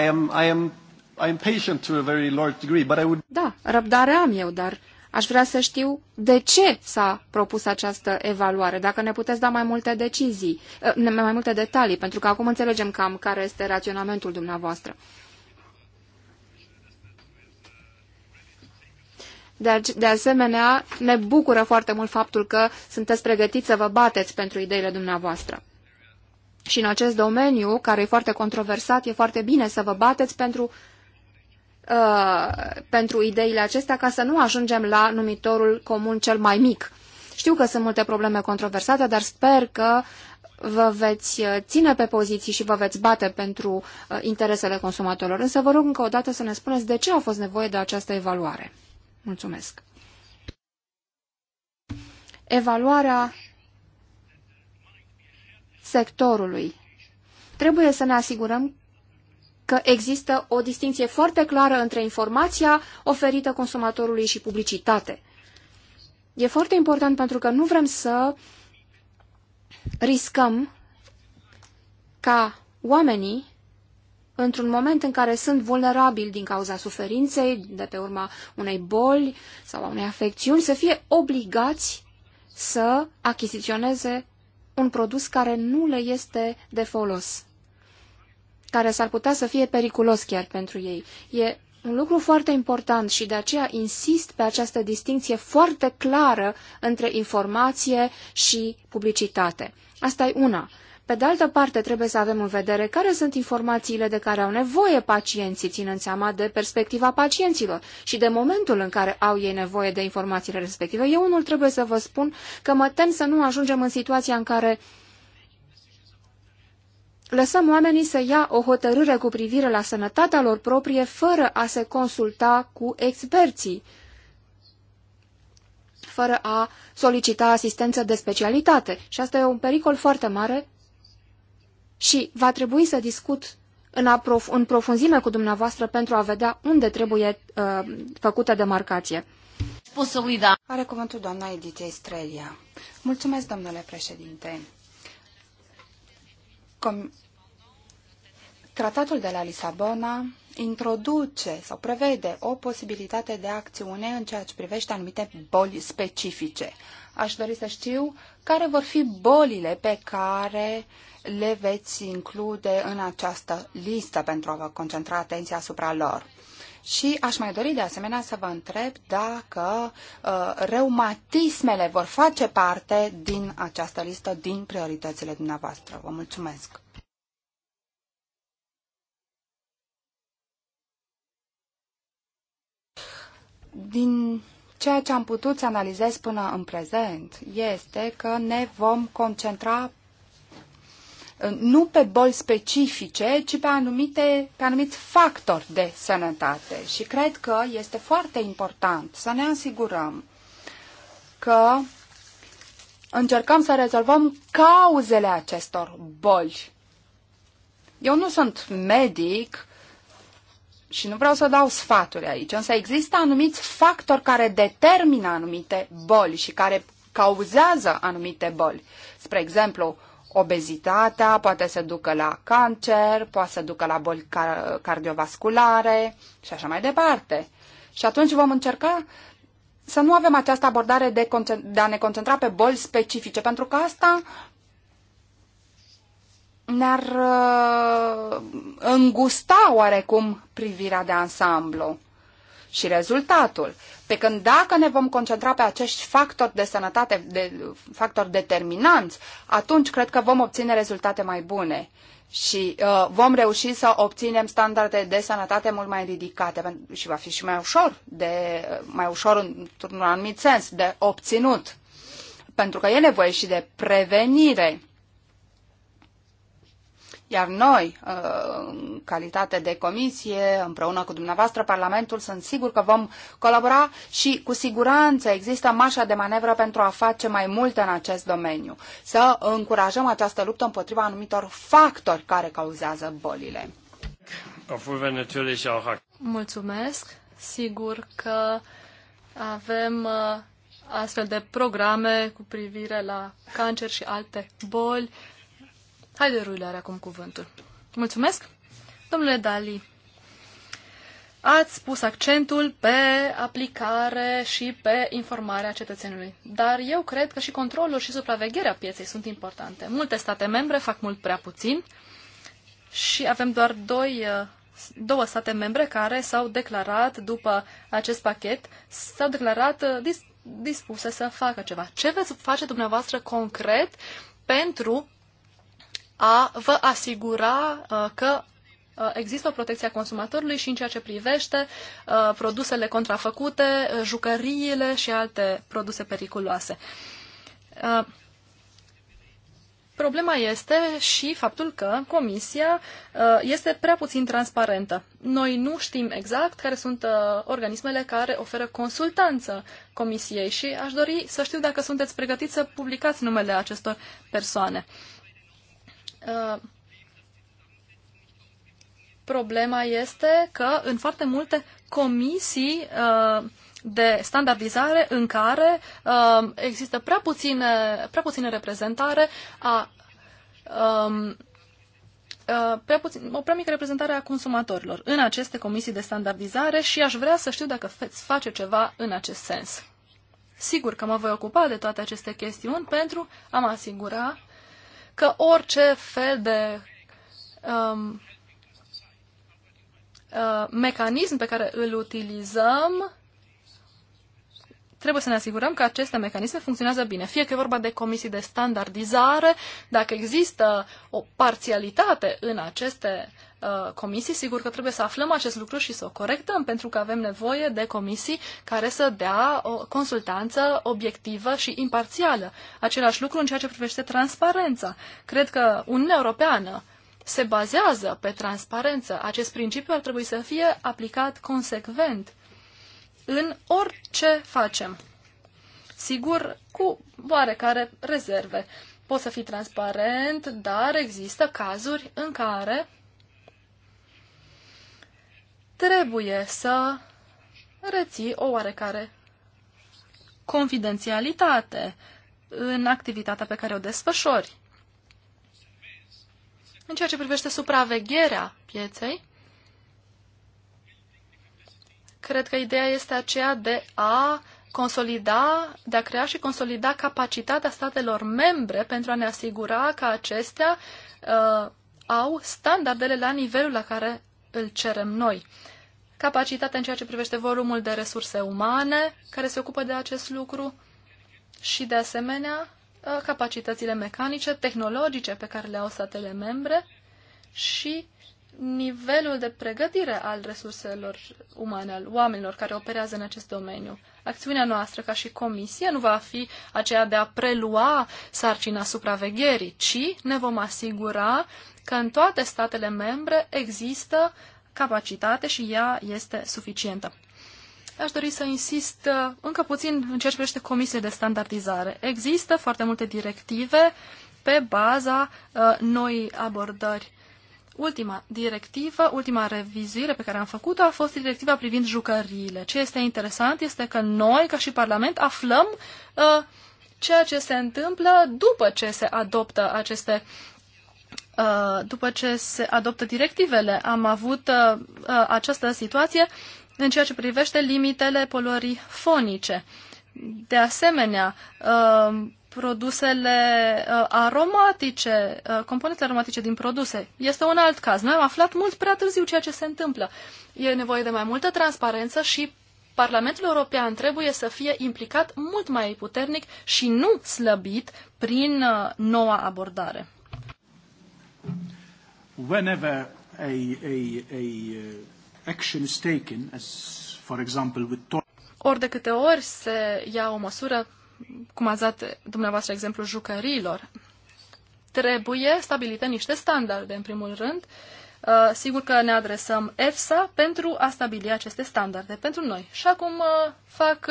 I am, I am, I am patient to a very large degree, but I would... Da, răbdare am eu, dar aș vrea să știu de ce s-a propus această evaluare, dacă ne puteți da mai multe decizii, eh, mai multe detalii, pentru că acum înțelegem cam care este raționamentul dumneavoastră. De, de asemenea, ne bucură foarte mult faptul că sunteți pregătiți să vă bateți pentru ideile dumneavoastră. Și în acest domeniu, care e foarte controversat, e foarte bine să vă bateți pentru, uh, pentru ideile acestea ca să nu ajungem la numitorul comun cel mai mic. Știu că sunt multe probleme controversate, dar sper că vă veți uh, ține pe poziții și vă veți bate pentru uh, interesele consumatorilor. Însă vă rog încă o dată să ne spuneți de ce a fost nevoie de această evaluare. Mulțumesc. Evaluarea sectorului. Trebuie să ne asigurăm că există o distinție foarte clară între informația oferită consumatorului și publicitate. E foarte important pentru că nu vrem să riscăm ca oamenii într-un moment în care sunt vulnerabili din cauza suferinței, de pe urma unei boli sau a unei afecțiuni, să fie obligați să achiziționeze un produs care nu le este de folos, care s-ar putea să fie periculos chiar pentru ei. E un lucru foarte important și de aceea insist pe această distinție foarte clară între informație și publicitate. Asta e una. Pe de altă parte, trebuie să avem în vedere care sunt informațiile de care au nevoie pacienții, ținând seama de perspectiva pacienților și de momentul în care au ei nevoie de informațiile respective. Eu unul trebuie să vă spun că mă tem să nu ajungem în situația în care lăsăm oamenii să ia o hotărâre cu privire la sănătatea lor proprie fără a se consulta cu experții, fără a solicita asistență de specialitate. Și asta e un pericol foarte mare și va trebui să discut în, aprof în profunzime cu dumneavoastră pentru a vedea unde trebuie uh, făcută demarcație. Are cuvântul doamna Edith Estrelia. Mulțumesc, domnule președinte. Com Tratatul de la Lisabona introduce sau prevede o posibilitate de acțiune în ceea ce privește anumite boli specifice. Aș dori să știu care vor fi bolile pe care le veți include în această listă pentru a vă concentra atenția asupra lor. Și aș mai dori de asemenea să vă întreb dacă uh, reumatismele vor face parte din această listă, din prioritățile dumneavoastră. Vă mulțumesc! Din ceea ce am putut să analizez până în prezent este că ne vom concentra uh, nu pe boli specifice, ci pe, anumite, pe anumiți factori de sănătate. Și cred că este foarte important să ne asigurăm că încercăm să rezolvăm cauzele acestor boli. Eu nu sunt medic, și nu vreau să dau sfaturi aici, însă există anumiți factori care determină anumite boli și care cauzează anumite boli. Spre exemplu, obezitatea poate să ducă la cancer, poate să ducă la boli car- cardiovasculare și așa mai departe. Și atunci vom încerca să nu avem această abordare de, de a ne concentra pe boli specifice, pentru că asta ne-ar uh, îngusta oarecum privirea de ansamblu și rezultatul. Pe când dacă ne vom concentra pe acești factori de sănătate, de, factori determinanți, atunci cred că vom obține rezultate mai bune și uh, vom reuși să obținem standarde de sănătate mult mai ridicate și va fi și mai ușor, de, uh, mai ușor într-un anumit sens, de obținut. Pentru că e nevoie și de prevenire iar noi, uh, în calitate de comisie, împreună cu dumneavoastră, Parlamentul, sunt sigur că vom colabora și cu siguranță există mașa de manevră pentru a face mai mult în acest domeniu. Să încurajăm această luptă împotriva anumitor factori care cauzează bolile. Mulțumesc. Sigur că avem uh, astfel de programe cu privire la cancer și alte boli Haide, Ruile, are acum cuvântul. Mulțumesc. Domnule Dali, ați pus accentul pe aplicare și pe informarea cetățenului. Dar eu cred că și controlul și supravegherea pieței sunt importante. Multe state membre fac mult prea puțin și avem doar doi, două state membre care s-au declarat după acest pachet, s-au declarat uh, dis- dispuse să facă ceva. Ce veți face dumneavoastră concret pentru a vă asigura uh, că uh, există o protecție a consumatorului și în ceea ce privește uh, produsele contrafăcute, jucăriile și alte produse periculoase. Problema este și faptul că comisia este prea puțin transparentă. Noi nu știm exact care sunt organismele care oferă consultanță comisiei și aș dori să știu dacă sunteți pregătiți să publicați numele acestor persoane. Uh, problema este că în foarte multe comisii uh, de standardizare în care uh, există prea puține, prea puține reprezentare a um, prea puțin, o prea mică reprezentare a consumatorilor în aceste comisii de standardizare și aș vrea să știu dacă veți face ceva în acest sens. Sigur că mă voi ocupa de toate aceste chestiuni pentru a mă asigura că orice fel de um, uh, mecanism pe care îl utilizăm trebuie să ne asigurăm că aceste mecanisme funcționează bine. Fie că e vorba de comisii de standardizare, dacă există o parțialitate în aceste uh, comisii. Sigur că trebuie să aflăm acest lucru și să o corectăm, pentru că avem nevoie de comisii care să dea o consultanță obiectivă și imparțială. Același lucru în ceea ce privește transparența. Cred că Uniunea Europeană se bazează pe transparență. Acest principiu ar trebui să fie aplicat consecvent în orice facem. Sigur, cu oarecare rezerve. Poți să fii transparent, dar există cazuri în care trebuie să reții o oarecare confidențialitate în activitatea pe care o desfășori. În ceea ce privește supravegherea pieței, cred că ideea este aceea de a consolida, de a crea și consolida capacitatea statelor membre pentru a ne asigura că acestea uh, au standardele la nivelul la care îl cerem noi. Capacitatea în ceea ce privește volumul de resurse umane care se ocupă de acest lucru și, de asemenea, uh, capacitățile mecanice, tehnologice pe care le au statele membre și nivelul de pregătire al resurselor umane, al oamenilor care operează în acest domeniu. Acțiunea noastră ca și comisie nu va fi aceea de a prelua sarcina supravegherii, ci ne vom asigura că în toate statele membre există capacitate și ea este suficientă. Aș dori să insist uh, încă puțin în ceea ce privește comisiile de standardizare. Există foarte multe directive pe baza uh, noi abordări. Ultima directivă, ultima revizuire pe care am făcut-o a fost directiva privind jucăriile. Ce este interesant este că noi, ca și Parlament, aflăm uh, ceea ce se întâmplă după ce se adoptă aceste Uh, după ce se adoptă directivele, am avut uh, uh, această situație în ceea ce privește limitele poluării fonice. De asemenea, produsele aromatice, componentele aromatice din produse, este un alt caz. Noi am aflat mult prea târziu ceea ce se întâmplă. E nevoie de mai multă transparență și Parlamentul European trebuie să fie implicat mult mai puternic și nu slăbit prin noua abordare whenever a, a, a uh, action is taken, as for example with ori de câte ori se ia o măsură, cum ați dat dumneavoastră exemplu jucăriilor, trebuie stabilite niște standarde, în primul rând. Uh, sigur că ne adresăm EFSA pentru a stabili aceste standarde pentru noi. Și acum uh, fac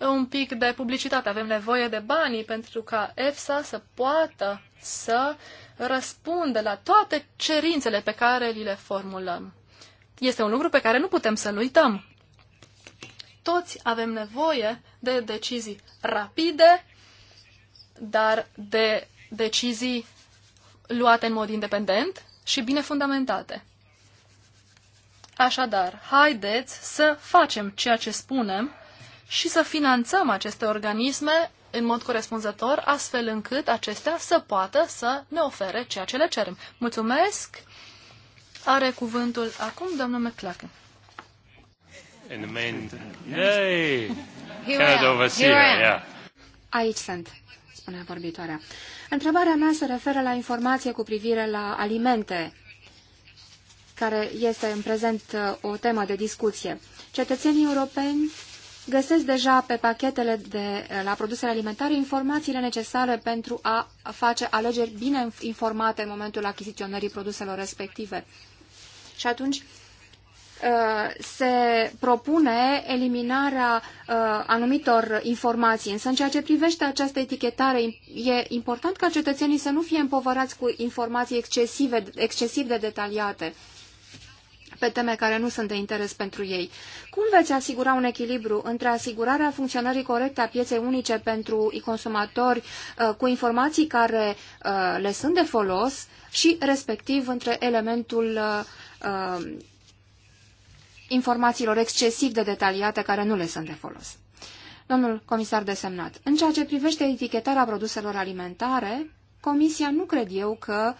un pic de publicitate. Avem nevoie de banii pentru ca EFSA să poată să răspunde la toate cerințele pe care li le formulăm. Este un lucru pe care nu putem să-l uităm. Toți avem nevoie de decizii rapide, dar de decizii luate în mod independent și bine fundamentate. Așadar, haideți să facem ceea ce spunem și să finanțăm aceste organisme în mod corespunzător, astfel încât acestea să poată să ne ofere ceea ce le cerem. Mulțumesc! Are cuvântul acum domnul McClacken. In the main... Yay! Here I Here Aici sunt, Spunea vorbitoarea. Întrebarea mea se referă la informație cu privire la alimente, care este în prezent uh, o temă de discuție. Cetățenii europeni găsesc deja pe pachetele de la produsele alimentare informațiile necesare pentru a face alegeri bine informate în momentul achiziționării produselor respective. Și atunci ă, se propune eliminarea ă, anumitor informații. Însă în ceea ce privește această etichetare, e important ca cetățenii să nu fie împovărați cu informații excesive, excesiv de detaliate pe teme care nu sunt de interes pentru ei. Cum veți asigura un echilibru între asigurarea funcționării corecte a pieței unice pentru consumatori uh, cu informații care uh, le sunt de folos și respectiv între elementul uh, informațiilor excesiv de detaliate care nu le sunt de folos? Domnul comisar desemnat, în ceea ce privește etichetarea produselor alimentare, Comisia nu cred eu că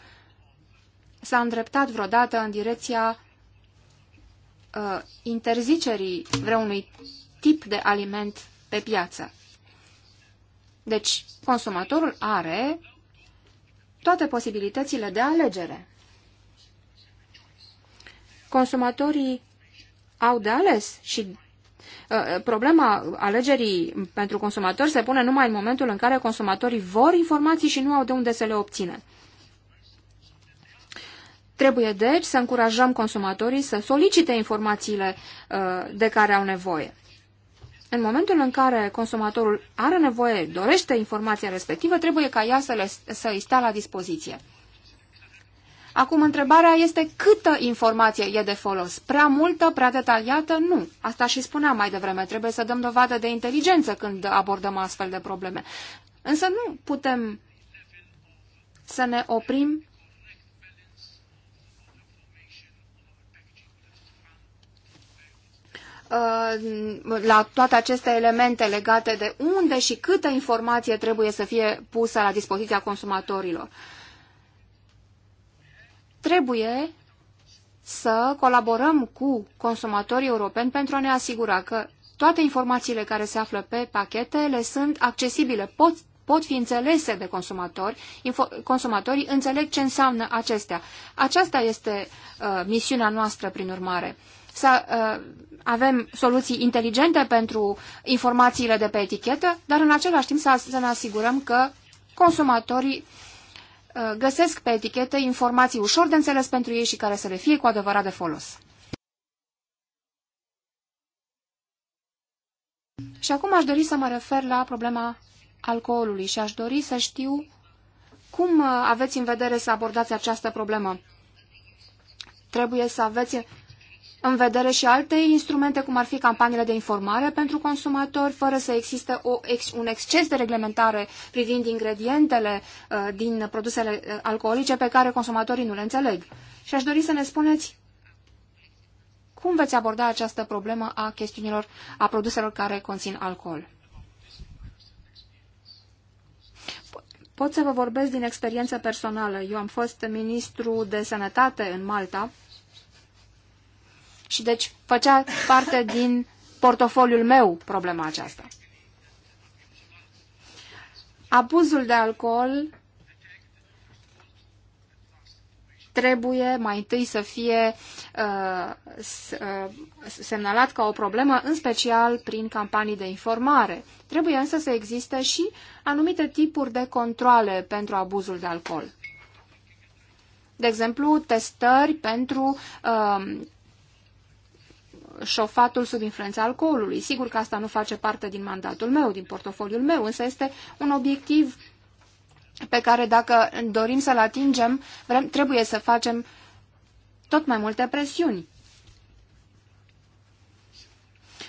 s-a îndreptat vreodată în direcția uh, interzicerii vreunui tip de aliment pe piață. Deci, consumatorul are toate posibilitățile de alegere. Consumatorii au de ales și uh, problema alegerii pentru consumatori se pune numai în momentul în care consumatorii vor informații și nu au de unde să le obțină. Trebuie, deci, să încurajăm consumatorii să solicite informațiile uh, de care au nevoie. În momentul în care consumatorul are nevoie, dorește informația respectivă, trebuie ca ea să, le, să îi stea la dispoziție. Acum, întrebarea este câtă informație e de folos? Prea multă, prea detaliată? Nu. Asta și spuneam mai devreme. Trebuie să dăm dovadă de inteligență când abordăm astfel de probleme. Însă nu putem să ne oprim Uh, la toate aceste elemente legate de unde și câtă informație trebuie să fie pusă la dispoziția consumatorilor. Trebuie să colaborăm cu consumatorii europeni pentru a ne asigura că toate informațiile care se află pe pachete le sunt accesibile, pot, pot fi înțelese de consumatori, info, consumatorii înțeleg ce înseamnă acestea. Aceasta este uh, misiunea noastră, prin urmare. Să uh, avem soluții inteligente pentru informațiile de pe etichetă, dar în același timp să, să ne asigurăm că consumatorii uh, găsesc pe etichetă informații ușor de înțeles pentru ei și care să le fie cu adevărat de folos. Și acum aș dori să mă refer la problema alcoolului și aș dori să știu cum uh, aveți în vedere să abordați această problemă. Trebuie să aveți în vedere și alte instrumente, cum ar fi campaniile de informare pentru consumatori, fără să existe o ex, un exces de reglementare privind ingredientele uh, din produsele uh, alcoolice pe care consumatorii nu le înțeleg. Și aș dori să ne spuneți cum veți aborda această problemă a chestiunilor, a produselor care conțin alcool. Pot să vă vorbesc din experiență personală. Eu am fost ministru de sănătate în Malta și deci făcea parte din portofoliul meu problema aceasta. Abuzul de alcool trebuie mai întâi să fie uh, uh, semnalat ca o problemă, în special prin campanii de informare. Trebuie însă să existe și anumite tipuri de controle pentru abuzul de alcool. De exemplu, testări pentru uh, șofatul sub influența alcoolului. Sigur că asta nu face parte din mandatul meu, din portofoliul meu, însă este un obiectiv pe care dacă dorim să-l atingem, vrem, trebuie să facem tot mai multe presiuni.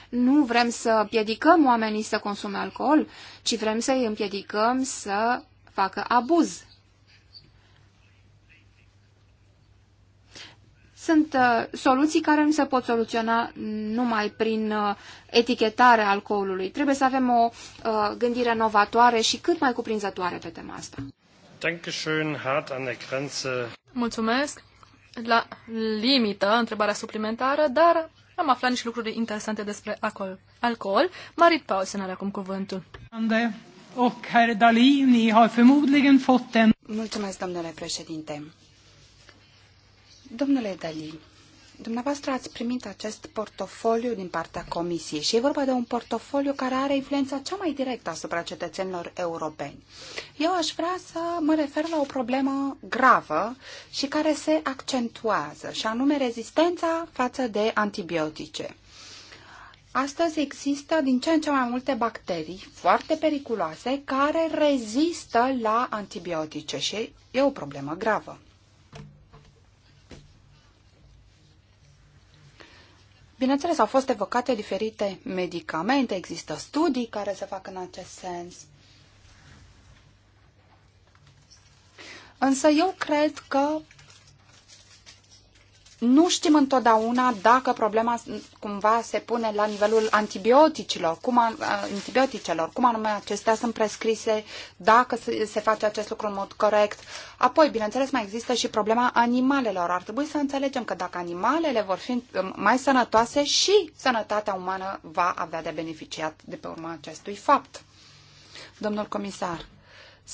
Nu vrem să piedicăm oamenii să consume alcool, ci vrem să îi împiedicăm să facă abuz sunt uh, soluții care nu se pot soluționa numai prin uh, etichetare alcoolului. Trebuie să avem o uh, gândire novatoare și cât mai cuprinzătoare pe tema asta. Mulțumesc! La limită, întrebarea suplimentară, dar am aflat niște lucruri interesante despre alcool. alcool. Marit Paulsen are acum cuvântul. Mulțumesc, domnule președinte. Domnule Dali, dumneavoastră ați primit acest portofoliu din partea Comisiei și e vorba de un portofoliu care are influența cea mai directă asupra cetățenilor europeni. Eu aș vrea să mă refer la o problemă gravă și care se accentuează, și anume rezistența față de antibiotice. Astăzi există din ce în ce mai multe bacterii foarte periculoase care rezistă la antibiotice și e o problemă gravă. Bineînțeles, au fost evocate diferite medicamente, există studii care se fac în acest sens. Însă eu cred că nu știm întotdeauna dacă problema cumva se pune la nivelul antibioticilor, cum an, antibioticelor, cum anume acestea sunt prescrise, dacă se, se face acest lucru în mod corect. Apoi, bineînțeles, mai există și problema animalelor. Ar trebui să înțelegem că dacă animalele vor fi um, mai sănătoase și sănătatea umană va avea de beneficiat de pe urma acestui fapt. Domnul comisar.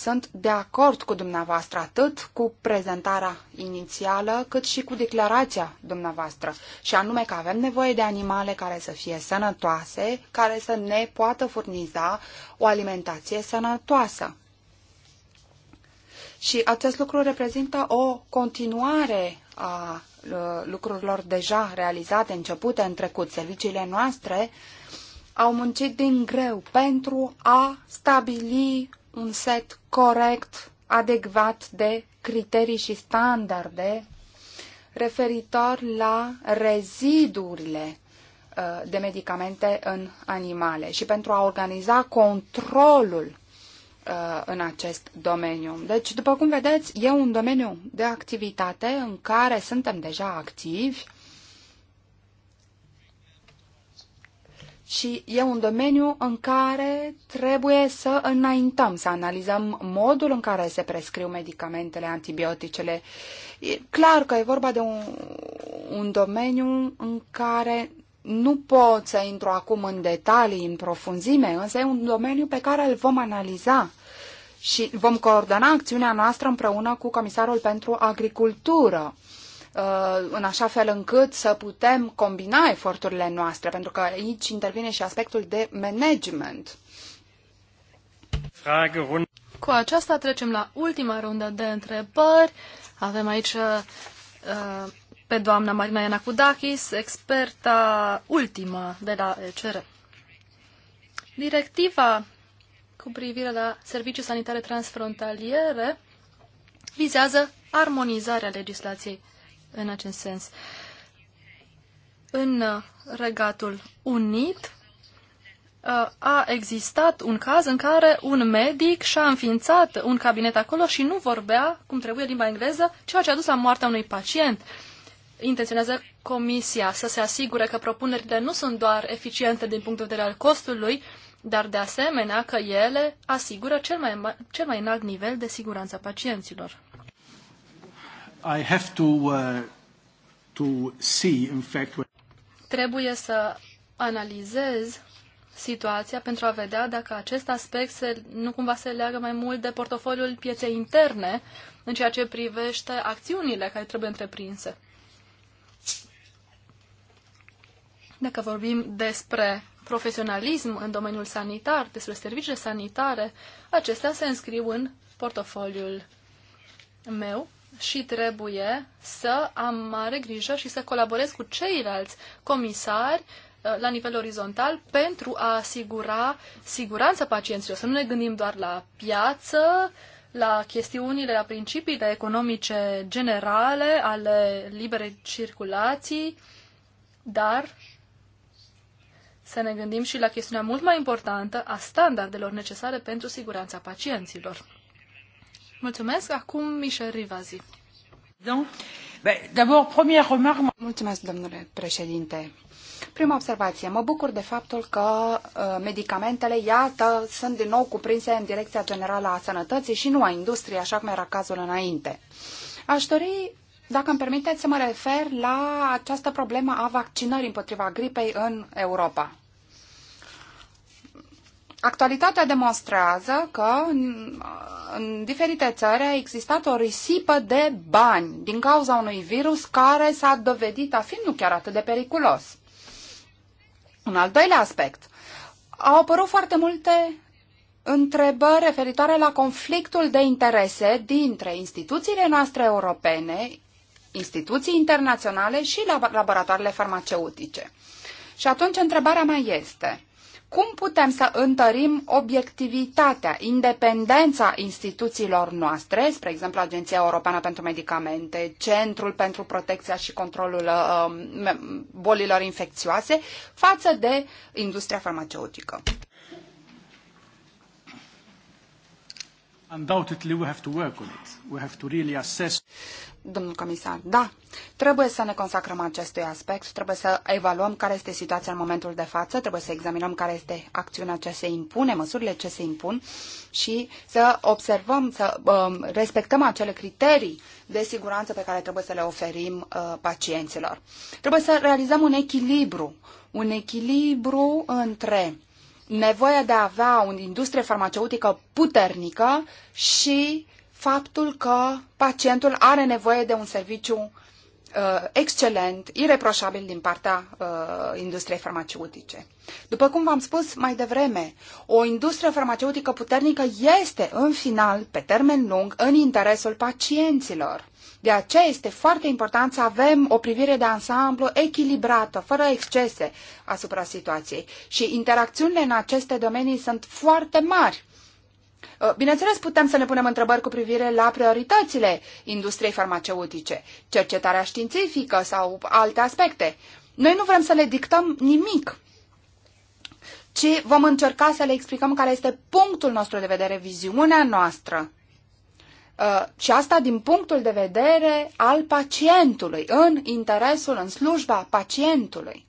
Sunt de acord cu dumneavoastră atât cu prezentarea inițială, cât și cu declarația dumneavoastră, și anume că avem nevoie de animale care să fie sănătoase, care să ne poată furniza o alimentație sănătoasă. Și acest lucru reprezintă o continuare a lucrurilor deja realizate, începute în trecut. Serviciile noastre au muncit din greu pentru a stabili un set corect, adecvat de criterii și standarde referitor la rezidurile uh, de medicamente în animale și pentru a organiza controlul uh, în acest domeniu. Deci, după cum vedeți, e un domeniu de activitate în care suntem deja activi și e un domeniu în care trebuie să înaintăm, să analizăm modul în care se prescriu medicamentele, antibioticele. E clar că e vorba de un, un domeniu în care nu pot să intru acum în detalii, în profunzime, însă e un domeniu pe care îl vom analiza și vom coordona acțiunea noastră împreună cu Comisarul pentru Agricultură Uh, în așa fel încât să putem combina eforturile noastre, pentru că aici intervine și aspectul de management. Cu aceasta trecem la ultima rundă de întrebări. Avem aici uh, uh pe doamna Marina Ianacudakis, experta ultima de la ECR. Directiva cu privire la servicii sanitare transfrontaliere vizează armonizarea legislației în acest sens. În Regatul Unit uh, a existat un caz în care un medic și-a înființat un cabinet acolo și nu vorbea cum trebuie limba engleză, ceea ce a dus la moartea unui pacient intenționează Comisia să se asigure că propunerile nu sunt doar eficiente din punct de vedere al costului, dar de asemenea că ele asigură cel mai, cel mai înalt nivel de siguranță a pacienților. I have to, uh, to see, in fact, Trebuie să analizez situația pentru a vedea dacă acest aspect se, nu cumva se leagă mai mult de portofoliul pieței interne în ceea ce privește acțiunile care trebuie întreprinse. Dacă vorbim despre profesionalism în domeniul sanitar, despre serviciile sanitare, acestea se înscriu în portofoliul meu și trebuie să am mare grijă și să colaborez cu ceilalți comisari uh, la nivel orizontal pentru a asigura siguranța pacienților. Să nu ne gândim doar la piață, la chestiunile, la principiile economice generale ale libere circulații, dar să ne gândim și la chestiunea mult mai importantă a standardelor necesare pentru siguranța pacienților. Mulțumesc. Acum Michel Rivazi. Mulțumesc, domnule președinte. Prima observație. Mă bucur de faptul că uh, medicamentele, iată, sunt din nou cuprinse în Direcția Generală a Sănătății și nu a Industriei, așa cum era cazul înainte. Aș dori, dacă îmi permiteți, să mă refer la această problemă a vaccinării împotriva gripei în Europa. Actualitatea demonstrează că în, în diferite țări a existat o risipă de bani din cauza unui virus care s-a dovedit a fi nu chiar atât de periculos. Un al doilea aspect. Au apărut foarte multe întrebări referitoare la conflictul de interese dintre instituțiile noastre europene, instituții internaționale și laboratoarele farmaceutice. Și atunci întrebarea mea este, cum putem să întărim obiectivitatea, independența instituțiilor noastre, spre exemplu Agenția Europeană pentru Medicamente, Centrul pentru Protecția și Controlul um, bolilor infecțioase, față de industria farmaceutică. Undoubtedly we have to work on it. We have to really assess. Domnul comisar, da, trebuie să ne consacrăm acestui aspect, trebuie să evaluăm care este situația în momentul de față, trebuie să examinăm care este acțiunea ce se impune, măsurile ce se impun și să observăm, să um, respectăm acele criterii de siguranță pe care trebuie să le oferim uh, pacienților. Trebuie să realizăm un echilibru, un echilibru între nevoia de a avea o industrie farmaceutică puternică și faptul că pacientul are nevoie de un serviciu uh, excelent, ireproșabil din partea uh, industriei farmaceutice. După cum v-am spus mai devreme, o industrie farmaceutică puternică este, în final, pe termen lung, în interesul pacienților. De aceea este foarte important să avem o privire de ansamblu echilibrată, fără excese asupra situației. Și interacțiunile în aceste domenii sunt foarte mari. Uh, bineînțeles, putem să ne punem întrebări cu privire la prioritățile industriei farmaceutice, cercetarea științifică sau alte aspecte. Noi nu vrem să le dictăm nimic, ci vom încerca să le explicăm care este punctul nostru de vedere, viziunea noastră Uh, și asta din punctul de vedere al pacientului, în interesul, în slujba pacientului.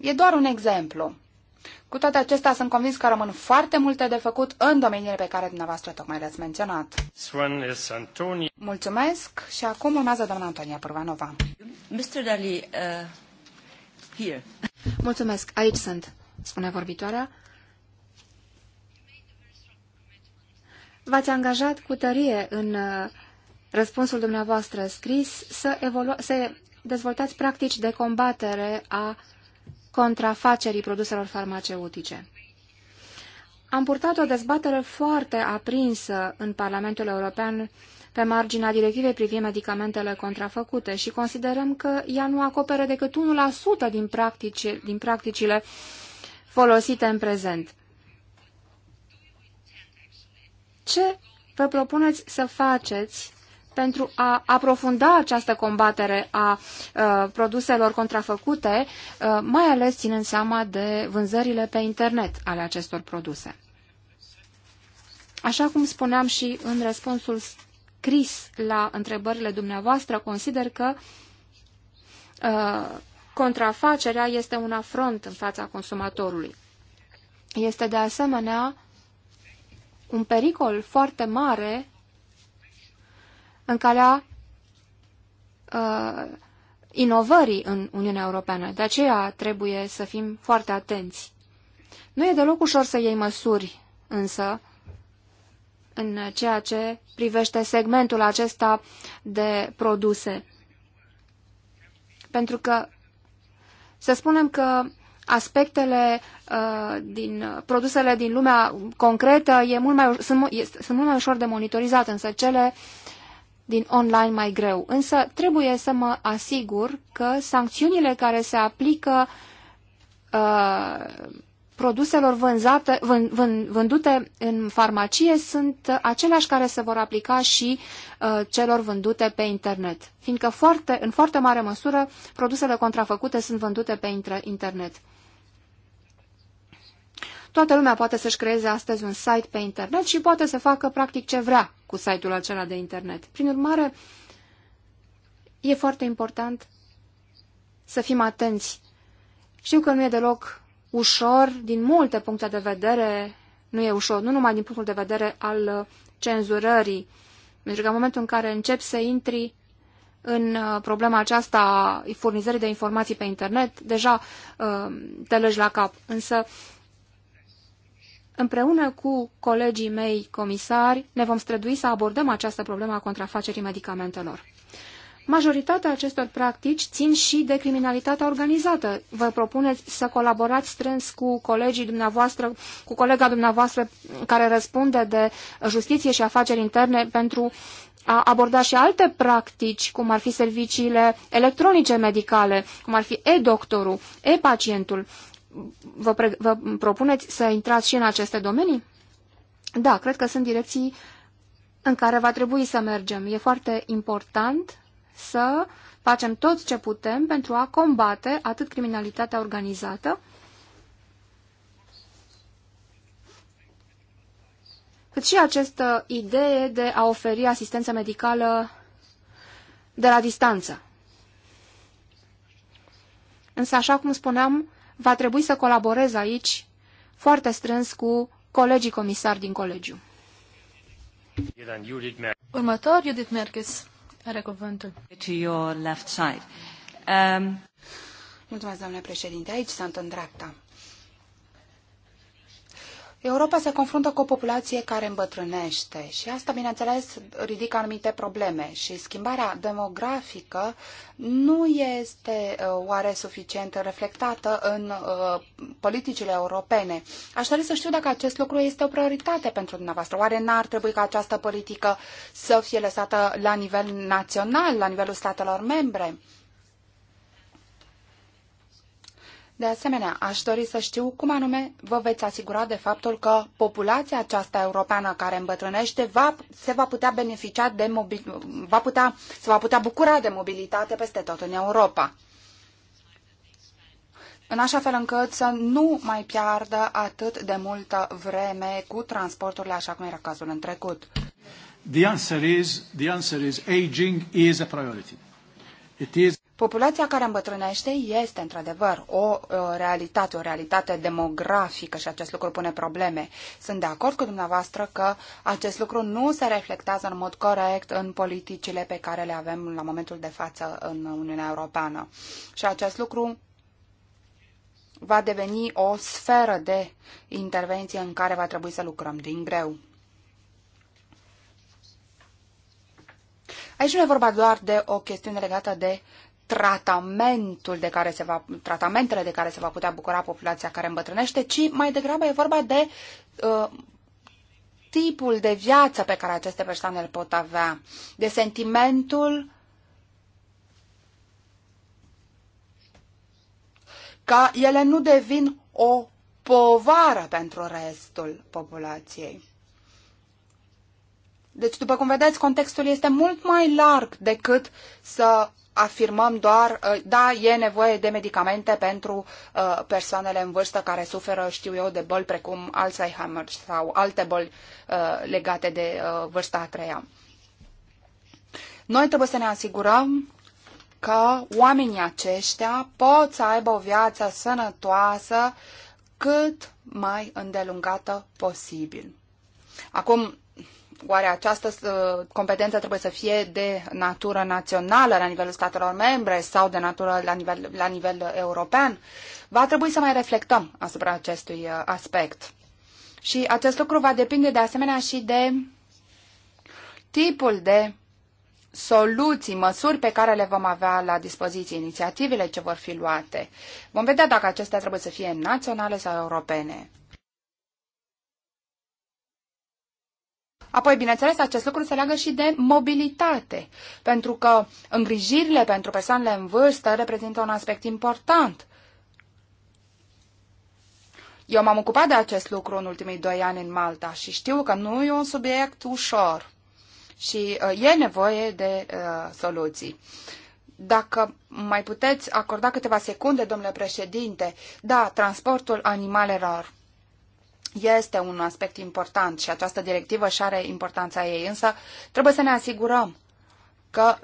E doar un exemplu. Cu toate acestea, sunt convins că rămân foarte multe de făcut în domeniile pe care dumneavoastră tocmai le-ați menționat. Mulțumesc și acum urmează doamna Antonia Purvanova. Mr. Dali, uh, here. Mulțumesc, aici sunt, spune vorbitoarea. v-ați angajat cu tărie în uh, răspunsul dumneavoastră scris să, să dezvoltați practici de combatere a contrafacerii produselor farmaceutice. Am purtat o dezbatere foarte aprinsă în Parlamentul European pe marginea directivei privind medicamentele contrafăcute și considerăm că ea nu acoperă decât 1% din, practici, din practicile folosite în prezent. Ce vă propuneți să faceți pentru a aprofunda această combatere a uh, produselor contrafăcute, uh, mai ales ținând seama de vânzările pe internet ale acestor produse. Așa cum spuneam și în răspunsul scris la întrebările dumneavoastră, consider că uh, contrafacerea este un afront în fața consumatorului. Este de asemenea un pericol foarte mare în calea uh, inovării în Uniunea Europeană. De aceea trebuie să fim foarte atenți. Nu e deloc ușor să iei măsuri, însă, în ceea ce privește segmentul acesta de produse. Pentru că să spunem că aspectele uh, din produsele din lumea concretă e mult mai, sunt, este, sunt mult mai ușor de monitorizat, însă cele din online mai greu. Însă trebuie să mă asigur că sancțiunile care se aplică uh, produselor vânzate, vân, vân, vândute în farmacie sunt aceleași care se vor aplica și uh, celor vândute pe internet, fiindcă foarte, în foarte mare măsură produsele contrafăcute sunt vândute pe internet. Toată lumea poate să-și creeze astăzi un site pe internet și poate să facă practic ce vrea cu site-ul acela de internet. Prin urmare, e foarte important să fim atenți. Știu că nu e deloc ușor, din multe puncte de vedere, nu e ușor, nu numai din punctul de vedere al cenzurării. Pentru că în momentul în care începi să intri în uh, problema aceasta a furnizării de informații pe internet, deja uh, te legi la cap. Însă Împreună cu colegii mei comisari ne vom strădui să abordăm această problemă a contrafacerii medicamentelor. Majoritatea acestor practici țin și de criminalitatea organizată. Vă propuneți să colaborați strâns cu colegii dumneavoastră, cu colega dumneavoastră care răspunde de justiție și afaceri interne pentru a aborda și alte practici, cum ar fi serviciile electronice medicale, cum ar fi e-doctorul, e-pacientul vă, pre, vă propuneți să intrați și în aceste domenii? Da, cred că sunt direcții în care va trebui să mergem. E foarte important să facem tot ce putem pentru a combate atât criminalitatea organizată, cât și această idee de a oferi asistență medicală de la distanță. Însă, așa cum spuneam, va trebui să colaborez aici foarte strâns cu colegii comisari din colegiu. Următor, Judith Merkis are cuvântul. To your left side. Um... Mulțumesc, domnule președinte. Aici sunt în dreapta. Europa se confruntă cu o populație care îmbătrânește și asta, bineînțeles, ridică anumite probleme și schimbarea demografică nu este uh, oare suficient reflectată în uh, politicile europene. Aș dori să știu dacă acest lucru este o prioritate pentru dumneavoastră. Oare n-ar trebui ca această politică să fie lăsată la nivel național, la nivelul statelor membre? De asemenea, aș dori să știu cum anume vă veți asigura de faptul că populația aceasta europeană care îmbătrânește va, se va putea beneficia de mobil, va putea, se va putea bucura de mobilitate peste tot în Europa. În așa fel încât să nu mai piardă atât de multă vreme cu transporturile așa cum era cazul în trecut. The answer is, the answer is aging is a priority. It is Populația care îmbătrânește este într-adevăr o uh, realitate, o realitate demografică și acest lucru pune probleme. Sunt de acord cu dumneavoastră că acest lucru nu se reflectează în mod corect în politicile pe care le avem la momentul de față în Uniunea Europeană. Și acest lucru va deveni o sferă de intervenție în care va trebui să lucrăm din greu. Aici nu e vorba doar de o chestiune legată de tratamentul de care se va, tratamentele de care se va putea bucura populația care îmbătrânește, ci mai degrabă e vorba de uh, tipul de viață pe care aceste persoane îl pot avea, de sentimentul ca ele nu devin o povară pentru restul populației. Deci, după cum vedeți, contextul este mult mai larg decât să afirmăm doar, uh, da, e nevoie de medicamente pentru uh, persoanele în vârstă care suferă, știu eu, de boli precum Alzheimer sau alte boli uh, legate de vârsta a treia. Noi trebuie să ne asigurăm că oamenii aceștia pot să aibă o viață sănătoasă cât mai îndelungată posibil. Acum, oare această uh, competență trebuie să fie de natură națională la nivelul statelor membre sau de natură la nivel, la nivel european? Va trebui să mai reflectăm asupra acestui uh, aspect. Și acest lucru va depinde de asemenea și de tipul de soluții, măsuri pe care le vom avea la dispoziție, inițiativele ce vor fi luate. Vom vedea dacă acestea trebuie să fie naționale sau europene. Apoi, bineînțeles, acest lucru se leagă și de mobilitate, pentru că îngrijirile pentru persoanele în vârstă reprezintă un aspect important. Eu m-am ocupat de acest lucru în ultimii doi ani în Malta și știu că nu e un subiect ușor și uh, e nevoie de uh, soluții. Dacă mai puteți acorda câteva secunde, domnule președinte, da, transportul animalelor este un aspect important și această directivă și are importanța ei, însă trebuie să ne asigurăm că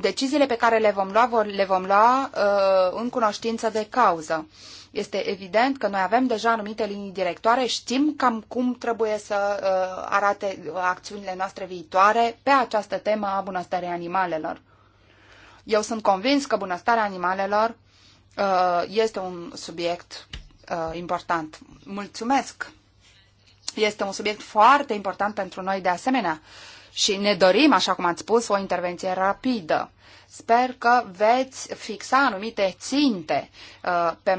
deciziile pe care le vom lua, le vom lua uh, în cunoștință de cauză. Este evident că noi avem deja anumite linii directoare, știm cam cum trebuie să uh, arate acțiunile noastre viitoare pe această temă a bunăstării animalelor. Eu sunt convins că bunăstarea animalelor uh, este un subiect uh, important. Mulțumesc! Este un subiect foarte important pentru noi de asemenea și ne dorim, așa cum ați spus, o intervenție rapidă. Sper că veți fixa anumite ținte uh, pe,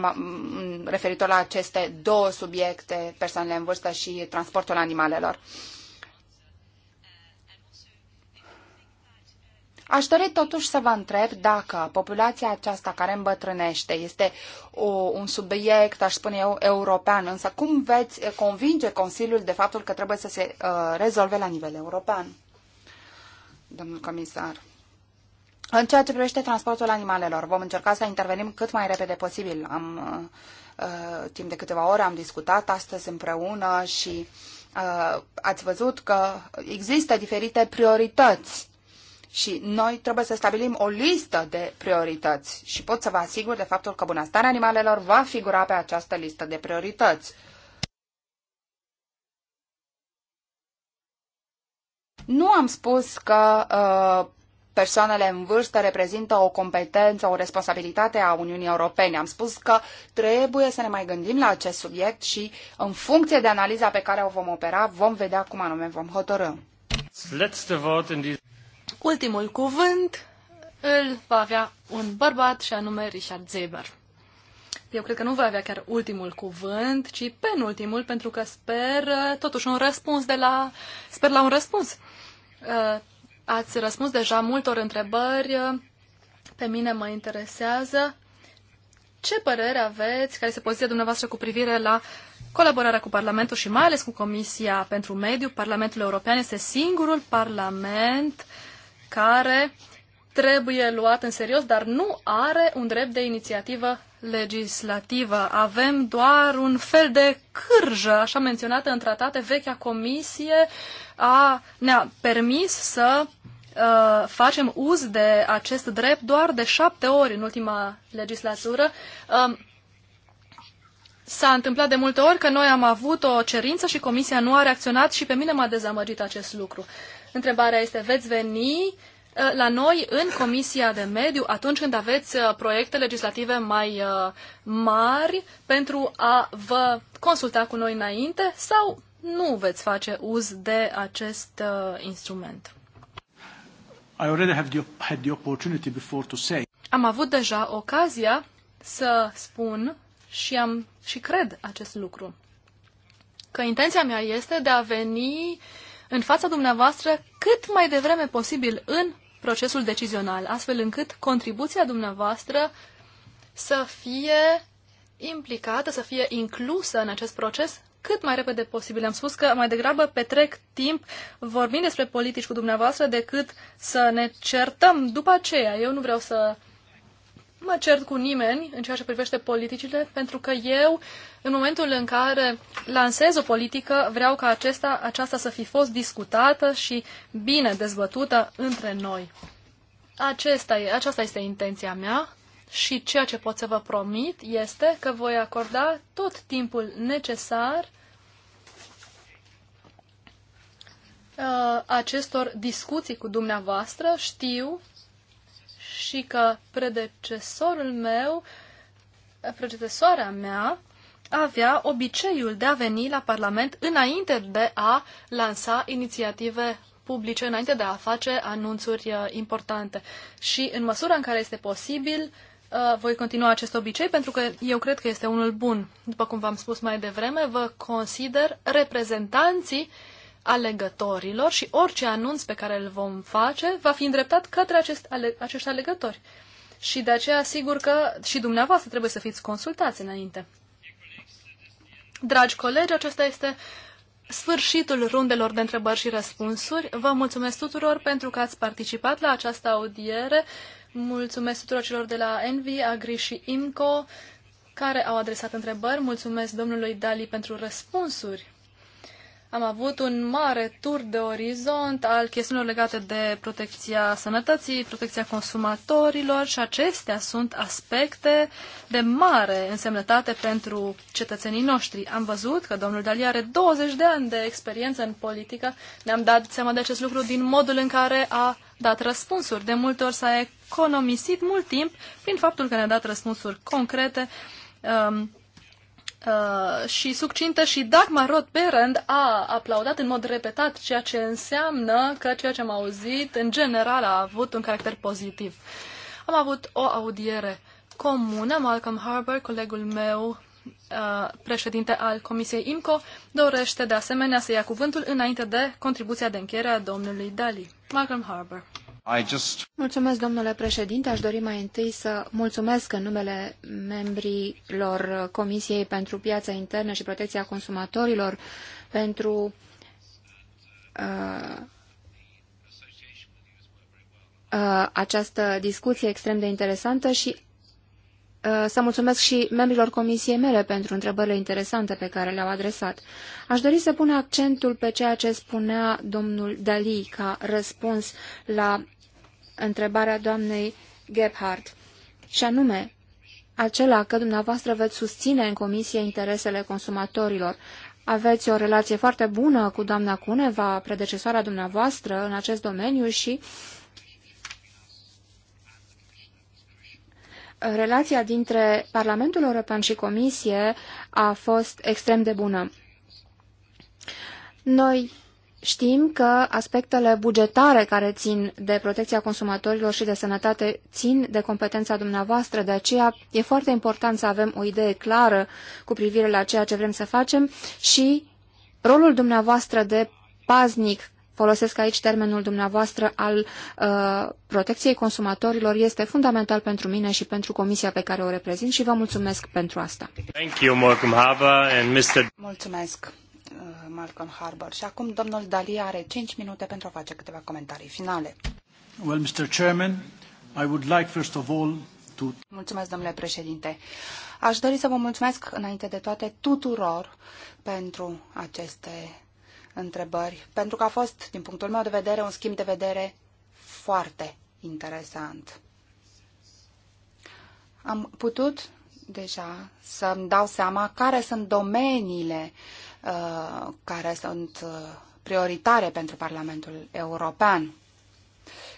referitor la aceste două subiecte, persoanele în vârstă și transportul animalelor. Uh, Aș dori totuși să vă întreb dacă populația aceasta care îmbătrânește este o, un subiect, aș spune eu, european, însă cum veți convinge Consiliul de faptul că trebuie să se uh, rezolve la nivel european? Domnul comisar. În ceea ce privește transportul animalelor, vom încerca să intervenim cât mai repede posibil. Am, uh, uh timp de câteva ore am discutat astăzi împreună și uh, ați văzut că există diferite priorități și noi trebuie să stabilim o listă de priorități și pot să vă asigur de faptul că bunăstarea animalelor va figura pe această listă de priorități. Nu am spus că uh, persoanele în vârstă reprezintă o competență, o responsabilitate a Uniunii Europene. Am spus că trebuie să ne mai gândim la acest subiect și în funcție de analiza pe care o vom opera, vom vedea cum anume vom hotărâ. Ultimul cuvânt îl va avea un bărbat și anume Richard Zeber. Eu cred că nu va avea chiar ultimul cuvânt, ci penultimul, pentru că sper uh, totuși un răspuns de la... sper la un răspuns. Uh, ați răspuns deja multor întrebări. Uh, pe mine mă interesează ce părere aveți, care se poziția dumneavoastră cu privire la colaborarea cu Parlamentul și mai ales cu Comisia pentru Mediu. Parlamentul European este singurul parlament uh, care trebuie luat în serios, dar nu are un drept de inițiativă legislativă. Avem doar un fel de cârjă, așa menționată în tratate, vechea comisie a, ne-a permis să uh, facem uz de acest drept doar de șapte ori în ultima legislatură. Uh, S-a întâmplat de multe ori că noi am avut o cerință și comisia nu a reacționat și pe mine m-a dezamăgit acest lucru. Întrebarea este, veți veni uh, la noi, în Comisia de Mediu, atunci când aveți uh, proiecte legislative mai uh, mari pentru a vă consulta cu noi înainte sau nu veți face uz de acest instrument? I already have the, had the opportunity before to say. Am avut deja ocazia să spun și am și cred acest lucru. Că intenția mea este de a veni în fața dumneavoastră cât mai devreme posibil în procesul decizional, astfel încât contribuția dumneavoastră să fie implicată, să fie inclusă în acest proces cât mai repede posibil. Am spus că mai degrabă petrec timp vorbind despre politici cu dumneavoastră decât să ne certăm după aceea. Eu nu vreau să mă cert cu nimeni în ceea ce privește politicile, pentru că eu, în momentul în care lansez o politică, vreau ca acesta, aceasta să fi fost discutată și bine dezbătută între noi. Acesta e, aceasta este intenția mea și ceea ce pot să vă promit este că voi acorda tot timpul necesar uh, acestor discuții cu dumneavoastră. Știu și că predecesorul meu, predecesoarea mea, avea obiceiul de a veni la Parlament înainte de a lansa inițiative publice, înainte de a face anunțuri uh, importante. Și în măsura în care este posibil, uh, voi continua acest obicei pentru că eu cred că este unul bun. După cum v-am spus mai devreme, vă consider reprezentanții uh, alegătorilor și orice anunț pe care îl vom face va fi îndreptat către acest ale- acești alegători. Și de aceea, sigur că și dumneavoastră trebuie să fiți consultați înainte. Dragi colegi, acesta este sfârșitul rundelor de întrebări și răspunsuri. Vă mulțumesc tuturor pentru că ați participat la această audiere. Mulțumesc tuturor celor de la Envy, Agri și IMCO care au adresat întrebări. Mulțumesc domnului Dali pentru răspunsuri. Am avut un mare tur de orizont al chestiunilor legate de protecția sănătății, protecția consumatorilor și acestea sunt aspecte de mare însemnătate pentru cetățenii noștri. Am văzut că domnul Dali are 20 de ani de experiență în politică. Ne-am dat seama de acest lucru din modul în care a dat răspunsuri. De multe ori s-a economisit mult timp prin faptul că ne-a dat răspunsuri concrete um, uh, și succintă și Dagmar Roth Berend a aplaudat în mod repetat ceea ce înseamnă că ceea ce am auzit în general a avut un caracter pozitiv. Am avut o audiere comună, Malcolm Harbour, colegul meu uh, președinte al Comisiei IMCO, dorește de asemenea să ia cuvântul înainte de contribuția de încheiere a domnului Dali. Malcolm Harbour. Mulțumesc, domnule președinte. Aș dori mai întâi să mulțumesc în numele membrilor Comisiei pentru Piața Internă și Protecția Consumatorilor pentru uh, uh, această discuție extrem de interesantă și uh, să mulțumesc și membrilor comisiei mele pentru întrebările interesante pe care le-au adresat. Aș dori să pun accentul pe ceea ce spunea domnul Dali ca răspuns la întrebarea doamnei Gebhardt, și anume, acela că dumneavoastră veți susține în comisie interesele consumatorilor. Aveți o relație foarte bună cu doamna Cuneva, predecesoarea dumneavoastră, în acest domeniu și relația dintre Parlamentul European și Comisie a fost extrem de bună. Noi Știm că aspectele bugetare care țin de protecția consumatorilor și de sănătate țin de competența dumneavoastră, de aceea e foarte important să avem o idee clară cu privire la ceea ce vrem să facem și rolul dumneavoastră de paznic, folosesc aici termenul dumneavoastră al uh, protecției consumatorilor, este fundamental pentru mine și pentru comisia pe care o reprezint și vă mulțumesc pentru asta. Mulțumesc, Malcolm Harbour. Și acum domnul Dali are 5 minute pentru a face câteva comentarii finale. Well, Mr. Chairman, I would like first of all to... Mulțumesc, domnule președinte. Aș dori să vă mulțumesc înainte de toate tuturor pentru aceste întrebări, pentru că a fost, din punctul meu de vedere, un schimb de vedere foarte interesant. Am putut deja să-mi dau seama care sunt domeniile Uh, care sunt uh, prioritare pentru Parlamentul European,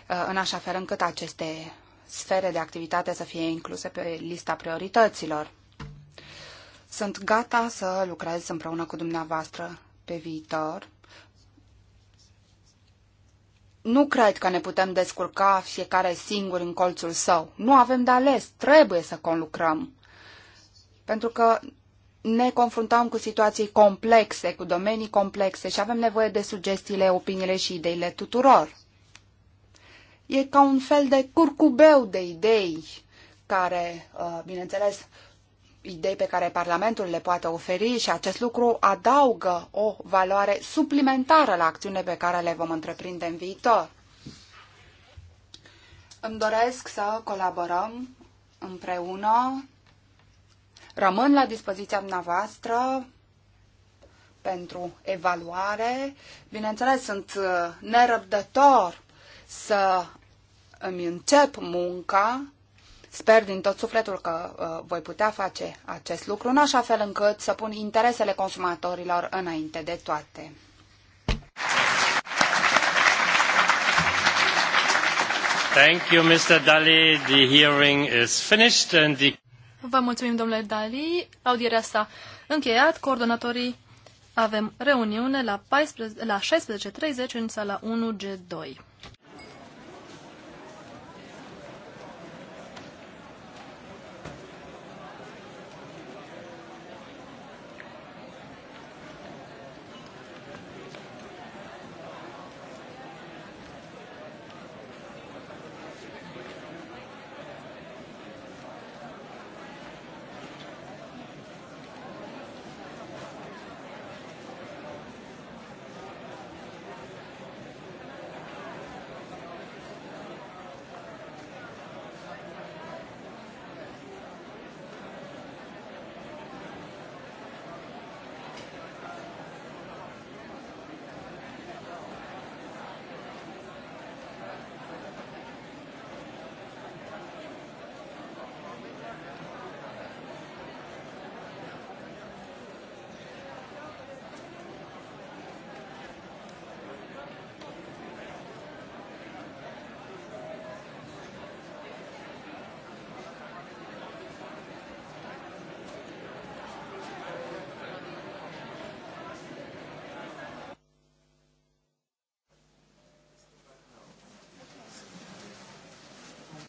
uh, în așa fel încât aceste sfere de activitate să fie incluse pe lista priorităților. Sunt gata să lucrez împreună cu dumneavoastră pe viitor nu cred că ne putem descurca fiecare singur în colțul său. Nu avem de ales, trebuie să conlucrăm. Pentru că ne confruntăm cu situații complexe, cu domenii complexe și avem nevoie de sugestiile, opiniile și ideile tuturor. E ca un fel de curcubeu de idei care, uh, bineînțeles, idei pe care Parlamentul le poate oferi și acest lucru adaugă o valoare suplimentară la acțiunile pe care le vom întreprinde în viitor. Îmi doresc să colaborăm împreună Rămân la dispoziția dumneavoastră pentru evaluare. Bineînțeles, sunt uh, nerăbdător să îmi încep munca. Sper din tot sufletul că uh, voi putea face acest lucru, în așa fel încât să pun interesele consumatorilor înainte de toate. Thank you, Mr. Daly. The hearing is finished and the Vă mulțumim, domnule Dali. Audierea s-a încheiat. Coordonatorii avem reuniune la, 14, la 16.30 în sala 1G2.